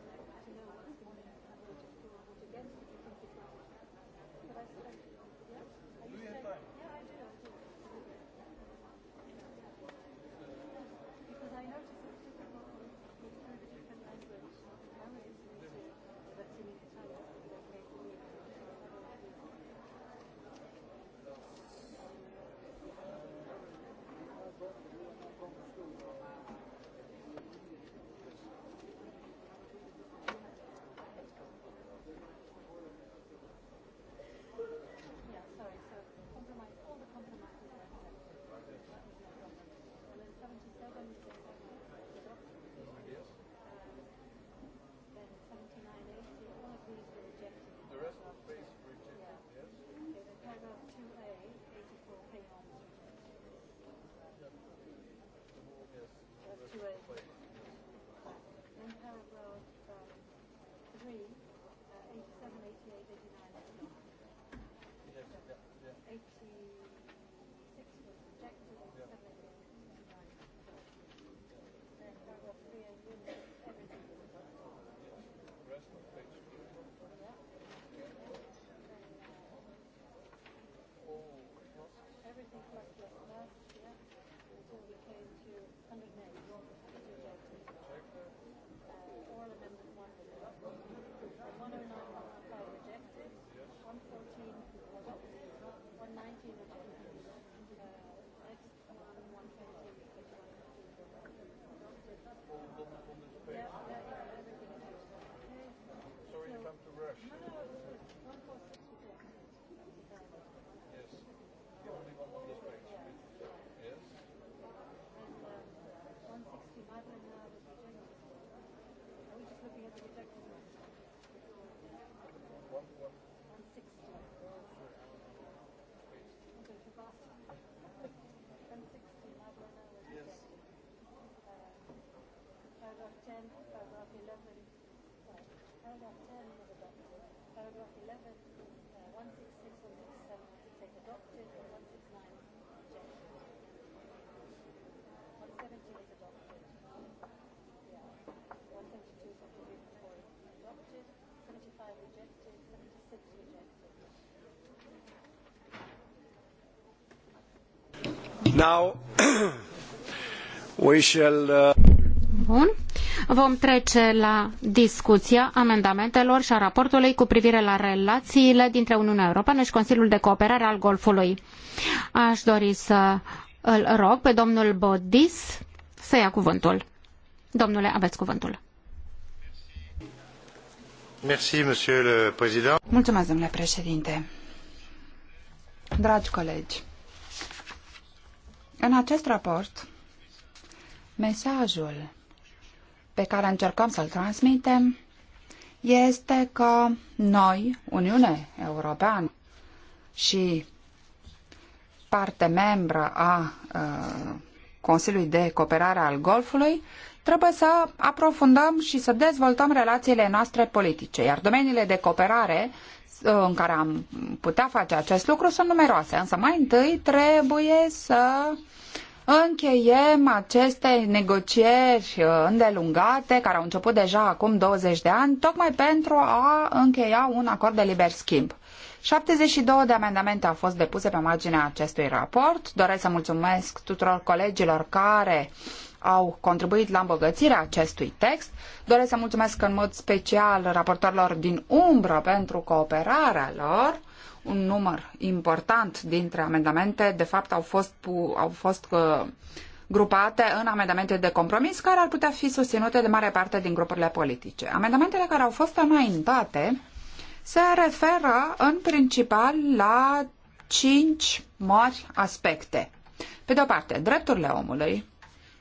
Speaker 20: paragraph 10 was adopted. Paragraph 11, uh, 166 and 167 take adopted, and 169 rejected. 170 was adopted. Yeah. 172 from the adopted, 75 rejected, 76 rejected.
Speaker 4: Now we shall. Uh...
Speaker 19: Bun. Vom trece la discuția amendamentelor și a raportului cu privire la relațiile dintre Uniunea Europeană și Consiliul de Cooperare al Golfului. Aș dori să îl rog pe domnul Bodis să ia cuvântul. Domnule, aveți cuvântul. Mulțumesc, domnule președinte.
Speaker 14: Dragi colegi, în acest raport, mesajul pe care încercăm să-l transmitem este că noi, Uniunea Europeană și parte membră a uh, Consiliului de Cooperare al Golfului, trebuie să aprofundăm și să dezvoltăm relațiile noastre politice, iar domeniile de cooperare uh, în care am putea face acest lucru sunt numeroase, însă mai întâi trebuie să încheiem aceste negocieri îndelungate, care au început deja acum 20 de ani, tocmai pentru a încheia un acord de liber schimb. 72 de amendamente au fost depuse pe marginea acestui raport. Doresc să mulțumesc tuturor colegilor care au contribuit la îmbogățirea acestui text. Doresc să mulțumesc în mod special raportorilor din umbră pentru cooperarea lor un număr important dintre amendamente, de fapt, au fost, au fost uh, grupate în amendamente de compromis care ar putea fi susținute de mare parte din grupurile politice. Amendamentele care au fost înaintate se referă în principal la cinci mari aspecte. Pe de o parte, drepturile omului,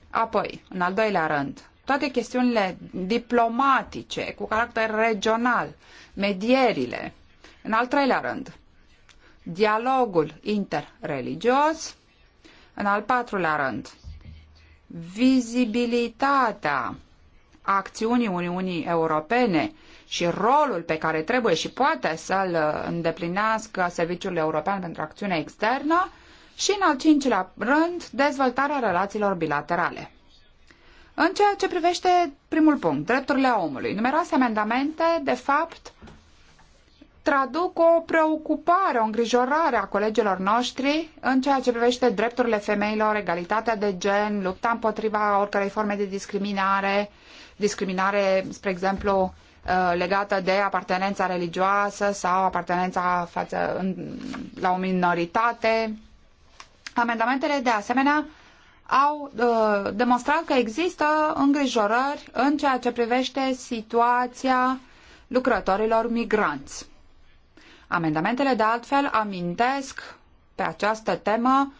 Speaker 14: apoi, în al doilea rând, toate chestiunile diplomatice cu caracter regional, medierile, în al treilea rând, dialogul interreligios, în al patrulea rând, vizibilitatea acțiunii Uniunii Europene și rolul pe care trebuie și poate să-l îndeplinească Serviciul European pentru Acțiune Externă și, în al cincilea rând, dezvoltarea relațiilor bilaterale. În ceea ce privește primul punct, drepturile omului, numeroase amendamente, de fapt, traduc o preocupare, o îngrijorare a colegilor noștri în ceea ce privește drepturile femeilor, egalitatea de gen, lupta împotriva oricărei forme de discriminare, discriminare, spre exemplu, uh, legată de apartenența religioasă sau apartenența față în, la o minoritate. Amendamentele, de asemenea, au uh, demonstrat că există îngrijorări în ceea ce privește situația lucrătorilor migranți. Amendamentele de altfel amintesc pe această temă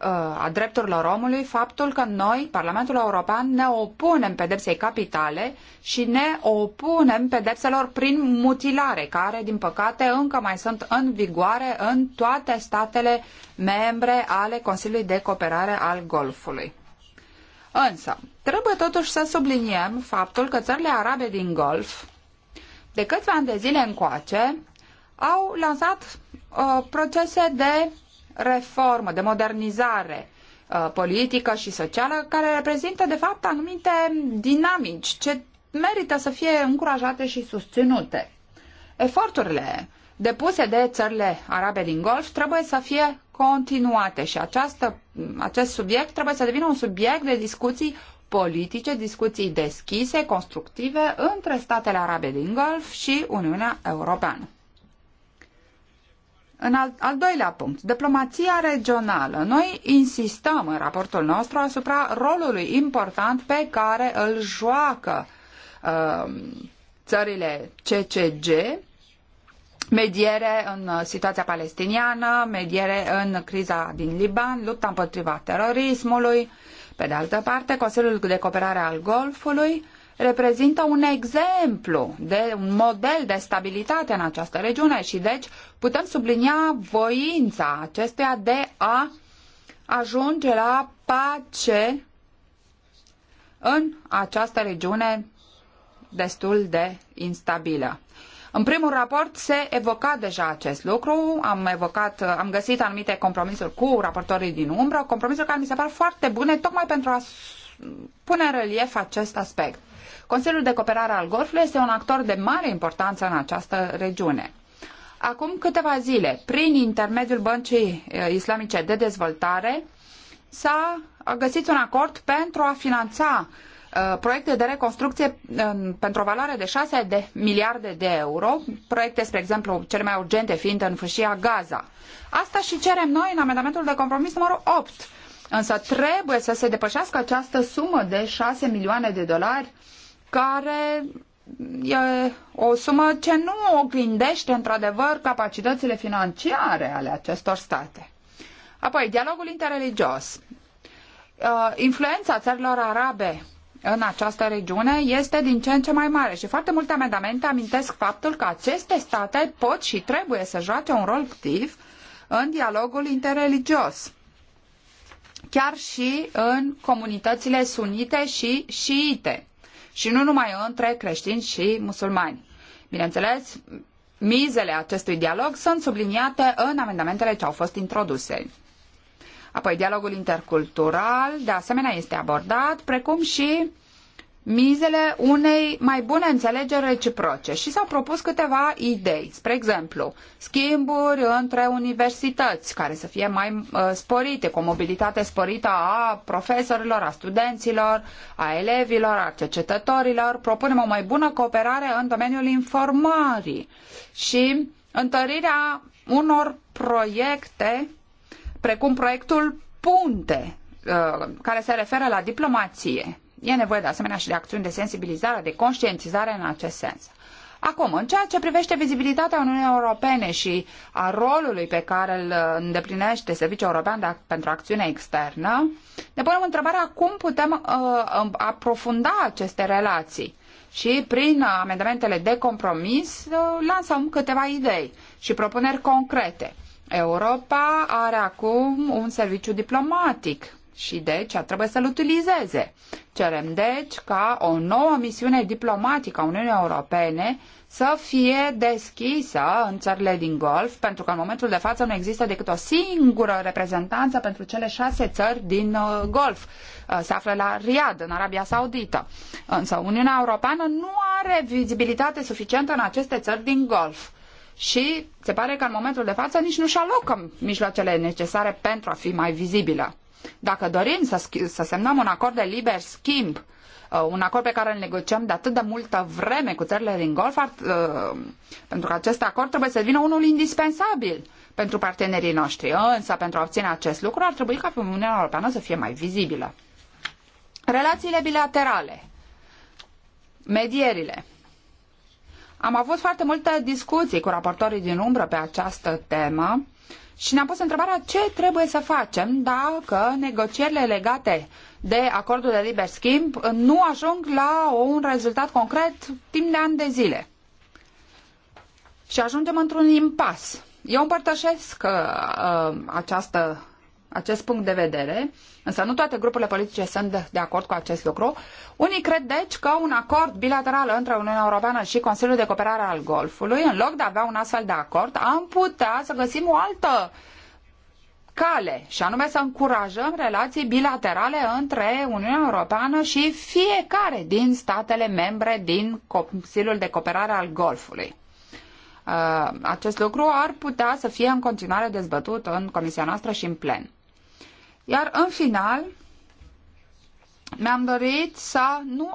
Speaker 14: uh, a drepturilor omului faptul că noi, Parlamentul European, ne opunem pedepsei capitale și ne opunem pedepselor prin mutilare, care, din păcate, încă mai sunt în vigoare în toate statele membre ale Consiliului de Cooperare al Golfului. Însă, trebuie totuși să subliniem faptul că țările arabe din Golf, de câțiva ani de zile încoace, au lansat uh, procese de reformă, de modernizare uh, politică și socială, care reprezintă, de fapt, anumite dinamici ce merită să fie încurajate și susținute. Eforturile depuse de țările arabe din Golf trebuie să fie continuate și această, acest subiect trebuie să devină un subiect de discuții politice, discuții deschise, constructive între statele arabe din Golf și Uniunea Europeană. În al, al doilea punct, diplomația regională. Noi insistăm în raportul nostru asupra rolului important pe care îl joacă uh, țările CCG, mediere în uh, situația palestiniană, mediere în criza din Liban, lupta împotriva terorismului. Pe de altă parte, Consiliul de Cooperare al Golfului reprezintă un exemplu de un model de stabilitate în această regiune și deci putem sublinia voința acesteia de a ajunge la pace în această regiune destul de instabilă. În primul raport se evoca deja acest lucru, am evocat, am găsit anumite compromisuri cu raportorii din umbră, compromisuri care mi se par foarte bune tocmai pentru a pune în relief acest aspect. Consiliul de Cooperare al Golfului este un actor de mare importanță în această regiune. Acum câteva zile, prin intermediul Băncii eh, Islamice de Dezvoltare, s-a găsit un acord pentru a finanța uh, proiecte de reconstrucție uh, pentru o valoare de 6 de miliarde de euro, proiecte, spre exemplu, cele mai urgente fiind în fâșia Gaza. Asta și cerem noi în amendamentul de compromis numărul 8. Însă trebuie să se depășească această sumă de 6 milioane de dolari uh, care e o sumă ce nu oglindește într-adevăr capacitățile financiare ale acestor state. Apoi, dialogul interreligios. Uh, influența țărilor arabe în această regiune este din ce în ce mai mare și foarte multe amendamente amintesc faptul că aceste state pot și trebuie să joace un rol activ în dialogul interreligios chiar și în comunitățile sunite și șiite și nu numai între creștini și musulmani. Bineînțeles, mizele acestui dialog sunt subliniate în amendamentele ce au fost introduse. Apoi, dialogul intercultural, de asemenea, este abordat, precum și mizele unei mai bune înțelegeri reciproce și s-au propus câteva idei, spre exemplu, schimburi între universități care să fie mai uh, sporite, cu o mobilitate sporită a profesorilor, a studenților, a elevilor, a cercetătorilor. Propunem o mai bună cooperare în domeniul informării și întărirea unor proiecte precum proiectul Punte, uh, care se referă la diplomație E nevoie de asemenea și de acțiuni de sensibilizare, de conștientizare în acest sens. Acum, în ceea ce privește vizibilitatea Uniunii Europene și a rolului pe care îl uh, îndeplinește Serviciul European de, pentru Acțiune Externă, ne punem întrebarea cum putem uh, aprofunda aceste relații. Și prin amendamentele de compromis uh, lansăm câteva idei și propuneri concrete. Europa are acum un serviciu diplomatic și deci trebuie să-l utilizeze. Cerem deci ca o nouă misiune diplomatică a Uniunii Europene să fie deschisă în țările din Golf, pentru că în momentul de față nu există decât o singură reprezentanță pentru cele șase țări din uh, Golf. Uh, se află la Riad, în Arabia Saudită. Însă Uniunea Europeană nu are vizibilitate suficientă în aceste țări din Golf și se pare că în momentul de față nici nu-și alocă mijloacele necesare pentru a fi mai vizibilă. Dacă dorim să, să semnăm un acord de liber schimb, uh, un acord pe care îl negociem de atât de multă vreme cu țările din Golf, ar, uh, pentru că acest acord trebuie să devină unul indispensabil pentru partenerii noștri. Însă, pentru a obține acest lucru, ar trebui ca Uniunea Europeană să fie mai vizibilă. Relațiile bilaterale, medierile. Am avut foarte multe discuții cu raportorii din umbră pe această temă și ne-am pus întrebarea ce trebuie să facem dacă negocierile legate de acordul de liber schimb nu ajung la un rezultat concret timp de ani de zile. Și ajungem într-un impas. Eu împărtășesc uh, această acest punct de vedere, însă nu toate grupurile politice sunt de, de acord cu acest lucru. Unii cred, deci, că un acord bilateral între Uniunea Europeană și Consiliul de Cooperare al Golfului, în loc de a avea un astfel de acord, am putea să găsim o altă cale, și anume să încurajăm relații bilaterale între Uniunea Europeană și fiecare din statele membre din Consiliul de Cooperare al Golfului. Uh, acest lucru ar putea să fie în continuare dezbătut în comisia noastră și în plen. Iar în final, mi-am dorit să nu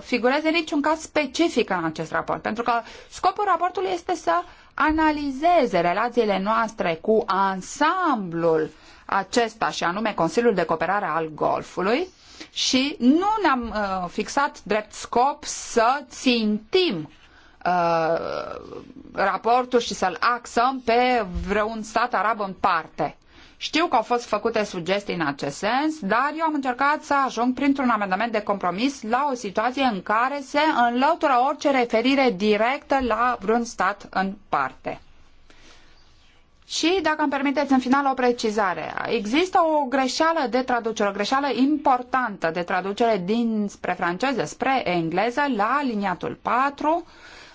Speaker 14: figureze niciun caz specific în acest raport, pentru că scopul raportului este să analizeze relațiile noastre cu ansamblul acesta și anume Consiliul de Cooperare al Golfului și nu ne-am uh, fixat drept scop să țintim uh, raportul și să-l axăm pe vreun stat arab în parte. Știu că au fost făcute sugestii în acest sens, dar eu am încercat să ajung printr-un amendament de compromis la o situație în care se înlătură orice referire directă la vreun stat în parte. Și, dacă îmi permiteți, în final o precizare. Există o greșeală de traducere, o greșeală importantă de traducere dinspre franceză spre engleză la liniatul 4.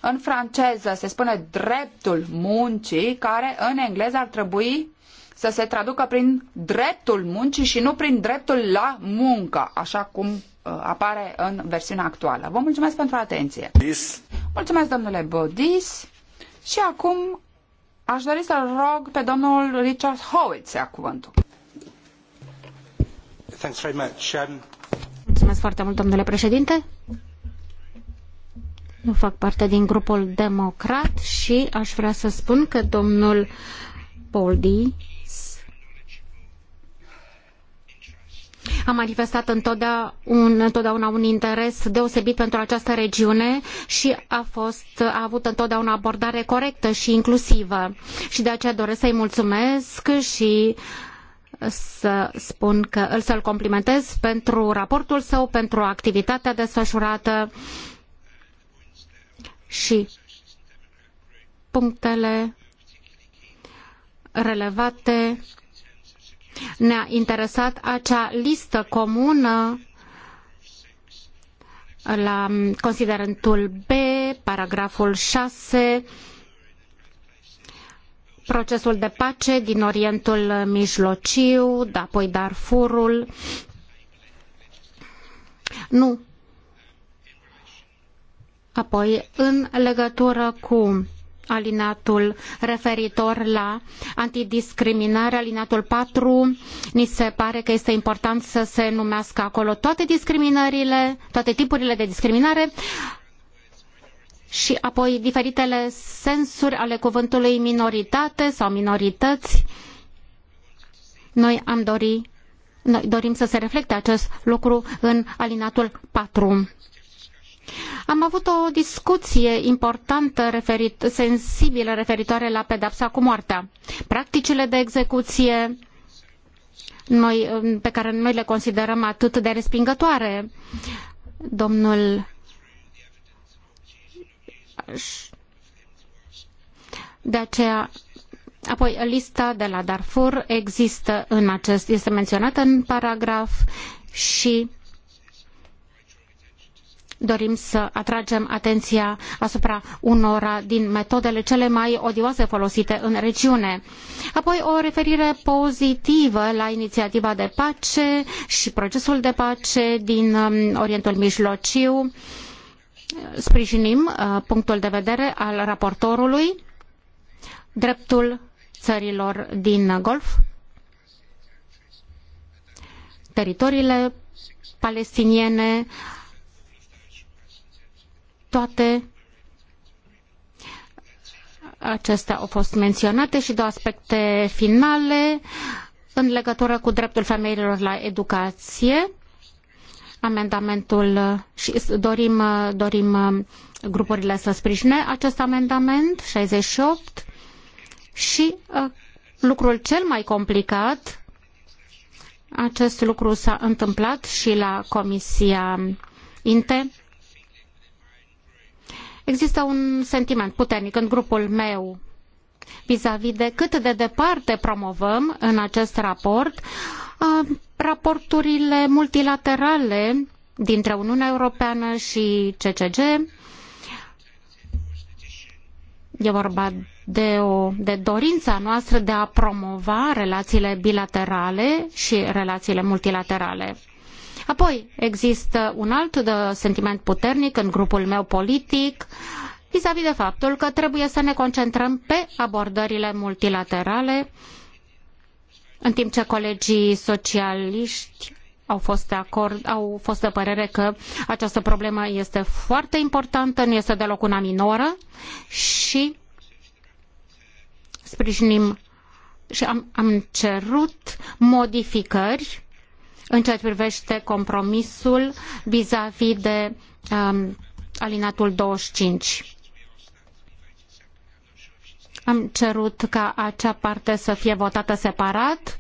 Speaker 14: În franceză se spune dreptul muncii, care în engleză ar trebui să se traducă prin dreptul muncii și nu prin dreptul la muncă, așa cum uh, apare în versiunea actuală. Vă mulțumesc pentru atenție. This. Mulțumesc, domnule Bodis. Și acum aș dori să rog pe domnul Richard Howitt să ia cuvântul.
Speaker 10: Thanks very much. Um...
Speaker 19: Mulțumesc foarte mult, domnule președinte. Nu fac parte din grupul democrat și aș vrea să spun că domnul Poldi a manifestat întotdeauna un, interes deosebit pentru această regiune și a, fost, a avut întotdeauna o abordare corectă și inclusivă. Și de aceea doresc să-i mulțumesc și să spun că îl să-l complimentez pentru raportul său, pentru activitatea desfășurată și punctele relevate ne-a interesat acea listă comună la considerentul B, paragraful 6, procesul de pace din Orientul Mijlociu, apoi Darfurul. Nu. Apoi, în legătură cu alinatul referitor la antidiscriminare, alinatul patru, ni se pare că este important să se numească acolo toate discriminările, toate tipurile de discriminare, și apoi diferitele sensuri ale cuvântului minoritate sau minorități. Noi am dori, noi dorim să se reflecte acest lucru în alinatul patru. Am avut o discuție importantă, referit, sensibilă, referitoare la pedapsa cu moartea. Practicile de execuție noi, pe care noi le considerăm atât de respingătoare. Domnul de aceea Apoi, lista de la Darfur există în acest, este menționată în paragraf și dorim să atragem atenția asupra unora din metodele cele mai odioase folosite în regiune. Apoi o referire pozitivă la inițiativa de pace și procesul de pace din um, Orientul Mijlociu. Sprijinim uh, punctul de vedere al raportorului, dreptul țărilor din Golf, teritoriile palestiniene, toate acestea au fost menționate și două aspecte finale în legătură cu dreptul femeilor la educație. Amendamentul și dorim, dorim grupurile să sprijine acest amendament 68 și uh, lucrul cel mai complicat acest lucru s-a întâmplat și la Comisia INTE Există un sentiment puternic în grupul meu vis-a-vis de cât de departe promovăm în acest raport raporturile multilaterale dintre Uniunea Europeană și CCG. E vorba de, o, de dorința noastră de a promova relațiile bilaterale și relațiile multilaterale. Apoi, există un alt sentiment puternic în grupul meu politic vis a -vis de faptul că trebuie să ne concentrăm pe abordările multilaterale, în timp ce colegii socialiști au fost de acord, au fost de părere că această problemă este foarte importantă, nu este deloc una minoră și sprijinim și am, am cerut modificări în ceea ce privește compromisul vis-a-vis de um, alinatul 25. Am cerut ca acea parte să fie votată separat.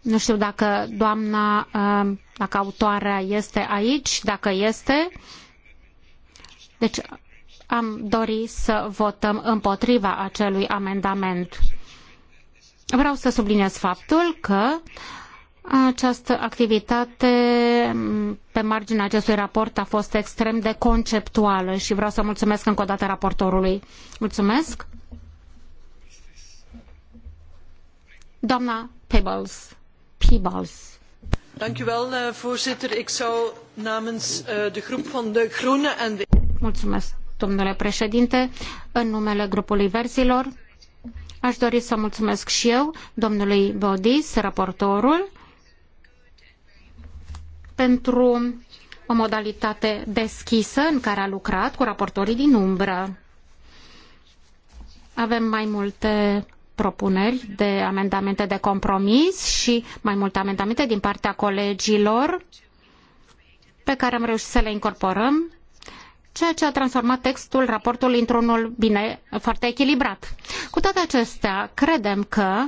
Speaker 19: Nu știu dacă doamna, um, dacă autoarea este aici, dacă este. Deci am dori să votăm împotriva acelui amendament. Vreau să subliniez faptul că această activitate pe marginea acestui raport a fost extrem de conceptuală și vreau să mulțumesc încă o dată raportorului. Mulțumesc. Doamna Peebles. Peebles.
Speaker 13: Dank u wel, eh, voorzitter. Ik zou
Speaker 19: namens eh, de groep van de en de... Mulțumesc, domnule președinte. În numele grupului Verzilor, aș dori să mulțumesc și eu domnului Bodis, raportorul, pentru o modalitate deschisă în care a lucrat cu raportorii din umbră. Avem mai multe propuneri de amendamente de compromis și mai multe amendamente din partea colegilor pe care am reușit să le incorporăm, ceea ce a transformat textul raportului într-unul bine, foarte echilibrat. Cu toate acestea, credem că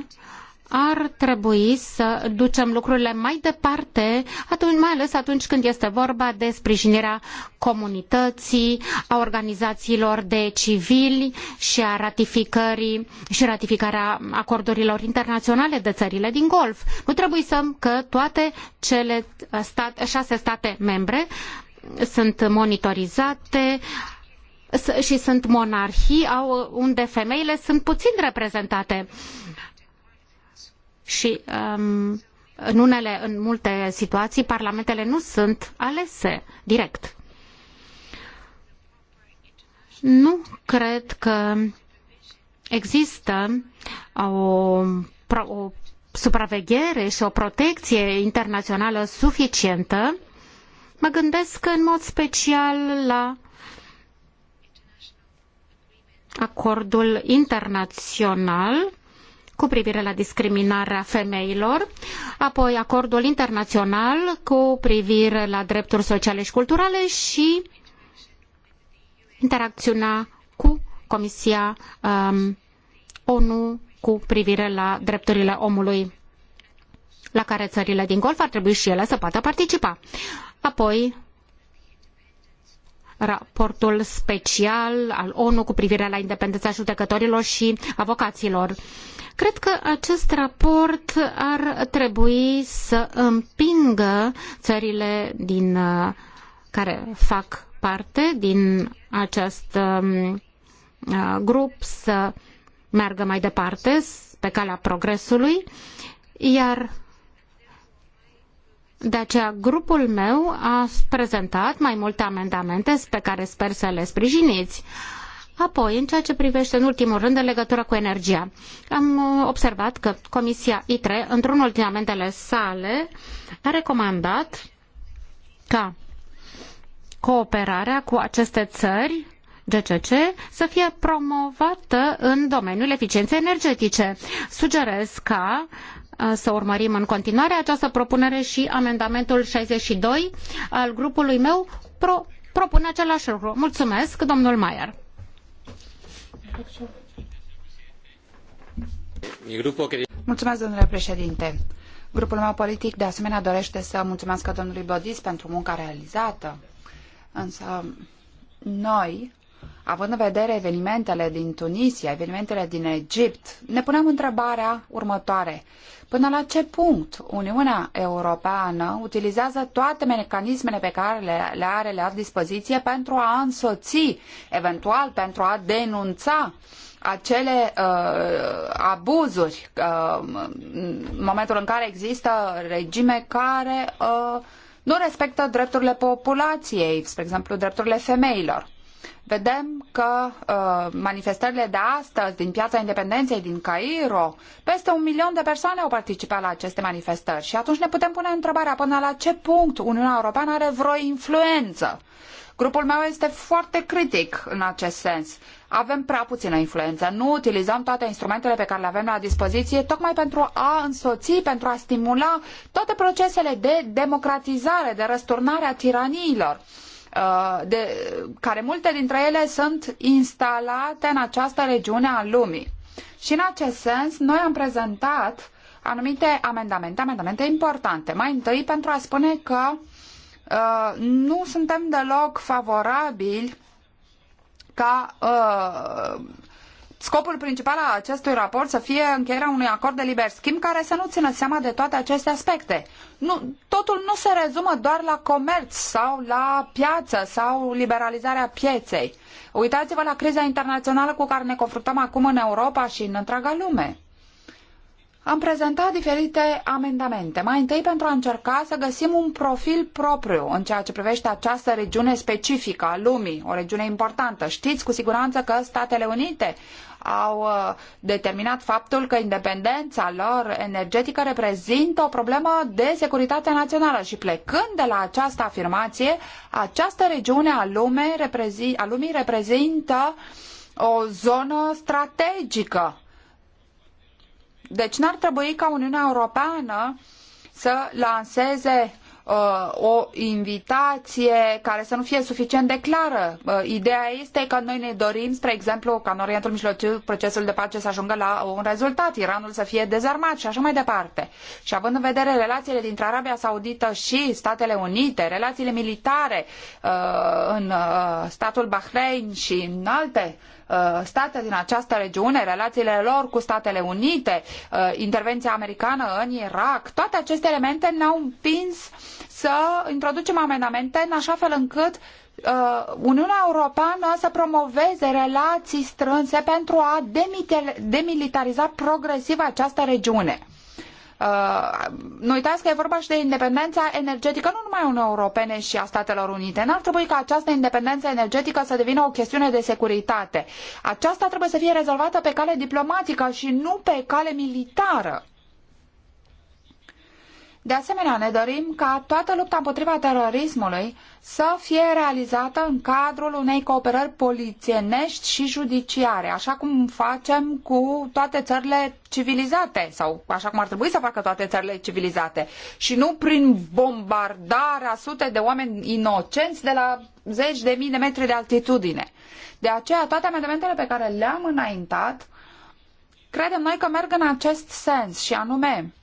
Speaker 19: ar trebui să ducem lucrurile mai departe, atunci, mai ales atunci când este vorba de sprijinirea comunității, a organizațiilor de civili și a ratificării și ratificarea acordurilor internaționale de țările din Golf. Nu trebuie să că toate cele stat, șase state membre sunt monitorizate, și sunt monarhii unde femeile sunt puțin reprezentate și um, în unele, în multe situații, parlamentele nu sunt alese direct. Nu cred că există o, o supraveghere și o protecție internațională suficientă. Mă gândesc în mod special la acordul internațional cu privire la discriminarea femeilor, apoi acordul internațional cu privire la drepturi sociale și culturale și interacțiunea cu Comisia um, ONU cu privire la drepturile omului la care țările din Golf ar trebui și ele să poată participa. Apoi, raportul special al ONU cu privire la independența judecătorilor și avocaților. Cred că acest raport ar trebui să împingă țările din uh, care fac parte din acest um, uh, grup să meargă mai departe pe calea progresului, iar de aceea, grupul meu a prezentat mai multe amendamente pe care sper să le sprijiniți. Apoi, în ceea ce privește, în ultimul rând, în legătură cu energia, am uh, observat că Comisia ITRE, într-unul din amendele sale, a recomandat ca cooperarea cu aceste țări GCC să fie promovată în domeniul eficienței energetice. Sugerez ca să urmărim în continuare această propunere și amendamentul 62 al grupului meu pro, propune același lucru. Mulțumesc, domnul Maier. Mulțumesc, domnule
Speaker 14: președinte. Grupul meu politic de asemenea dorește să mulțumesc domnului Bodis pentru munca realizată, însă noi având în vedere evenimentele din Tunisia, evenimentele din Egipt, ne punem întrebarea următoare. Până la ce punct Uniunea Europeană utilizează toate mecanismele pe care le, le are la dispoziție pentru a însoți, eventual pentru a denunța acele uh, abuzuri uh, în momentul în care există regime care uh, nu respectă drepturile populației, spre exemplu drepturile femeilor vedem că uh, manifestările de astăzi din Piața Independenței din Cairo, peste un milion de persoane au participat la aceste manifestări și atunci ne putem pune întrebarea până la ce punct Uniunea Europeană are vreo influență. Grupul meu este foarte critic în acest sens. Avem prea puțină influență, nu utilizăm toate instrumentele pe care le avem la dispoziție tocmai pentru a însoți, pentru a stimula toate procesele de democratizare, de răsturnare a tiraniilor. Uh, de, care multe dintre ele sunt instalate în această regiune a lumii. Și în acest sens, noi am prezentat anumite amendamente, amendamente importante. Mai întâi pentru a spune că uh, nu suntem deloc favorabili ca uh, scopul principal al acestui raport să fie încheierea unui acord de liber schimb care să nu țină seama de toate aceste aspecte. Nu, totul nu se rezumă doar la comerț sau la piață sau liberalizarea pieței. Uitați-vă la criza internațională cu care ne confruntăm acum în Europa și în întreaga lume am prezentat diferite amendamente. Mai întâi pentru a încerca să găsim un profil propriu în ceea ce privește această regiune specifică a lumii, o regiune importantă. Știți cu siguranță că Statele Unite au uh, determinat faptul că independența lor energetică reprezintă o problemă de securitate națională și plecând de la această afirmație, această regiune a, lumii reprezintă o zonă strategică deci n-ar trebui ca Uniunea Europeană să lanseze uh, o invitație care să nu fie suficient de clară. Uh, ideea este că noi ne dorim, spre exemplu, ca în Orientul Mijlociu procesul de pace să ajungă la un rezultat, Iranul să fie dezarmat și așa mai departe. Și având în vedere relațiile dintre Arabia Saudită și Statele Unite, relațiile militare uh, în statul Bahrain și în alte Uh, state din această regiune, relațiile lor cu Statele Unite, uh, intervenția americană în Irak, toate aceste elemente ne-au împins să introducem amendamente în așa fel încât uh, Uniunea Europeană să promoveze relații strânse pentru a demilitariza progresiv această regiune. Uh, nu uitați că e vorba și de independența energetică nu numai a Uniunii Europene și a Statelor Unite. N-ar trebui ca această independență energetică să devină o chestiune de securitate. Aceasta trebuie să fie rezolvată pe cale diplomatică și nu pe cale militară. De asemenea, ne dorim ca toată lupta împotriva terorismului să fie realizată în cadrul unei cooperări polițienești și judiciare, așa cum facem cu toate țările civilizate sau așa cum ar trebui să facă toate țările civilizate și nu prin bombardarea sute de oameni inocenți de la zeci de mii de metri de altitudine. De aceea, toate amendamentele pe care le-am înaintat, credem noi că merg în acest sens și anume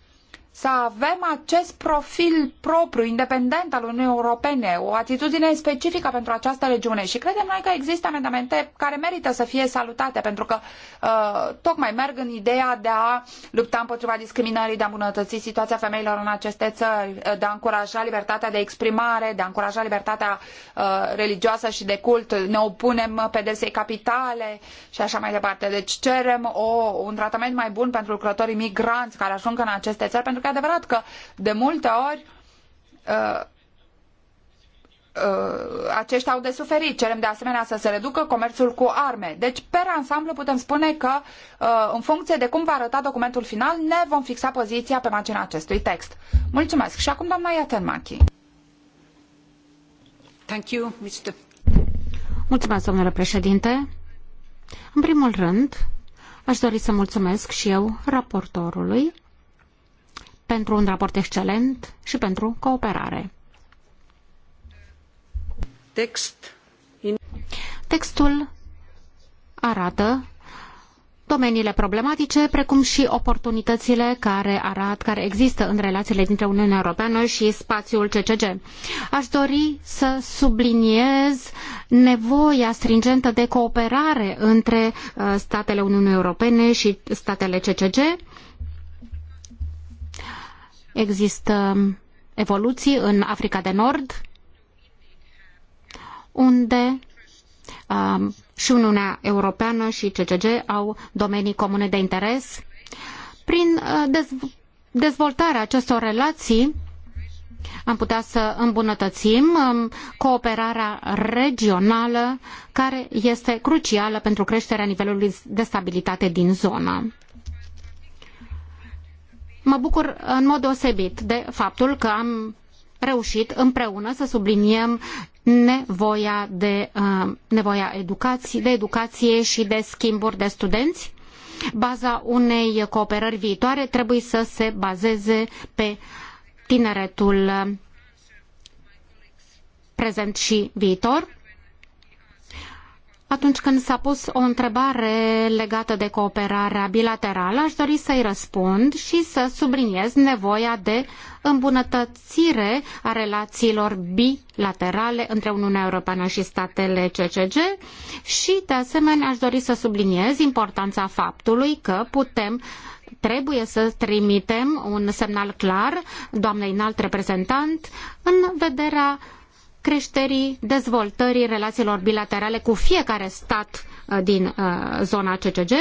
Speaker 14: să avem acest profil propriu, independent al Uniunii Europene, o atitudine specifică pentru această regiune. Și credem noi că există amendamente care merită să fie salutate, pentru că uh, tocmai merg în ideea de a lupta împotriva discriminării, de a îmbunătăți situația femeilor în aceste țări, uh, de a încuraja libertatea de exprimare, de a încuraja libertatea uh, religioasă și de cult. Ne opunem pedesei capitale și așa mai departe. Deci cerem o, un tratament mai bun pentru lucrătorii migranți care ajung în aceste țări, pentru că e adevărat că de multe ori uh, uh, aceștia au de suferit. Cerem de asemenea să se reducă comerțul cu arme. Deci, pe ansamblu, putem spune că, uh, în funcție de cum va arăta documentul final, ne vom fixa poziția pe marginea acestui text. Mulțumesc. Și acum, doamna Iatenmachi.
Speaker 19: Thank you, Mr. Mulțumesc, domnule președinte. În primul rând, aș dori să mulțumesc și eu raportorului pentru un raport excelent și pentru cooperare. Text. Textul arată domeniile problematice, precum și oportunitățile care arat, care există în relațiile dintre Uniunea Europeană și spațiul CCG. Aș dori să subliniez nevoia stringentă de cooperare între uh, statele Uniunii Europene și statele CCG, Există evoluții în Africa de Nord, unde um, și Uniunea Europeană și CCG au domenii comune de interes. Prin uh, dezvoltarea acestor relații am putea să îmbunătățim um, cooperarea regională care este crucială pentru creșterea nivelului de stabilitate din zonă. Mă bucur în mod deosebit de faptul că am reușit împreună să subliniem nevoia de, uh, nevoia educației de educație și de schimburi de studenți. Baza unei cooperări viitoare trebuie să se bazeze pe tineretul prezent și viitor. Atunci când s-a pus o întrebare legată de cooperarea bilaterală, aș dori să-i răspund și să subliniez nevoia de îmbunătățire a relațiilor bilaterale între Uniunea Europeană și statele CCG și, de asemenea, aș dori să subliniez importanța faptului că putem trebuie să trimitem un semnal clar doamnei înalt reprezentant în vederea creșterii, dezvoltării relațiilor bilaterale cu fiecare stat uh, din uh, zona CCG,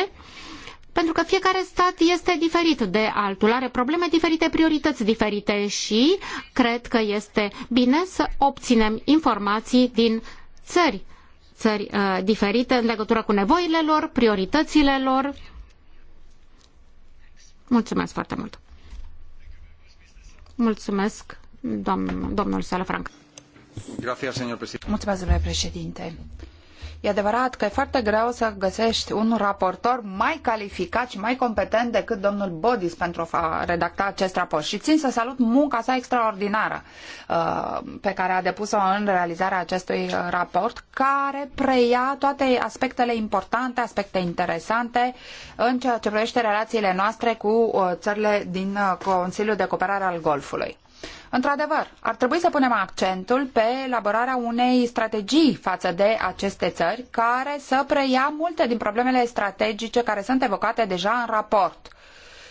Speaker 19: pentru că fiecare stat este diferit de altul, are probleme diferite, priorități diferite și cred că este bine să obținem informații din țări, țări uh, diferite în legătură cu nevoile lor, prioritățile lor. Mulțumesc foarte mult. Mulțumesc, domn, domnul Salafranc.
Speaker 2: Mulțumesc,
Speaker 14: domnule președinte. E adevărat că e foarte greu să găsești un raportor mai calificat și mai competent decât domnul Bodis pentru a redacta acest raport. Și țin să salut munca sa extraordinară uh, pe care a depus-o în realizarea acestui raport, care preia toate aspectele importante, aspecte interesante în ceea ce privește relațiile noastre cu uh, țările din uh, Consiliul de Cooperare al Golfului. Într-adevăr, ar trebui să punem accentul pe elaborarea unei strategii față de aceste țări care să preia multe din problemele strategice care sunt evocate deja în raport.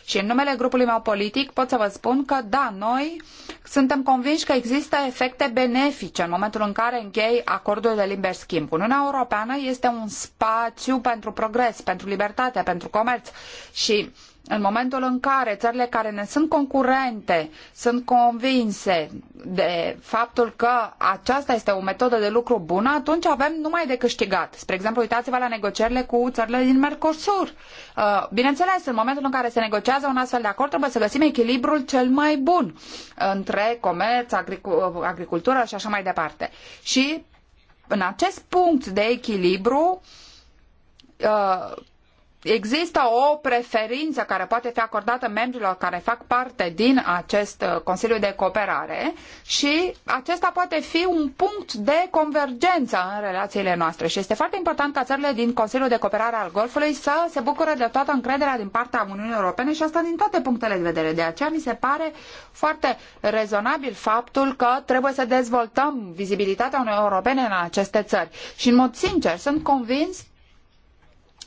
Speaker 14: Și în numele grupului meu politic pot să vă spun că, da, noi suntem convinși că există efecte benefice în momentul în care închei acordul de liber schimb. Uniunea Europeană este un spațiu pentru progres, pentru libertate, pentru comerț și în momentul în care țările care ne sunt concurente sunt convinse de faptul că aceasta este o metodă de lucru bună, atunci avem numai de câștigat. Spre exemplu, uitați-vă la negocierile cu țările din Mercosur. Uh, bineînțeles, în momentul în care se negociază un astfel de acord, trebuie să găsim echilibrul cel mai bun între comerț, agricultură și așa mai departe. Și în acest punct de echilibru, uh, există o preferință care poate fi acordată membrilor care fac parte din acest uh, Consiliu de Cooperare și acesta poate fi un punct de convergență în relațiile noastre și este foarte important ca țările din Consiliul de Cooperare al Golfului să se bucure de toată încrederea din partea Uniunii Europene și asta din toate punctele de vedere. De aceea mi se pare foarte rezonabil faptul că trebuie să dezvoltăm vizibilitatea Uniunii Europene în aceste țări. Și în mod sincer, sunt convins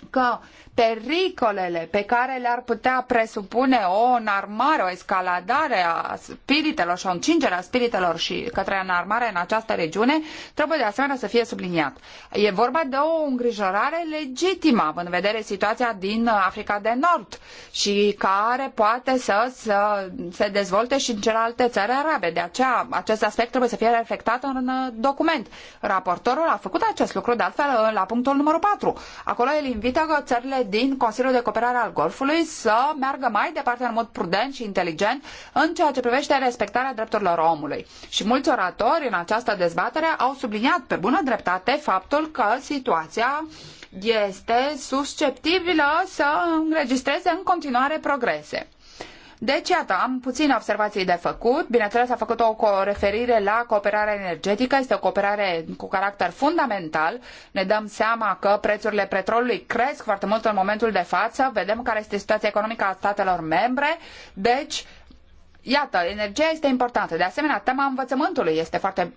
Speaker 14: că pericolele pe care le-ar putea presupune o înarmare, o escaladare a spiritelor și o încingere a spiritelor și către înarmare în această regiune, trebuie de asemenea să fie subliniat. E vorba de o îngrijorare legitimă, având în vedere situația din Africa de Nord și care poate să, să se dezvolte și în celelalte țări arabe. De aceea, acest aspect trebuie să fie reflectat în document. Raportorul a făcut acest lucru, de altfel, la punctul numărul patru. Acolo el invită țările din Consiliul de Cooperare al Golfului să meargă mai departe în mod prudent și inteligent în ceea ce privește respectarea drepturilor omului. Și mulți oratori în această dezbatere au subliniat pe bună dreptate faptul că situația este susceptibilă să înregistreze în continuare progrese. Deci, iată, am puține observații de făcut. Bineînțeles, a făcut o referire la cooperarea energetică. Este o cooperare cu caracter fundamental. Ne dăm seama că prețurile petrolului cresc foarte mult în momentul de față. Vedem care este situația economică a statelor membre. Deci, Iată, energia este importantă. De asemenea, tema învățământului este foarte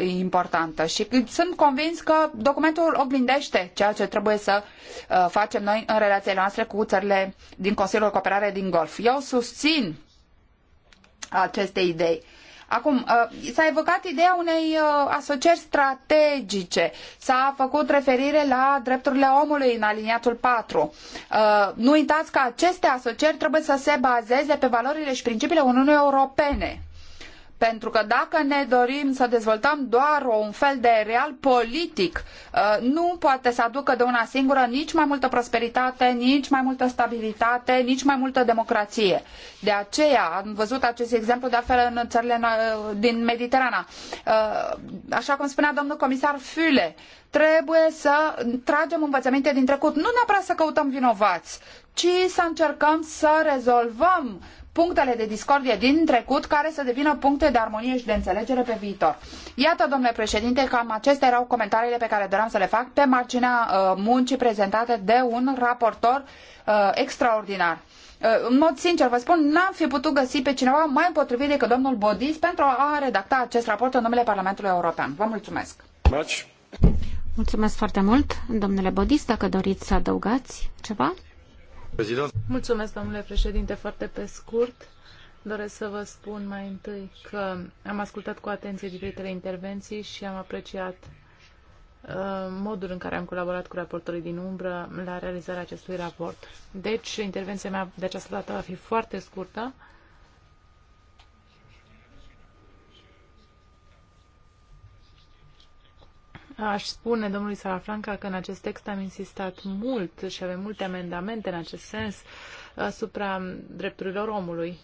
Speaker 14: importantă și sunt convins că documentul oglindește ceea ce trebuie să uh, facem noi în relațiile noastre cu țările din Consiliul Cooperare din Golf. Eu susțin aceste idei Acum, uh, s-a evocat ideea unei uh, asocieri strategice, s-a făcut referire la drepturile omului în aliniatul 4. Uh, nu uitați că aceste asocieri trebuie să se bazeze pe valorile și principiile Uniunii Europene. Pentru că dacă ne dorim să dezvoltăm doar un fel de real politic, uh, nu poate să aducă de una singură nici mai multă prosperitate, nici mai multă stabilitate, nici mai multă democrație. De aceea am văzut acest exemplu de altfel în țările din Mediterana. Uh, așa cum spunea domnul comisar Füle, trebuie să tragem învățăminte din trecut. Nu neapărat să căutăm vinovați, ci să încercăm să rezolvăm punctele de discordie din trecut care să devină puncte de armonie și de înțelegere pe viitor. Iată, domnule președinte, cam acestea erau comentariile pe care doream să le fac pe marginea uh, muncii prezentate de un raportor uh, extraordinar. Uh, în mod sincer, vă spun, n-am fi putut găsi pe cineva mai potrivit decât domnul Bodis pentru a redacta acest raport în numele Parlamentului European. Vă mulțumesc!
Speaker 19: Mulțumesc foarte mult, domnule Bodis, dacă doriți să adăugați
Speaker 16: ceva.
Speaker 17: Mulțumesc, domnule președinte, foarte pe scurt. Doresc să vă spun mai întâi că am ascultat cu atenție diferitele intervenții și am apreciat uh, modul în care am colaborat cu raportorii din umbră la realizarea acestui raport. Deci, intervenția mea de această dată va fi foarte scurtă Aș spune domnului Sarafranca că în acest text am insistat mult și avem multe amendamente în acest sens asupra drepturilor omului,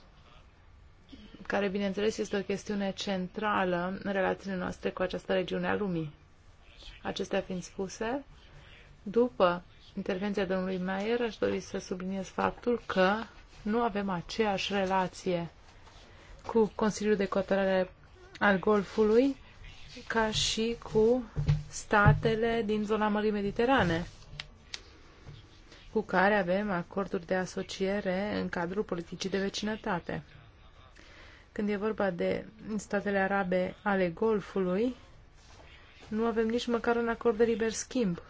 Speaker 17: care, bineînțeles, este o chestiune centrală în relațiile noastre cu această regiune a lumii. Acestea fiind spuse, după intervenția domnului Maier, aș dori să subliniez faptul că nu avem aceeași relație cu Consiliul de Cotărare al Golfului ca și cu statele din zona Mării Mediterane, cu care avem acorduri de asociere în cadrul politicii de vecinătate. Când e vorba de statele arabe ale Golfului, nu avem nici măcar un acord de liber schimb.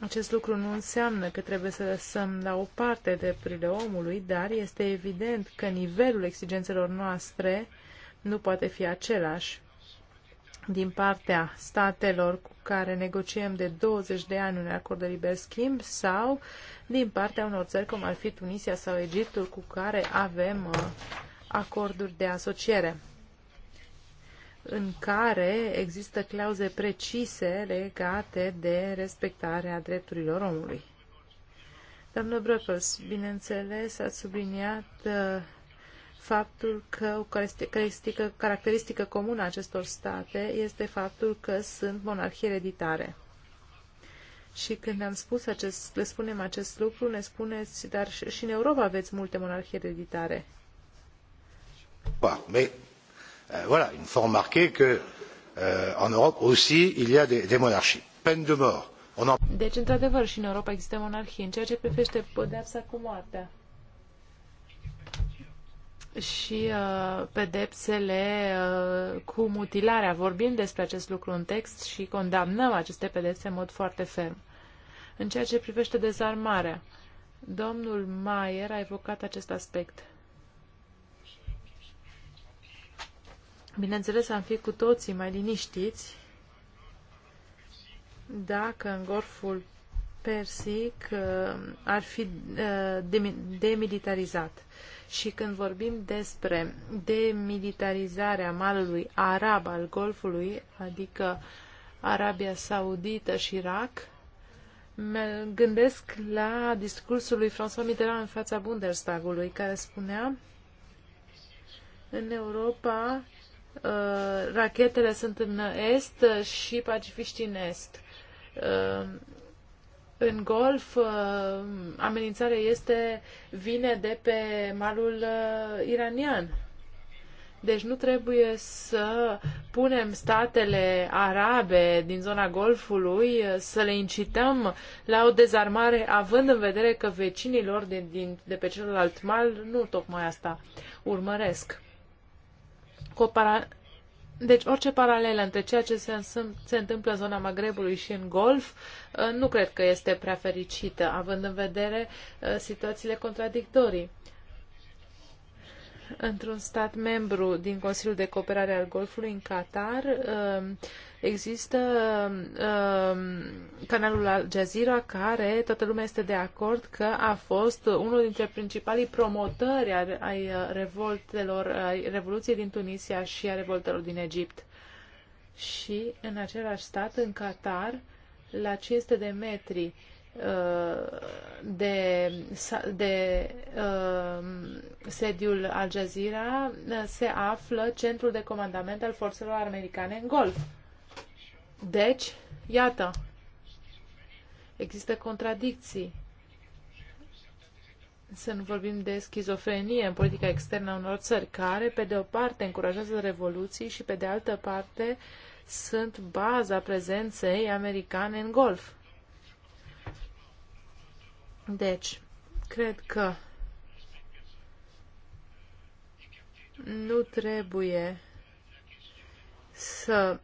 Speaker 17: Acest lucru nu înseamnă că trebuie să lăsăm la o parte drepturile omului, dar este evident că nivelul exigențelor noastre nu poate fi același din partea statelor cu care negociem de 20 de ani un acord de liber schimb sau din partea unor țări cum ar fi Tunisia sau Egiptul cu care avem uh, acorduri de asociere în care există clauze precise legate de respectarea drepturilor omului. Doamnă Brăpăs, bineînțeles, ați subliniat uh, faptul că o caracteristică, caracteristică comună a acestor state este faptul că sunt monarhii ereditare. Și când am spus acest, le spunem acest lucru, ne spuneți, dar și, și în Europa aveți multe monarhii ereditare.
Speaker 16: Ba, mais euh, voilà, il faut remarquer que euh, en Europe aussi il y a des, des monarchies. Peine de mort. On en...
Speaker 17: Deci, într-adevăr, și în Europa există monarhie. În ceea ce privește pedeapsa cu moartea și uh, pedepsele uh, cu mutilarea. Vorbim despre acest lucru în text și condamnăm aceste pedepse în mod foarte ferm. În ceea ce privește dezarmarea, domnul Mayer a evocat acest aspect. Bineînțeles, am fi cu toții mai liniștiți dacă în golful persic uh, ar fi uh, demilitarizat. Și când vorbim despre demilitarizarea malului arab al Golfului, adică Arabia Saudită și Irak, mă gândesc la discursul lui François Mitterrand în fața Bundestagului, care spunea în Europa uh, rachetele sunt în est și pacifiștii în est. Uh, în golf uh, amenințarea este vine de pe malul uh, iranian. Deci nu trebuie să punem statele arabe din zona Golfului uh, să le incităm la o dezarmare, având în vedere că vecinii lor de, din, de pe celălalt mal nu tocmai asta urmăresc. Deci orice paralelă între ceea ce se, se întâmplă în zona Magrebului și în Golf uh, nu cred că este prea fericită, având în vedere uh, situațiile contradictorii. Într-un stat membru din Consiliul de Cooperare al Golfului, în Qatar, uh, Există um, canalul Al Jazeera care toată lumea este de acord că a fost unul dintre principalii promotori ai, uh, revoltelor, ai revoluției din Tunisia și a revoltelor din Egipt. Și în același stat, în Qatar, la 500 de metri uh, de, de uh, sediul Al Jazeera uh, se află centrul de comandament al forțelor americane în Golf. Deci, iată, există contradicții. Să nu vorbim de schizofrenie în politica externă a unor țări care, pe de o parte, încurajează revoluții și, pe de altă parte, sunt baza prezenței americane în golf. Deci, cred că nu trebuie să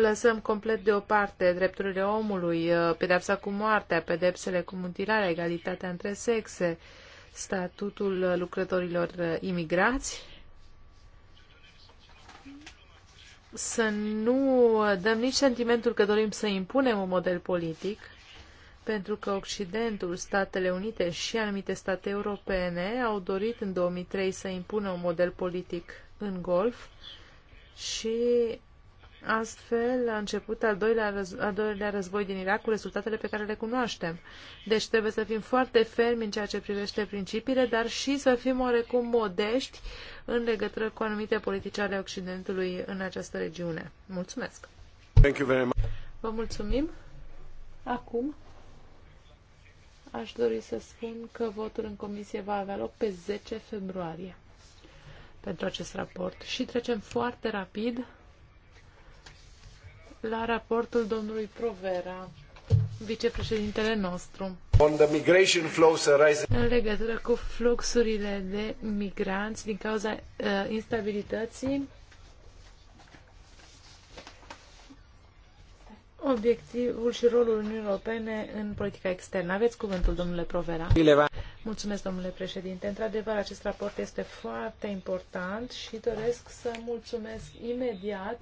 Speaker 17: lăsăm complet deoparte drepturile omului, uh, pedepsa cu moartea, pedepsele cu mutilarea, egalitatea între sexe, statutul uh, lucrătorilor uh, imigrați, să nu dăm nici sentimentul că dorim să impunem un model politic, pentru că Occidentul, Statele Unite și anumite state europene au dorit în 2003 să impună un model politic în golf și Astfel a început al doilea, răz- al doilea război din Irak cu rezultatele pe care le cunoaștem. Deci trebuie să fim foarte fermi în ceea ce privește principiile, dar și să fim orecum modești în legătură cu anumite politici ale Occidentului în această regiune. Mulțumesc!
Speaker 4: Thank you very much.
Speaker 17: Vă mulțumim! Acum aș dori să spun că votul în comisie va avea loc pe 10 februarie pentru acest raport și trecem foarte rapid la raportul domnului Provera, vicepreședintele nostru.
Speaker 4: On the migration flows arising... În
Speaker 17: legătură cu fluxurile de migranți din cauza uh, instabilității obiectivul și rolul Uniunii Europene în politica externă. Aveți cuvântul, domnule Provera. Mulțumesc, domnule președinte. Într-adevăr, acest raport este foarte important și doresc să mulțumesc imediat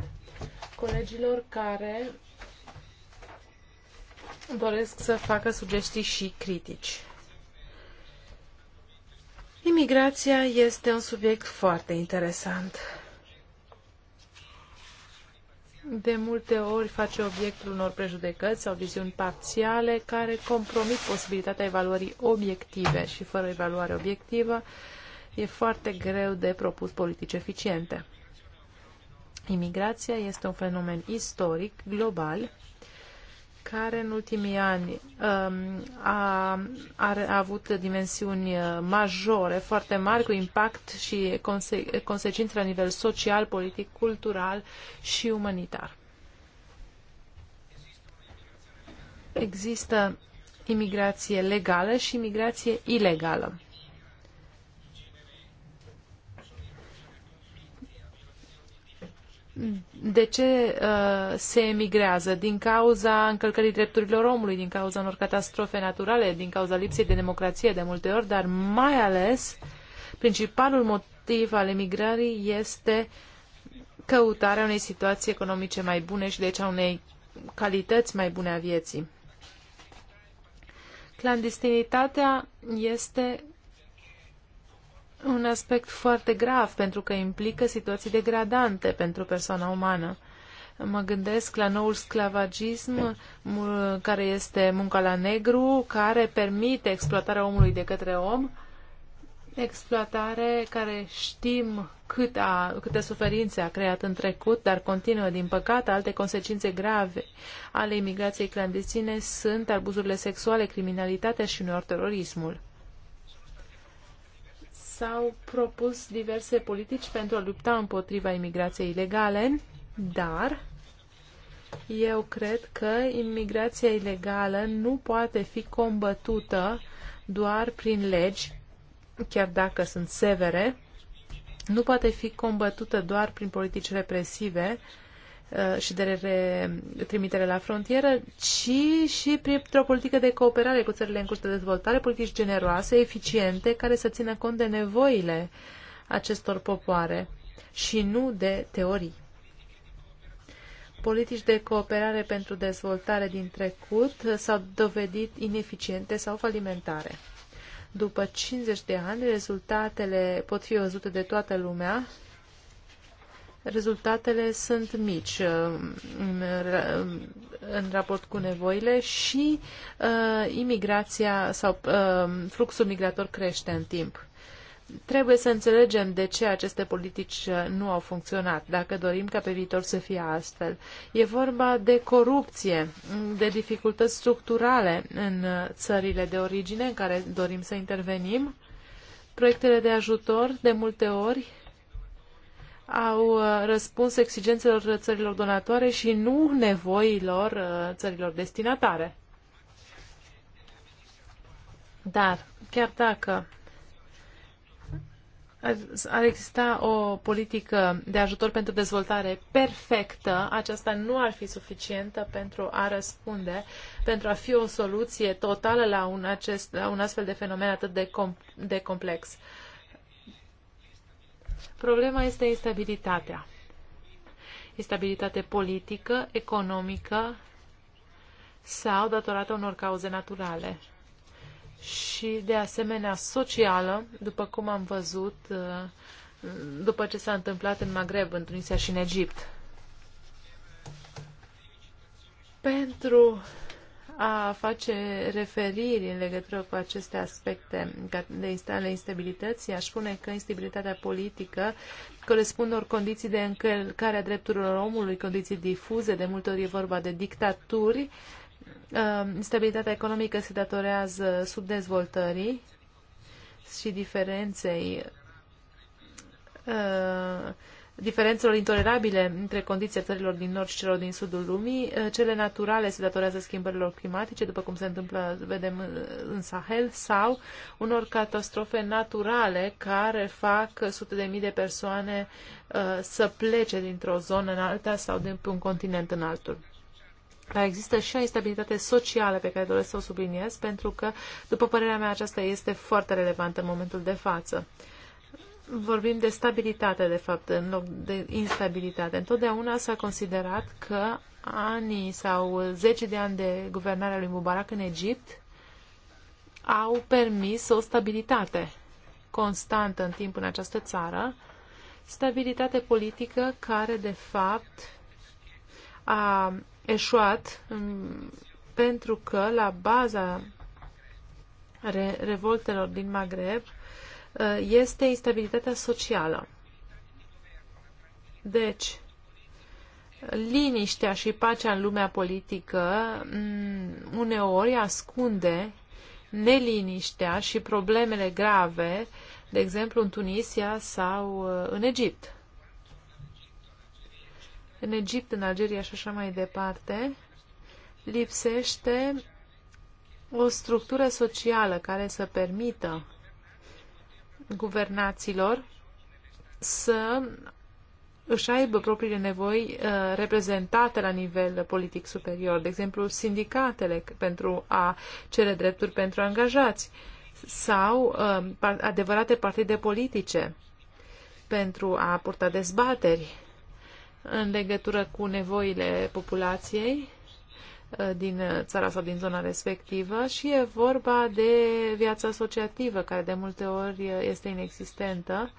Speaker 17: colegilor care doresc să facă sugestii și critici. Imigrația este un subiect foarte interesant de multe ori face obiectul unor prejudecăți sau viziuni parțiale care compromit posibilitatea evaluării obiective și fără evaluare obiectivă e foarte greu de propus politici eficiente. Imigrația este un fenomen istoric, global, care în ultimii ani um, a, a, a avut dimensiuni uh, majore, foarte mari, cu impact și conse, consecințe la nivel social, politic, cultural și umanitar. Există imigrație legală și imigrație ilegală. de ce uh, se emigrează? Din cauza încălcării drepturilor omului, din cauza unor catastrofe naturale, din cauza lipsei de democrație de multe ori, dar mai ales principalul motiv al emigrării este căutarea unei situații economice mai bune și deci a unei calități mai bune a vieții. Clandestinitatea este un aspect foarte grav, pentru că implică situații degradante pentru persoana umană. Mă gândesc la noul sclavagism, care este munca la negru, care permite exploatarea omului de către om, exploatare care știm cât a, câte suferințe a creat în trecut, dar continuă, din păcate, alte consecințe grave ale imigrației clandestine sunt abuzurile sexuale, criminalitatea și uneori terorismul s-au propus diverse politici pentru a lupta împotriva imigrației ilegale, dar eu cred că imigrația ilegală nu poate fi combătută doar prin legi, chiar dacă sunt severe, nu poate fi combătută doar prin politici represive, Uh, și de trimitere la frontieră, ci și printr-o politică de cooperare cu țările în curs de dezvoltare, politici generoase, eficiente, care să țină cont de nevoile acestor popoare și nu de teorii. Politici de cooperare pentru dezvoltare din trecut s-au dovedit ineficiente sau falimentare. După 50 de ani, rezultatele pot fi văzute de toată lumea rezultatele sunt mici uh, uh, în raport cu nevoile și uh, imigrația sau fluxul migrator crește în timp. Trebuie să înțelegem de ce aceste politici nu au funcționat, dacă dorim ca pe viitor să fie astfel. E vorba de corupție, de dificultăți structurale în țările de origine în care dorim să intervenim. Proiectele de ajutor, de multe ori, au uh, răspuns exigențelor țărilor donatoare și nu nevoilor uh, țărilor destinatare. Dar, chiar dacă ar exista o politică de ajutor pentru dezvoltare perfectă, aceasta nu ar fi suficientă pentru a răspunde, pentru a fi o soluție totală la un, acest, la un astfel de fenomen atât de, com, de complex. Uh, Problema este instabilitatea. Instabilitate politică, economică sau datorată unor cauze naturale. Și, de asemenea, socială, după cum am văzut uh, după ce s-a întâmplat în Maghreb, în Tunisia și în Egipt. Pentru a face referiri în legătură cu aceste aspecte ale instabilității, aș spune că instabilitatea politică corespunde ori condiții de încălcare a drepturilor omului, condiții difuze, de multe ori e vorba de dictaturi. Uh, instabilitatea economică se datorează subdezvoltării și diferenței uh, diferențelor intolerabile între condiția țărilor din nord și celor din sudul lumii. Eh, cele naturale se datorează schimbărilor climatice, după cum se întâmplă, vedem, eh, în Sahel, sau unor catastrofe naturale care fac sute de mii de persoane eh, să plece dintr-o zonă în alta sau din un continent în altul. Dar există și o instabilitate socială pe care doresc să o subliniez, pentru că, după părerea mea, aceasta este foarte relevantă în momentul de față. Uh, vorbim de stabilitate, de fapt, în loc de instabilitate. Întotdeauna s-a considerat că anii sau zece de ani de guvernare a lui Mubarak în Egipt au permis o stabilitate constantă în timp în această țară, stabilitate politică care, de fapt, a eșuat mm, pentru că la baza re revoltelor din Maghreb Uh, este instabilitatea socială. Deci, liniștea și pacea în lumea politică mm, uneori ascunde neliniștea și problemele grave, de exemplu în Tunisia sau uh, în Egipt. În Egipt, în Algeria și așa mai departe, lipsește o structură socială care să permită guvernaților să își aibă propriile nevoi uh, reprezentate la nivel politic superior, de exemplu sindicatele pentru a cere drepturi pentru angajați sau uh, adevărate partide politice pentru a purta dezbateri în legătură cu nevoile populației Uh, din țara sau din zona respectivă și e vorba de viața asociativă, care de multe ori este inexistentă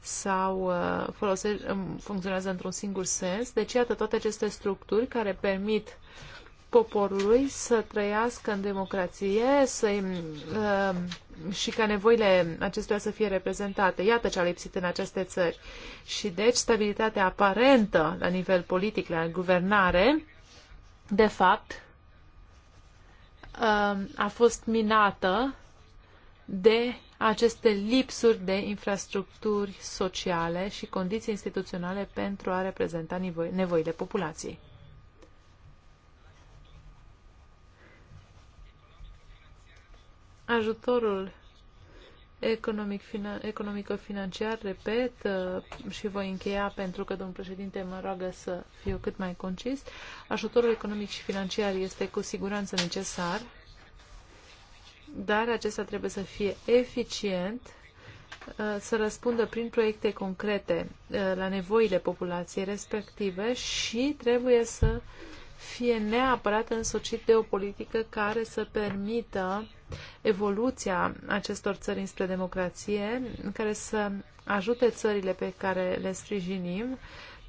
Speaker 17: sau uh, folose, um, funcționează într-un singur sens. Deci, iată, toate aceste structuri care permit poporului să trăiască în democrație să uh, și ca nevoile acestuia să fie reprezentate. Iată ce a lipsit în aceste țări. Și deci stabilitatea aparentă la nivel politic, la guvernare, de fapt, um, a fost minată de aceste lipsuri de infrastructuri sociale și condiții instituționale pentru a reprezenta nevoile populației. Ajutorul economic, finan economico-financiar, repet, uh, și voi încheia pentru că domnul președinte mă roagă să fiu cât mai concis, ajutorul economic și financiar este cu siguranță necesar, dar acesta trebuie să fie eficient, uh, să răspundă prin proiecte concrete uh, la nevoile populației respective și trebuie să fie neapărat însocit de o politică care să permită evoluția acestor țări înspre democrație, care să ajute țările pe care le sprijinim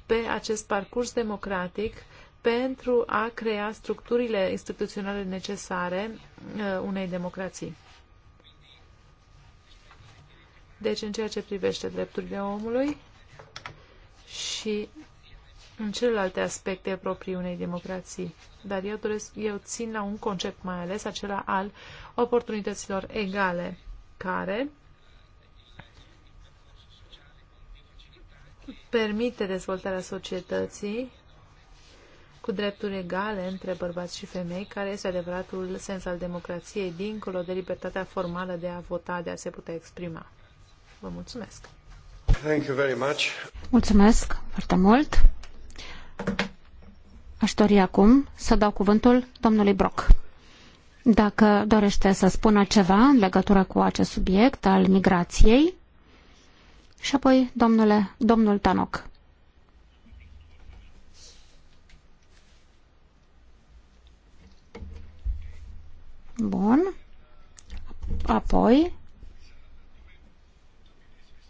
Speaker 17: pe acest parcurs democratic pentru a crea structurile instituționale necesare uh, unei democrații. Deci, în ceea ce privește drepturile omului și în celelalte aspecte proprii unei democrații. Dar eu, doresc, eu țin la un concept mai ales, acela al oportunităților egale, care permite dezvoltarea societății cu drepturi egale între bărbați și femei, care este adevăratul sens al democrației, dincolo de libertatea formală de a vota, de a se putea exprima. Vă mulțumesc!
Speaker 4: Thank you very much.
Speaker 19: Mulțumesc foarte mult! Aș dori acum să dau cuvântul domnului Brock. Dacă dorește să spună ceva în legătură cu acest subiect al migrației, și apoi domnule, domnul Tanoc. Bun. Apoi,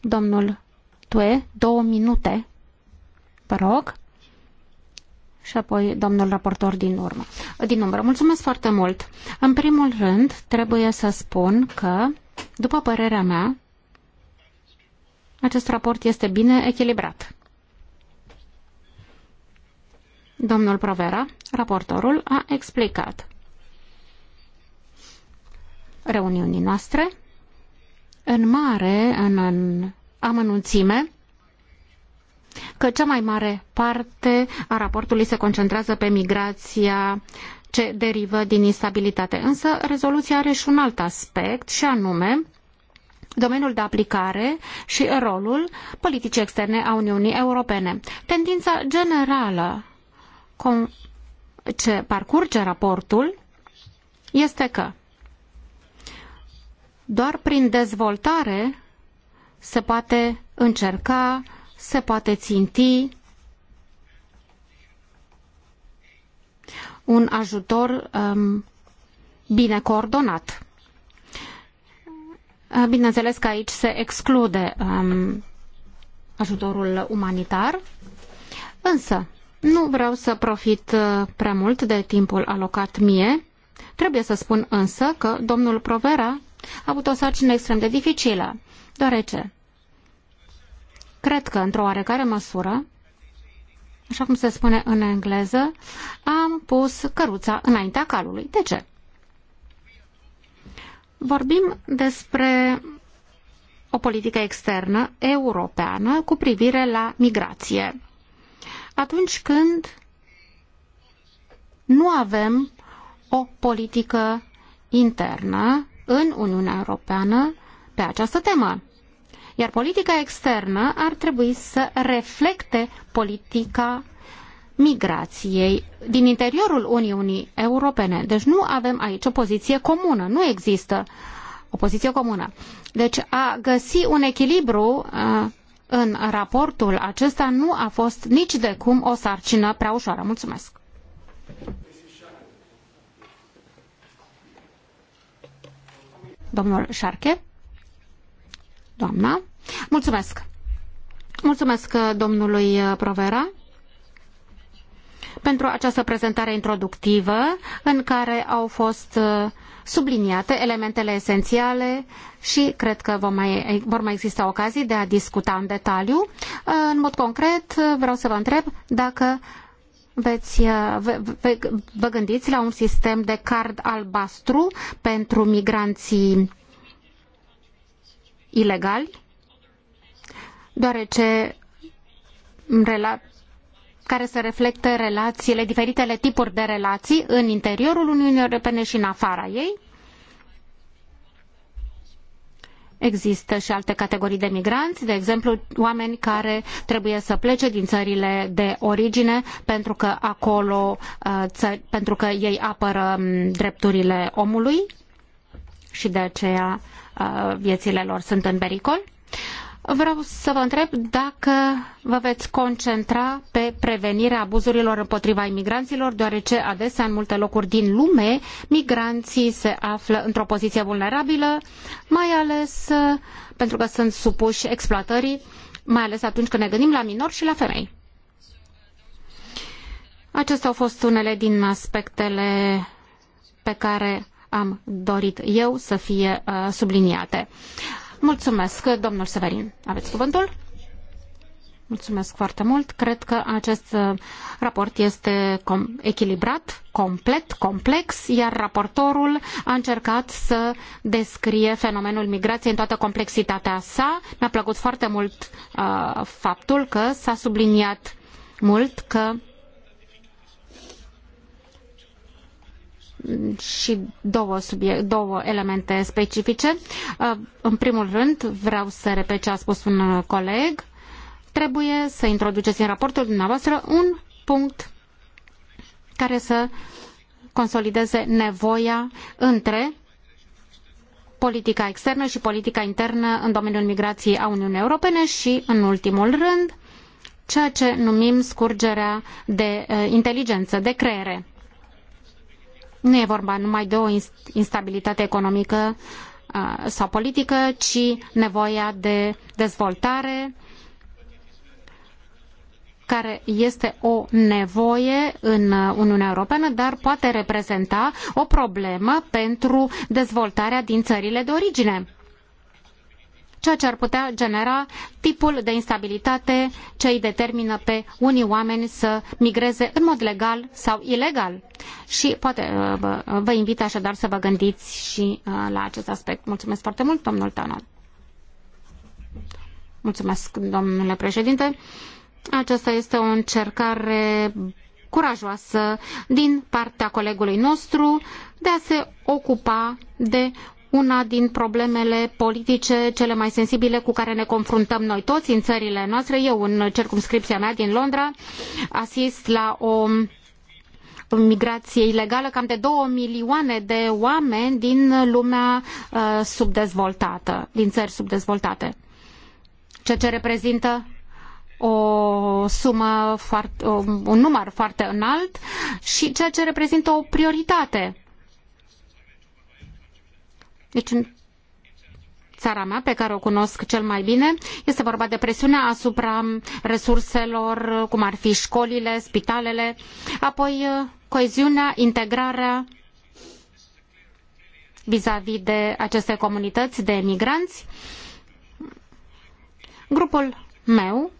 Speaker 19: domnul Tue, două minute, vă rog și apoi domnul raportor din urmă. Din umbră, mulțumesc foarte mult. În primul rând, trebuie să spun că, după părerea mea, acest raport este bine echilibrat. Domnul Provera, raportorul, a explicat reuniunii noastre în mare, în, în amănunțime, că cea mai mare parte a raportului se concentrează pe migrația ce derivă din instabilitate. Însă rezoluția are și un alt aspect și anume domeniul de aplicare și rolul politicii externe a Uniunii Europene. Tendința generală ce parcurge raportul este că doar prin dezvoltare se poate încerca se poate ținti un ajutor um, bine coordonat. Uh, bineînțeles că aici se exclude um, ajutorul umanitar, însă nu vreau să profit uh, prea mult de timpul alocat mie. Trebuie să spun însă că domnul Provera a avut o sarcină extrem de dificilă, deoarece Cred că, într-o oarecare măsură, așa cum se spune în engleză, am pus căruța înaintea calului. De ce? Vorbim despre o politică externă europeană cu privire la migrație. Atunci când nu avem o politică internă în Uniunea Europeană pe această temă. Iar politica externă ar trebui să reflecte politica migrației din interiorul Uniunii Europene. Deci nu avem aici o poziție comună, nu există o poziție comună. Deci a găsi un echilibru uh, în raportul acesta nu a fost nici de cum o sarcină prea ușoară. Mulțumesc! Domnul Șarche? doamna. Mulțumesc! Mulțumesc uh, domnului uh, Provera pentru această prezentare introductivă în care au fost uh, subliniate elementele esențiale și cred că vom mai, vor mai exista ocazii de a discuta în detaliu. În mod concret, vreau să vă întreb dacă veți, vă gândiți la un sistem de card albastru pentru migranții ilegali, deoarece care se reflectă relațiile, diferitele tipuri de relații în interiorul Uniunii Europene și în afara ei. Există și alte categorii de migranți, de exemplu oameni care trebuie să plece din țările de origine pentru că acolo, uh, pentru că ei apără mm, drepturile omului și de aceea viețile lor sunt în pericol. Vreau să vă întreb dacă vă veți concentra pe prevenirea abuzurilor împotriva imigranților, deoarece adesea în multe locuri din lume migranții se află într-o poziție vulnerabilă, mai ales pentru că sunt supuși exploatării, mai ales atunci când ne gândim la minori și la femei. Acestea au fost unele din aspectele pe care am dorit eu să fie uh, subliniate. Mulțumesc, domnul Severin. Aveți cuvântul? Mulțumesc foarte mult. Cred că acest uh, raport este echilibrat, complet, complex, iar raportorul a încercat să descrie fenomenul migrației în toată complexitatea sa. Mi-a plăcut foarte mult uh, faptul că s-a subliniat mult că și două, subiect, două elemente specifice. Uh, în primul rând, vreau să repet ce a spus un coleg. Trebuie să introduceți în raportul dumneavoastră un punct care să consolideze nevoia între politica externă și politica internă în domeniul migrației a Uniunii Europene și, în ultimul rând, ceea ce numim scurgerea de uh, inteligență, de creere nu e vorba numai de o instabilitate economică sau politică, ci nevoia de dezvoltare care este o nevoie în Uniunea Europeană, dar poate reprezenta o problemă pentru dezvoltarea din țările de origine ceea ce ar putea genera tipul de instabilitate ce îi determină pe unii oameni să migreze în mod legal sau ilegal. Și poate uh, uh, vă invit așadar să vă gândiți și uh, la acest aspect. Mulțumesc foarte mult, domnul Tanon. Mulțumesc, domnule președinte. Aceasta este o încercare curajoasă din partea colegului nostru de a se ocupa de una din problemele politice cele mai sensibile cu care ne confruntăm noi toți în țările noastre. Eu, în circumscripția mea din Londra, asist la o migrație ilegală cam de 2 milioane de oameni din lumea uh, subdezvoltată, din țări subdezvoltate. Ceea ce reprezintă o sumă foarte, un număr foarte înalt și ceea ce reprezintă o prioritate deci în țara mea, pe care o cunosc cel mai bine, este vorba de presiunea asupra resurselor, cum ar fi școlile, spitalele, apoi uh, coeziunea, integrarea vis-a-vis de aceste comunități de emigranți. Grupul meu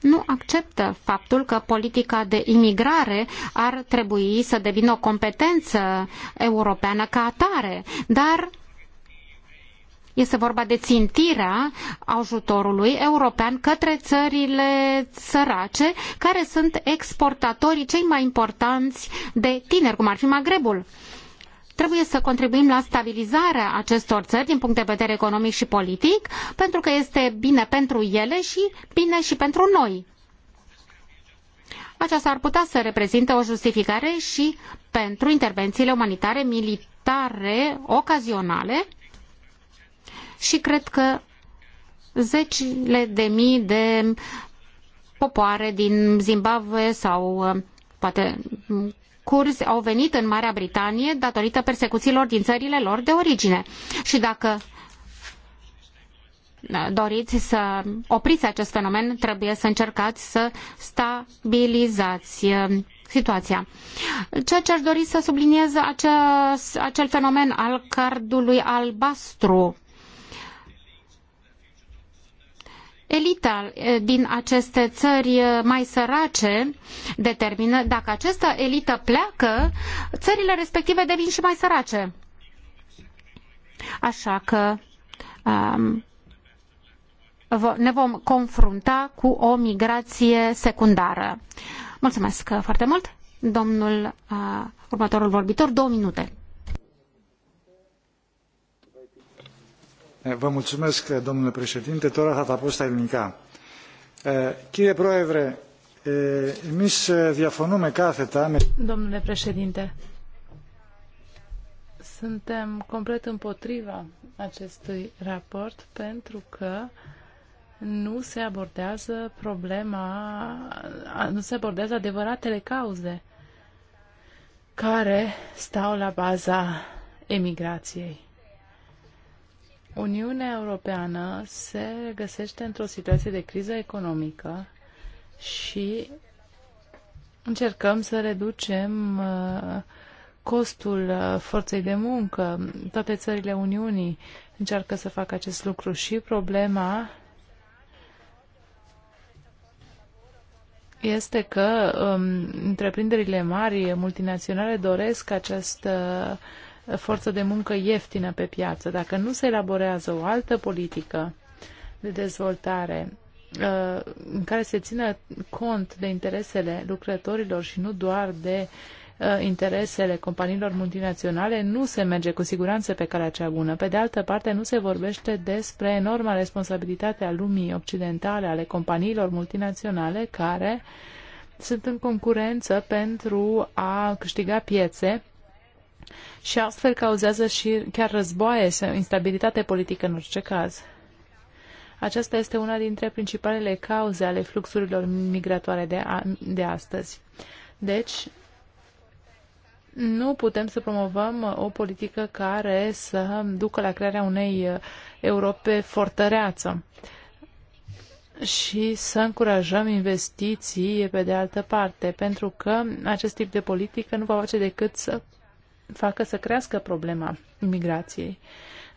Speaker 19: nu acceptă faptul că politica de imigrare ar trebui să devină o competență europeană ca atare, dar este vorba de țintirea ajutorului european către țările sărace, care sunt exportatorii cei mai importanți de tineri, cum ar fi Magrebul trebuie să contribuim la stabilizarea acestor țări din punct de vedere economic și politic, pentru că este bine pentru ele și bine și pentru noi. Aceasta ar putea să reprezinte o justificare și pentru intervențiile umanitare militare ocazionale și cred că zecile de mii de popoare din Zimbabwe sau uh, poate curzi au venit în Marea Britanie datorită persecuțiilor din țările lor de origine. Și dacă uh, doriți să opriți acest fenomen, trebuie să încercați să stabilizați uh, situația. Ceea ce aș dori să subliniez acest, acel fenomen al cardului albastru elita eh, din aceste țări eh, mai sărace determină, dacă această elită pleacă, țările respective devin și mai sărace. Așa că um, ne vom confrunta cu o migrație secundară. Mulțumesc foarte mult, domnul uh, următorul vorbitor, două minute.
Speaker 16: Eh, vă mulțumesc, domnule președinte. Tora, θα τα πω στα ελληνικά. Κύριε Πρόεδρε, εμείς διαφωνούμε
Speaker 17: Domnule președinte, suntem complet împotriva acestui raport pentru că nu se abordează problema, nu se abordează adevăratele cauze care stau la baza emigrației. Uniunea Europeană se găsește într-o situație de criză economică și încercăm să reducem uh, costul uh, forței de muncă. Toate țările Uniunii încearcă să facă acest lucru și problema este că um, întreprinderile mari, multinaționale, doresc acest uh, forță de muncă ieftină pe piață. Dacă nu se elaborează o altă politică de dezvoltare uh, în care se țină cont de interesele lucrătorilor și nu doar de uh, interesele companiilor multinaționale, nu se merge cu siguranță pe calea cea bună. Pe de altă parte, nu se vorbește despre enorma responsabilitate a lumii occidentale, ale companiilor multinaționale care sunt în concurență pentru a câștiga piețe și astfel cauzează și chiar războaie și instabilitate politică în orice caz. Aceasta este una dintre principalele cauze ale fluxurilor migratoare de, a, de astăzi. Deci, nu putem să promovăm o politică care să ducă la crearea unei uh, Europe fortăreață și să încurajăm investiții pe de altă parte, pentru că acest tip de politică nu va face decât să facă să crească problema migrației.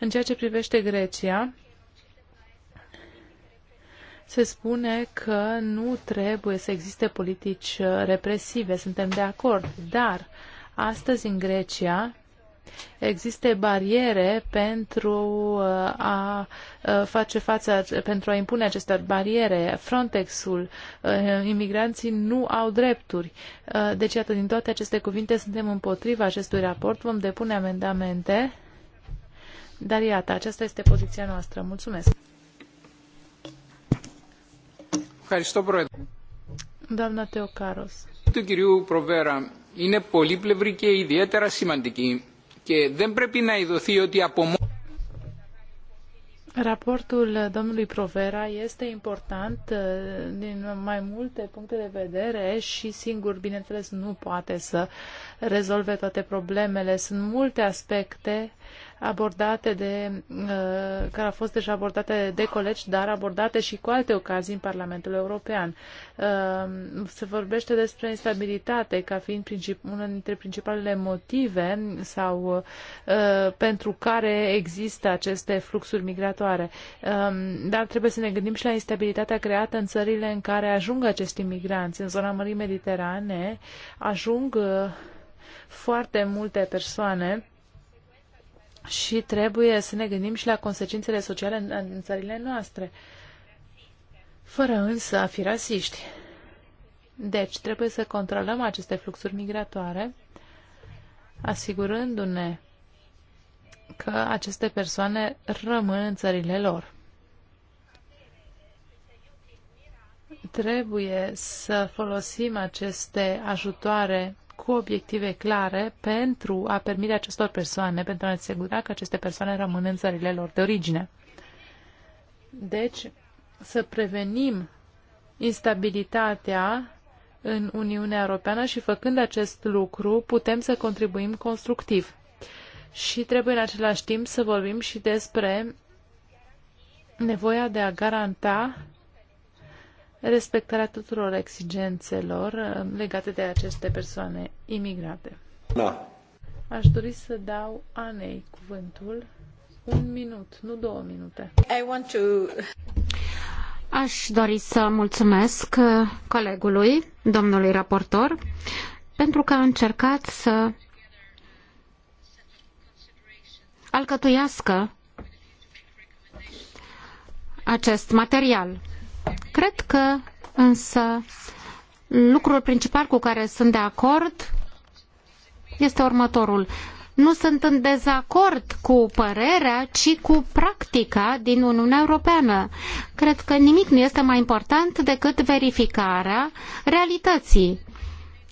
Speaker 17: În ceea ce privește Grecia, se spune că nu trebuie să existe politici represive, suntem de acord, dar astăzi în Grecia existe bariere pentru uh, a uh, face față, pentru a impune aceste bariere. Frontexul, uh, imigranții nu au drepturi. Deci, iată, din toate aceste cuvinte suntem împotriva acestui raport, vom depune amendamente. Dar iată, aceasta este poziția noastră. Mulțumesc. Doamna Teocaros.
Speaker 6: Του κυρίου Provera. είναι
Speaker 18: πολύπλευρη και ιδιαίτερα σημαντική και δεν πρέπει να ειδωθεί ότι από
Speaker 17: Raportul domnului Provera este important uh, din mai multe puncte de vedere și singur, bineînțeles, nu poate să rezolve toate problemele. Sunt multe aspecte uh, abordate de, uh, care au fost deja abordate de colegi, dar abordate și cu alte ocazii în Parlamentul European. Uh, se vorbește despre instabilitate ca fiind unul dintre principalele motive sau uh, pentru care există aceste fluxuri migratoare. Dar trebuie să ne gândim și la instabilitatea creată în țările în care ajung acești imigranți. În zona Mării Mediterane ajung foarte multe persoane și trebuie să ne gândim și la consecințele sociale în, în țările noastre, fără însă a fi rasiști. Deci, trebuie să controlăm aceste fluxuri migratoare, asigurându-ne că aceste persoane rămân în țările lor. Trebuie să folosim aceste ajutoare cu obiective clare pentru a permite acestor persoane, pentru a ne asigura că aceste persoane rămân în țările lor de origine. Deci, să prevenim instabilitatea în Uniunea Europeană și făcând acest lucru putem să contribuim constructiv. Și trebuie în același timp să vorbim și despre nevoia de a garanta respectarea tuturor exigențelor uh, legate de aceste persoane imigrate. Da. Aș dori să dau Anei cuvântul. Un minut, nu două minute. I want to...
Speaker 19: Aș dori să mulțumesc uh, colegului, domnului raportor, pentru că a încercat să alcătuiască acest material Cred că însă lucrul principal cu care sunt de acord este următorul. Nu sunt în dezacord cu părerea, ci cu practica din Uniunea Europeană. Cred că nimic nu este mai important decât verificarea realității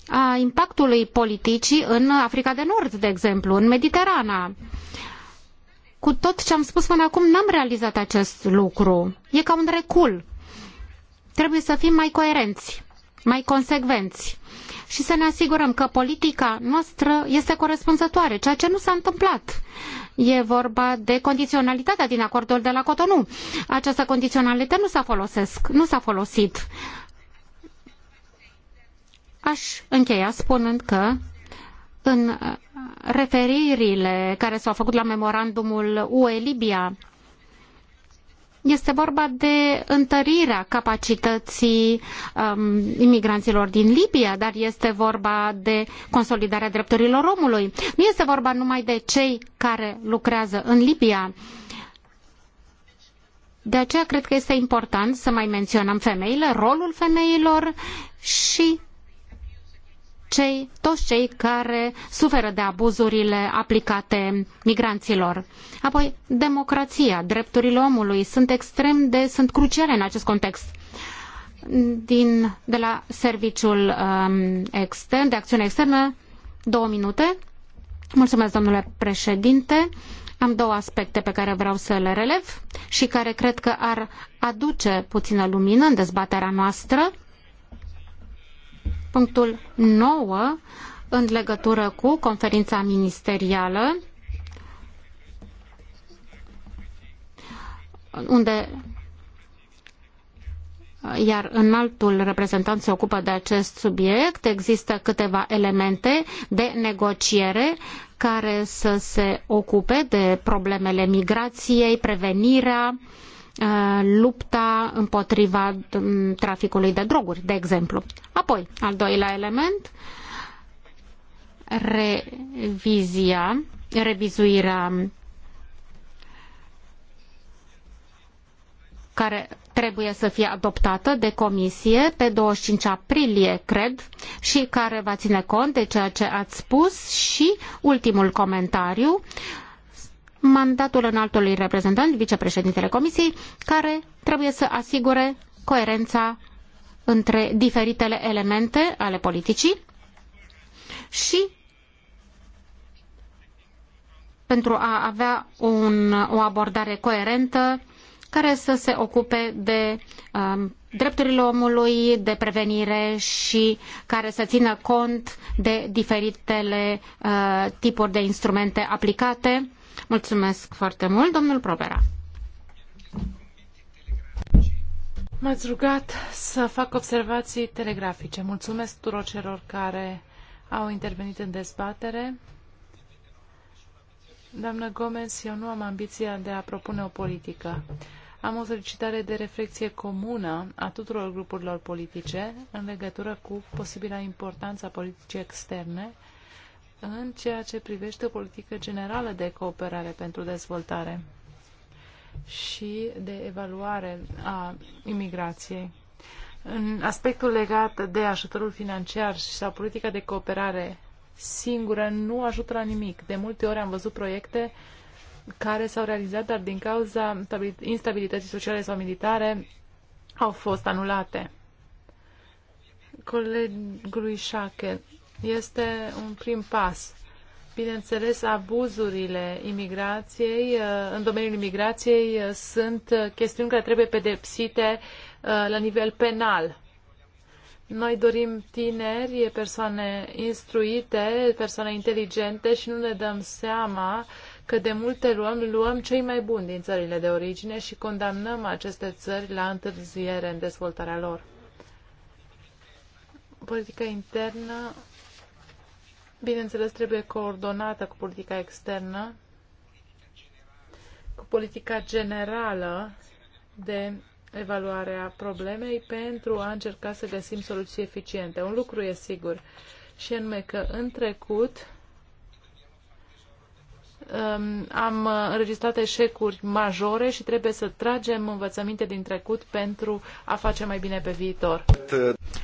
Speaker 19: a impactului politicii în Africa de Nord, de exemplu, în Mediterana. Cu tot ce am spus până acum, n-am realizat acest lucru. E ca un recul Trebuie să fim mai coerenți, mai consecvenți și să ne asigurăm că politica noastră este corespunzătoare, ceea ce nu s-a întâmplat. E vorba de condiționalitatea din acordul de la Cotonou. Această condiționalitate nu s-a folosesc, nu s-a folosit. Aș încheia spunând că în referirile care s-au făcut la memorandumul UE-Libia este vorba de întărirea capacității um, imigranților din Libia, dar este vorba de consolidarea drepturilor omului. Nu este vorba numai de cei care lucrează în Libia. De aceea cred că este important să mai menționăm femeile, rolul femeilor și cei, toți cei care suferă de abuzurile aplicate migranților. Apoi, democrația, drepturile omului sunt extrem de, sunt cruciale în acest context. Din, de la serviciul um, extern, de acțiune externă, două minute. Mulțumesc, domnule președinte. Am două aspecte pe care vreau să le relev și care cred că ar aduce puțină lumină în dezbaterea noastră punctul 9 în legătură cu conferința ministerială unde iar înaltul reprezentant se ocupă de acest subiect. Există câteva elemente de negociere care să se ocupe de problemele migrației, prevenirea uh, Uh, lupta împotriva um, traficului de droguri, de exemplu. Apoi, al doilea element, revizia, revizuirea care trebuie să fie adoptată de comisie pe 25 aprilie, cred, și care va ține cont de ceea ce ați spus și ultimul comentariu, mandatul înaltului reprezentant, vicepreședintele Comisiei, care trebuie să asigure coerența între diferitele elemente ale politicii și pentru a avea un, o abordare coerentă care să se ocupe de um, drepturile omului, de prevenire și care să țină cont de diferitele uh, tipuri de instrumente aplicate Mulțumesc foarte mult, domnul
Speaker 17: Provera. M-ați rugat să fac observații telegrafice. Mulțumesc tuturor celor care au intervenit în dezbatere. Doamnă Gomez, eu nu am ambiția de a propune o politică. Am o solicitare de reflexie comună a tuturor grupurilor politice în legătură cu posibila importanța politicii externe în ceea ce privește o politică generală de cooperare pentru dezvoltare și de evaluare a imigrației. În aspectul legat de ajutorul financiar și sau politica de cooperare singură nu ajută la nimic. De multe ori am văzut proiecte care s-au realizat, dar din cauza instabilității sociale sau militare au fost anulate. Colegului Șache, este un prim pas. Bineînțeles, abuzurile imigrației, uh, în domeniul imigrației uh, sunt uh, chestiuni care trebuie pedepsite la nivel penal. Noi dorim tineri, persoane instruite, persoane inteligente și nu ne dăm seama că de multe luăm, luăm cei mai buni din țările de origine și condamnăm aceste țări la întârziere în dezvoltarea lor. Politica internă bineînțeles, trebuie coordonată cu politica externă, cu politica generală de evaluare a problemei pentru a încerca să găsim soluții eficiente. Un lucru e sigur și anume că în trecut um, am înregistrat eșecuri majore și trebuie să tragem învățăminte din trecut pentru a face mai bine pe viitor.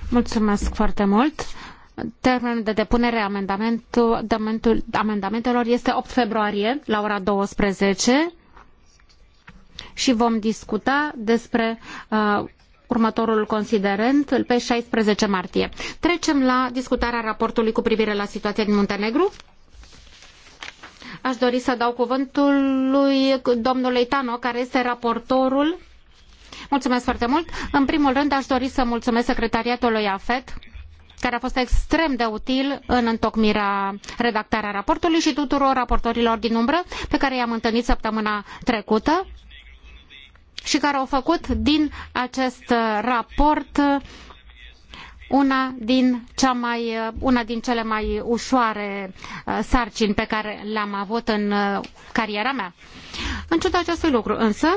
Speaker 19: Mulțumesc foarte mult! Termenul de depunere a amendamentelor este 8 februarie la ora 12 și vom discuta despre uh, următorul considerent pe 16 martie. Trecem la discutarea raportului cu privire la situația din Muntenegru. Aș dori să dau cuvântul lui domnului Tano, care este raportorul. Mulțumesc foarte mult. În primul rând, aș dori să mulțumesc secretariatului AFET care a fost extrem de util în întocmirea, redactarea raportului și tuturor raportorilor din umbră pe care i-am întâlnit săptămâna trecută și care au făcut din acest raport una din, mai, una din cele mai ușoare uh, sarcini pe care le-am avut în uh, cariera mea. În ciuda acestui lucru, însă,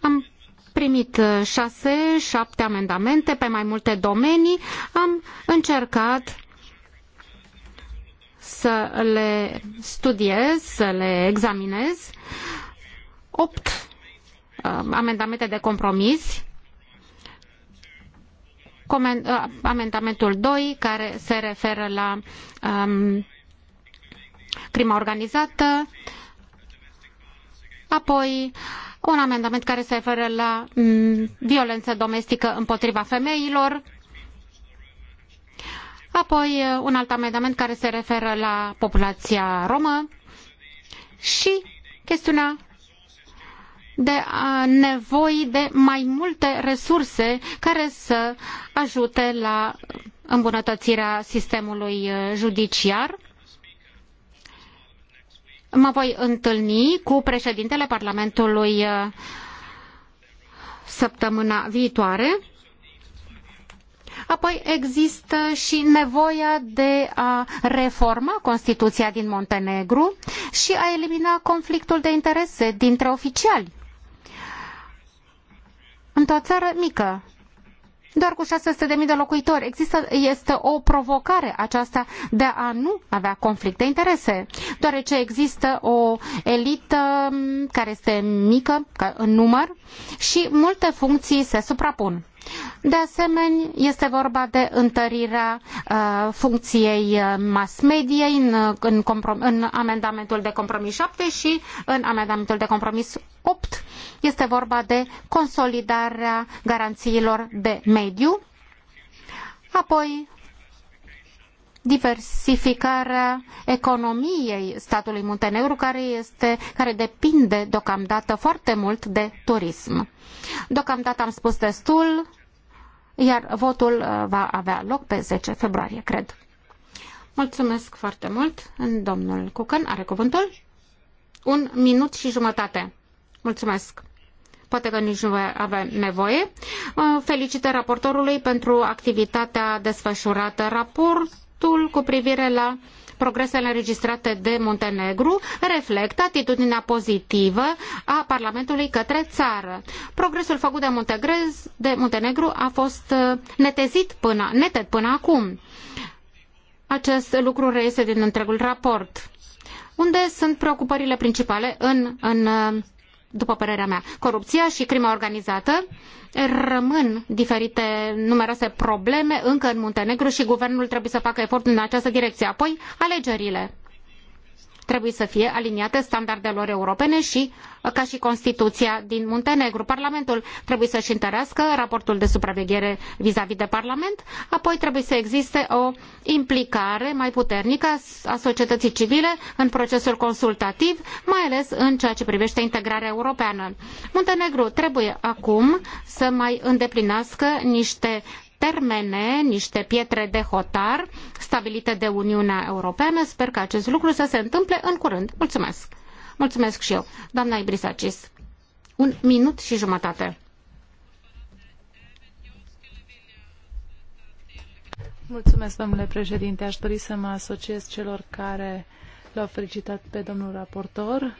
Speaker 19: am primit uh, șase, șapte amendamente pe mai multe domenii. Am încercat să le studiez, să le examinez. Opt uh, amendamente de compromis uh, amendamentul doi care se referă la um, crima organizată, apoi un amendament care se referă la mm, violență domestică împotriva femeilor, apoi uh, un alt amendament care se referă la populația romă și chestiunea de uh, nevoi de mai multe resurse care să ajute la îmbunătățirea sistemului uh, judiciar mă voi întâlni cu președintele Parlamentului uh, săptămâna viitoare. Apoi există și nevoia de a reforma Constituția din Montenegru și a elimina conflictul de interese dintre oficiali. Într-o țară mică, doar cu 600.000 de locuitori. Există, este o provocare aceasta de a nu avea conflict de interese, deoarece există o elită mm, care este mică în număr și multe funcții se suprapun. De asemenea, este vorba de întărirea uh, funcției uh, mass mediei în, uh, în, în amendamentul de compromis 7 și în amendamentul de compromis 8. Este vorba de consolidarea garanțiilor de mediu, apoi diversificarea economiei statului Muntenegru, care, este, care depinde deocamdată foarte mult de turism. Deocamdată am spus destul, iar votul uh, va avea loc pe 10 februarie, cred. Mulțumesc foarte mult. Domnul Cucan are cuvântul. Un minut și jumătate. Mulțumesc. Poate că nici nu avea nevoie. Uh, Felicită raportorului pentru activitatea desfășurată. Raportul cu privire la progresele înregistrate de Muntenegru reflectă atitudinea pozitivă a Parlamentului către țară. Progresul făcut de, Muntegrez, de Muntenegru a fost uh, netezit până, neted până acum. Acest lucru reiese din întregul raport. Unde sunt preocupările principale în, în uh, după părerea mea. Corupția și crima organizată rămân diferite numeroase probleme încă în Muntenegru și guvernul trebuie să facă eforturi în această direcție. Apoi, alegerile trebuie să fie aliniate standardelor europene și, uh, ca și Constituția din Muntenegru. Parlamentul trebuie să-și întărească raportul de supraveghere vizavi de Parlament, apoi trebuie să existe o implicare mai puternică a societății civile în procesul consultativ, mai ales în ceea ce privește integrarea europeană. Muntenegru trebuie acum să mai îndeplinească niște termene, niște pietre de hotar stabilite de Uniunea Europeană. Sper că acest lucru să se întâmple în curând. Mulțumesc! Mulțumesc și eu. Doamna Ibrisacis, un minut și jumătate.
Speaker 17: Mulțumesc, domnule președinte. Aș dori să mă asociez celor care l-au felicitat pe domnul raportor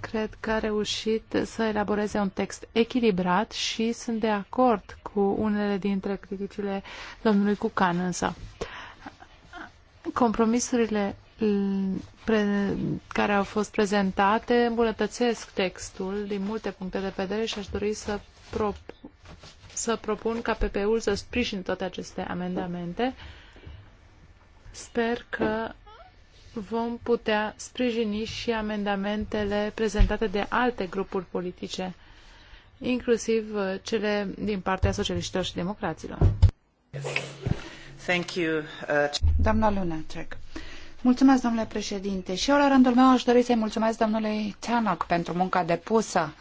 Speaker 17: Cred că a reușit să elaboreze un text echilibrat și sunt de acord cu unele dintre criticile domnului Cucan însă. Compromisurile pre, care au fost prezentate îmbunătățesc textul din multe puncte de vedere și aș dori să, prop, să propun ca PPU ul să sprijin toate aceste amendamente. Sper că vom putea sprijini și amendamentele prezentate de alte grupuri politice, inclusiv uh, cele din partea socialiștilor și democraților. Thank you. Uh, Doamna Lunacek. Mulțumesc,
Speaker 14: domnule președinte. Și eu, la rândul meu, aș dori să-i mulțumesc domnului Tianac pentru munca depusă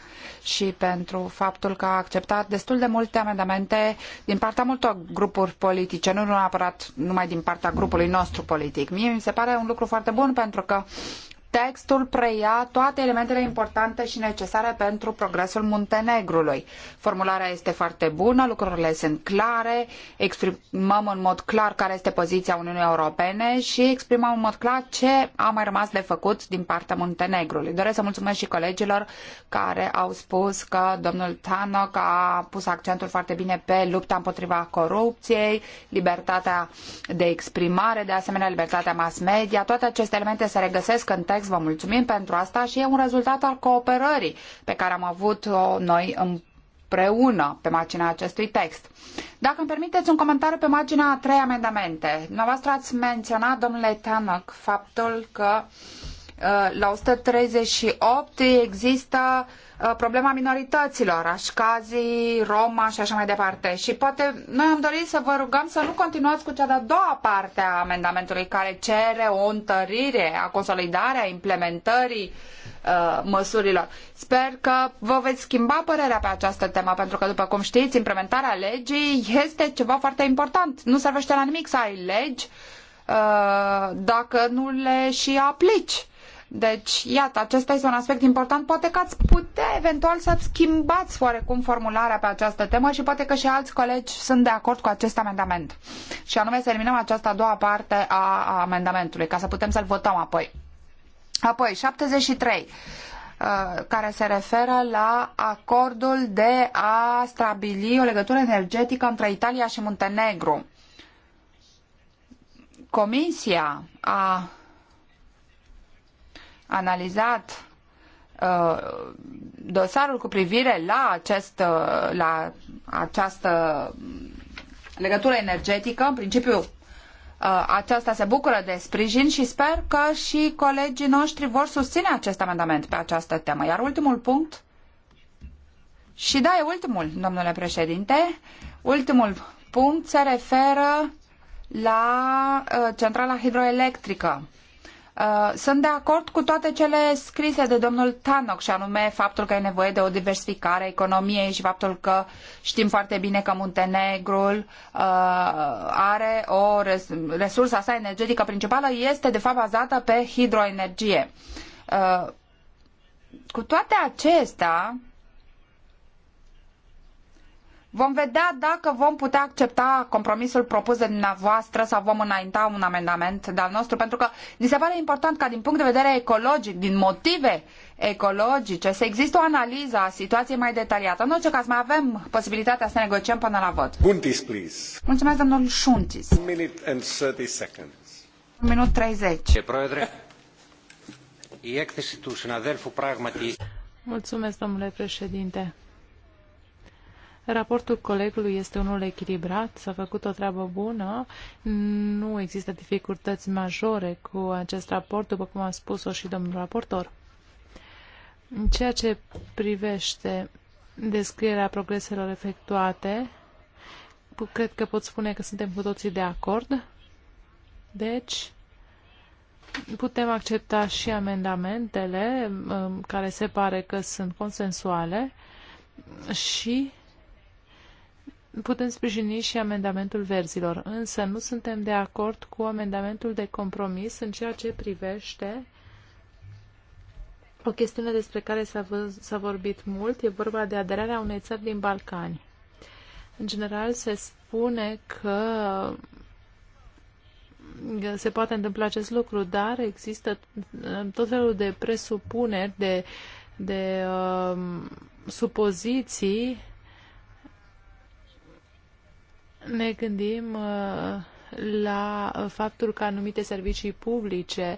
Speaker 14: și pentru faptul că a acceptat destul de multe amendamente din partea multor grupuri politice, nu neapărat numai din partea grupului nostru politic. Mie mi se pare un lucru foarte bun pentru că Textul preia toate elementele importante și necesare pentru progresul Muntenegrului. Formularea este foarte bună, lucrurile sunt clare, exprimăm în mod clar care este poziția Uniunii Europene și exprimăm în mod clar ce a mai rămas de făcut din partea Muntenegrului. Doresc să mulțumesc și colegilor care au spus că domnul Tanok a pus accentul foarte bine pe lupta împotriva corupției, libertatea de exprimare, de asemenea libertatea mass media. Toate aceste elemente se regăsesc în text complex, vă mulțumim pentru asta și e un rezultat al cooperării pe care am avut-o noi împreună pe marginea acestui text. Dacă îmi permiteți un comentariu pe marginea a trei amendamente. Dumneavoastră ați menționat, domnule Tanăc, faptul că uh, Eh, la 138 există eh, problema minorităților, așcazii, roma și așa mai departe. Și poate noi am dorit să vă rugăm să nu continuați cu cea de-a doua parte a amendamentului care cere o întărire a consolidarea implementării eh, măsurilor. Sper că vă veți schimba părerea pe această temă, pentru că, după cum știți, implementarea legii este ceva foarte important. Nu servește la nimic să ai legi dacă nu le și aplici deci, iată, acesta este un aspect important. Poate că ați putea eventual să schimbați oarecum formularea pe această temă și poate că și alți colegi sunt de acord cu acest amendament. Și anume să eliminăm această a doua parte a amendamentului, ca să putem să-l votăm apoi. Apoi, 73 uh, care se referă la acordul de a stabili o legătură energetică între Italia și Muntenegru. Comisia a analizat uh, dosarul cu privire la, acest, uh, la această legătură energetică, în principiu uh, aceasta se bucură de sprijin și sper că și colegii noștri vor susține acest amendament pe această temă. Iar ultimul punct, și da, e ultimul, domnule președinte, ultimul punct se referă la centrala hidroelectrică. Uh, sunt de acord cu toate cele scrise de domnul Tannock și anume faptul că e nevoie de o diversificare a economiei și faptul că știm foarte bine că Muntenegrul uh, are o res- resursa sa energetică principală este de fapt bazată pe hidroenergie. Uh, cu toate acestea, Vom vedea dacă vom putea accepta compromisul propus de dumneavoastră sau vom înainta un amendament de-al nostru, pentru că ni se pare important ca din punct de vedere ecologic, din motive ecologice, să există o analiză a situației mai detaliată. În orice caz, mai avem posibilitatea să negociem până la vot.
Speaker 4: Buntis, please.
Speaker 14: Mulțumesc, domnul Șuntis.
Speaker 4: Un minut 30 seconds.
Speaker 14: Un minut 30.
Speaker 17: Mulțumesc, domnule președinte. Raportul colegului este unul echilibrat, s-a făcut o treabă bună, nu există dificultăți majore cu acest raport, după cum a spus-o și domnul raportor. În ceea ce privește descrierea progreselor efectuate, cred că pot spune că suntem cu toții de acord. Deci, putem accepta și amendamentele um, care se pare că sunt consensuale și Putem sprijini și amendamentul verzilor, însă nu suntem de acord cu amendamentul de compromis în ceea ce privește o chestiune despre care s-a vorbit mult. E vorba de aderarea unei țări din Balcani. În general, se spune că se poate întâmpla acest lucru, dar există uh, tot felul de presupuneri, de, de uh, supoziții ne gândim uh, la uh, faptul că anumite servicii publice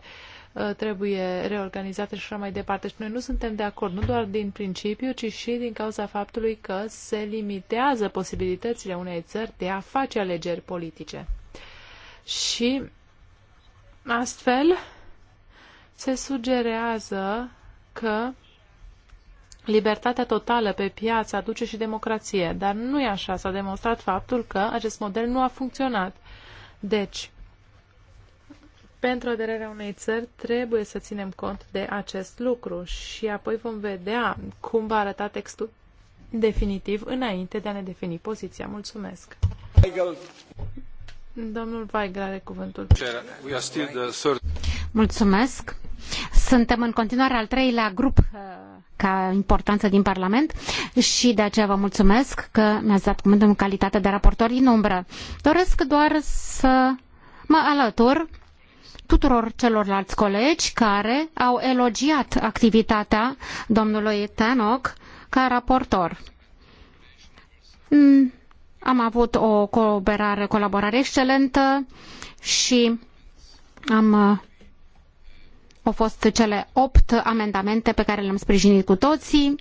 Speaker 17: uh, trebuie reorganizate și așa mai departe. Și noi nu suntem de acord, nu doar din principiu, ci și din cauza faptului că se limitează posibilitățile unei țări de a face alegeri politice. Și astfel se sugerează că Libertatea totală pe piață aduce și democrație, dar nu e așa. S-a demonstrat faptul că acest model nu a funcționat. Deci, pentru aderarea unei țări trebuie să ținem cont de acest lucru și apoi vom vedea cum va arăta textul definitiv înainte de a ne defini poziția. Mulțumesc! Domnul Weigl are cuvântul.
Speaker 19: Mulțumesc. Suntem în continuare al treilea grup uh, ca importanță din Parlament și de aceea vă mulțumesc că mi-ați dat cuvântul în calitate de raportor din umbră. Doresc doar să mă alătur tuturor celorlalți colegi care au elogiat activitatea domnului Tanoc ca raportor. Mm, am avut o cooperare, colaborare excelentă și am uh, au fost cele opt amendamente pe care le-am sprijinit cu toții.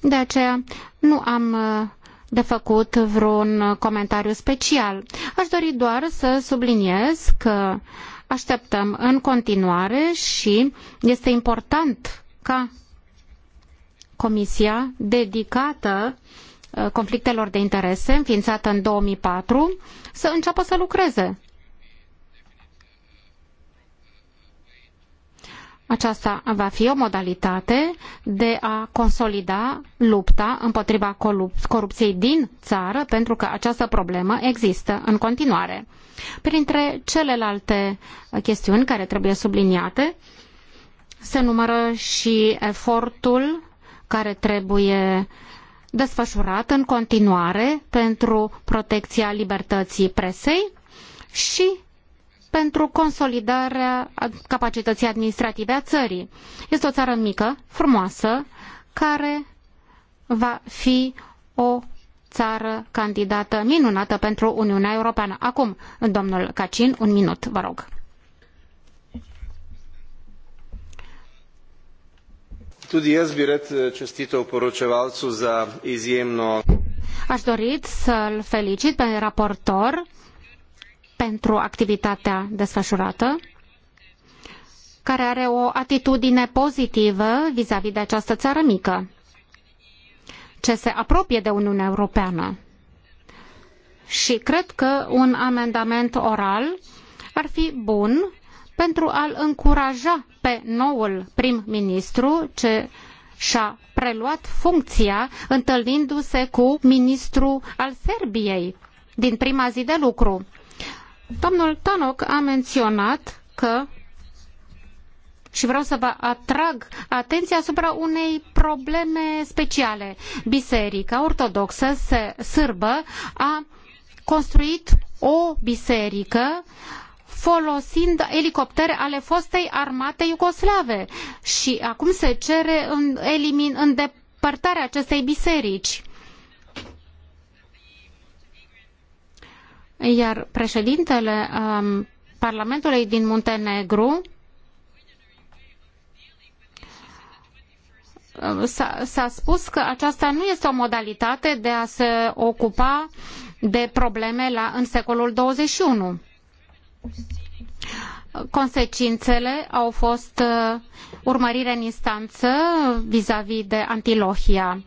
Speaker 19: De aceea nu am uh, de făcut vreun comentariu special. Aș dori doar să subliniez că așteptăm în continuare și este important ca comisia dedicată uh, conflictelor de interese, înființată în 2004, să înceapă să lucreze. Aceasta va fi o modalitate de a consolida lupta împotriva corupției din țară, pentru că această problemă există în continuare. Printre celelalte chestiuni care trebuie subliniate, se numără și efortul care trebuie desfășurat în continuare pentru protecția libertății presei și pentru consolidarea capacității administrative a țării. Este o țară mică, frumoasă, care va fi o țară candidată minunată pentru Uniunea Europeană. Acum, domnul Cacin, un minut, vă rog.
Speaker 4: Tudi jaz bi rad eh, čestitev poročevalcu za izjemno.
Speaker 19: Aș dori să-l felicit pe raportor pentru activitatea desfășurată, care are o atitudine pozitivă vis-a-vis de această țară mică, ce se apropie de Uniunea Europeană. Și cred că un amendament oral ar fi bun pentru a-l încuraja pe noul prim-ministru ce și-a preluat funcția întâlnindu-se cu ministrul al Serbiei din prima zi de lucru. Domnul Tanoc a menționat că și vreau să vă atrag atenția asupra unei probleme speciale. Biserica ortodoxă sârbă a construit o biserică folosind elicoptere ale fostei armate iugoslave și acum se cere în, elimin, îndepărtarea acestei biserici. iar președintele um, Parlamentului din Muntenegru um, s-a spus că aceasta nu este o modalitate de a se ocupa de probleme la, în secolul 21. Consecințele au fost uh, urmărire în instanță vis a -vis de Antilohia.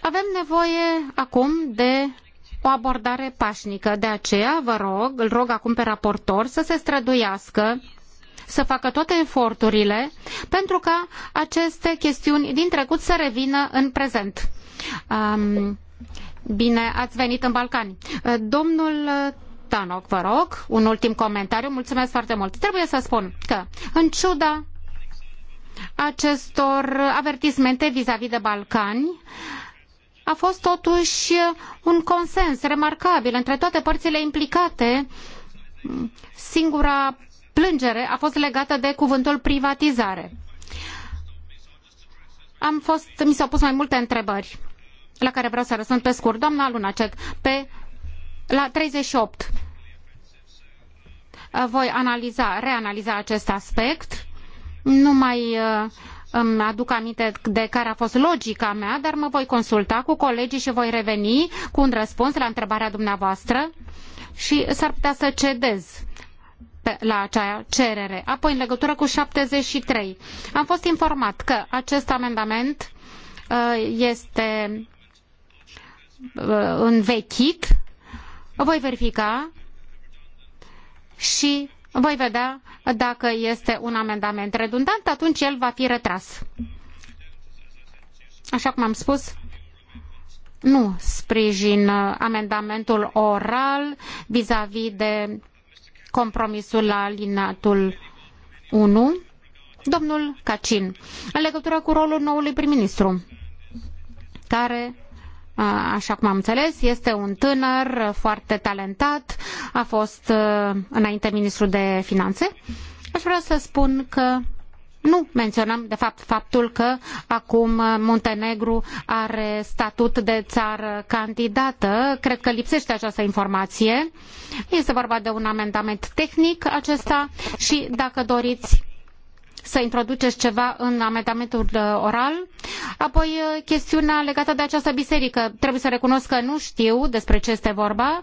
Speaker 19: Avem nevoie acum de o abordare pașnică. De aceea vă rog, îl rog acum pe raportor să se străduiască să facă toate eforturile pentru ca aceste chestiuni din trecut să revină în prezent. Um, bine ați venit în Balcani. Domnul Tanoc, vă rog, un ultim comentariu. Mulțumesc foarte mult. Trebuie să spun că, în ciuda acestor avertismente vizavi de Balcani, a fost totuși un consens remarcabil între toate părțile implicate. Singura plângere a fost legată de cuvântul privatizare. Am fost, mi s-au pus mai multe întrebări la care vreau să răspund pe scurt. Doamna Lunacek, pe, la 38 voi analiza, reanaliza acest aspect. Nu mai uh, îmi aduc aminte de care a fost logica mea, dar mă voi consulta cu colegii și voi reveni cu un răspuns la întrebarea dumneavoastră și s-ar putea să cedez la acea cerere. Apoi, în legătură cu 73, am fost informat că acest amendament uh, este uh, învechit, voi verifica și voi vedea dacă este un amendament redundant, atunci el va fi retras. Așa cum am spus, nu sprijin amendamentul oral vis-a-vis de compromisul la alinatul 1. Domnul Cacin, în legătură cu rolul noului prim-ministru, care așa cum am înțeles, este un tânăr foarte talentat, a fost înainte ministru de finanțe. Aș vrea să spun că nu menționăm, de fapt, faptul că acum Muntenegru are statut de țară candidată. Cred că lipsește această informație. Este vorba de un amendament tehnic acesta și, dacă doriți, să introduceți ceva în amendamentul uh, oral. Apoi, uh, chestiunea legată de această biserică. Trebuie să recunosc că nu știu despre ce este vorba.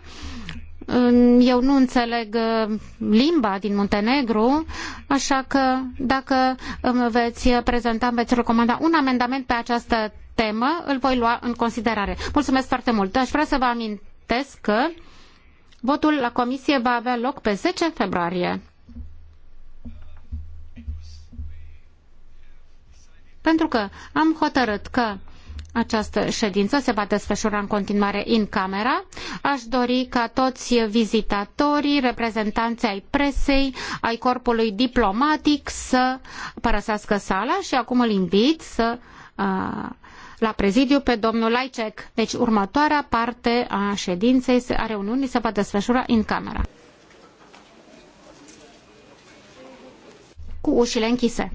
Speaker 19: Eu nu înțeleg uh, limba din Muntenegru, așa că dacă îmi veți prezenta, îmi veți recomanda un amendament pe această temă, îl voi lua în considerare. Mulțumesc foarte mult. Aș vrea să vă amintesc că votul la comisie va avea loc pe 10 februarie. Pentru că am hotărât că această ședință se va desfășura în continuare în camera. Aș dori ca toți vizitatorii, reprezentanții ai presei, ai corpului diplomatic să părăsească sala și acum îl invit să la prezidiu pe domnul Laicec. Deci următoarea parte a ședinței, a reuniunii se va desfășura în camera. Cu ușile închise.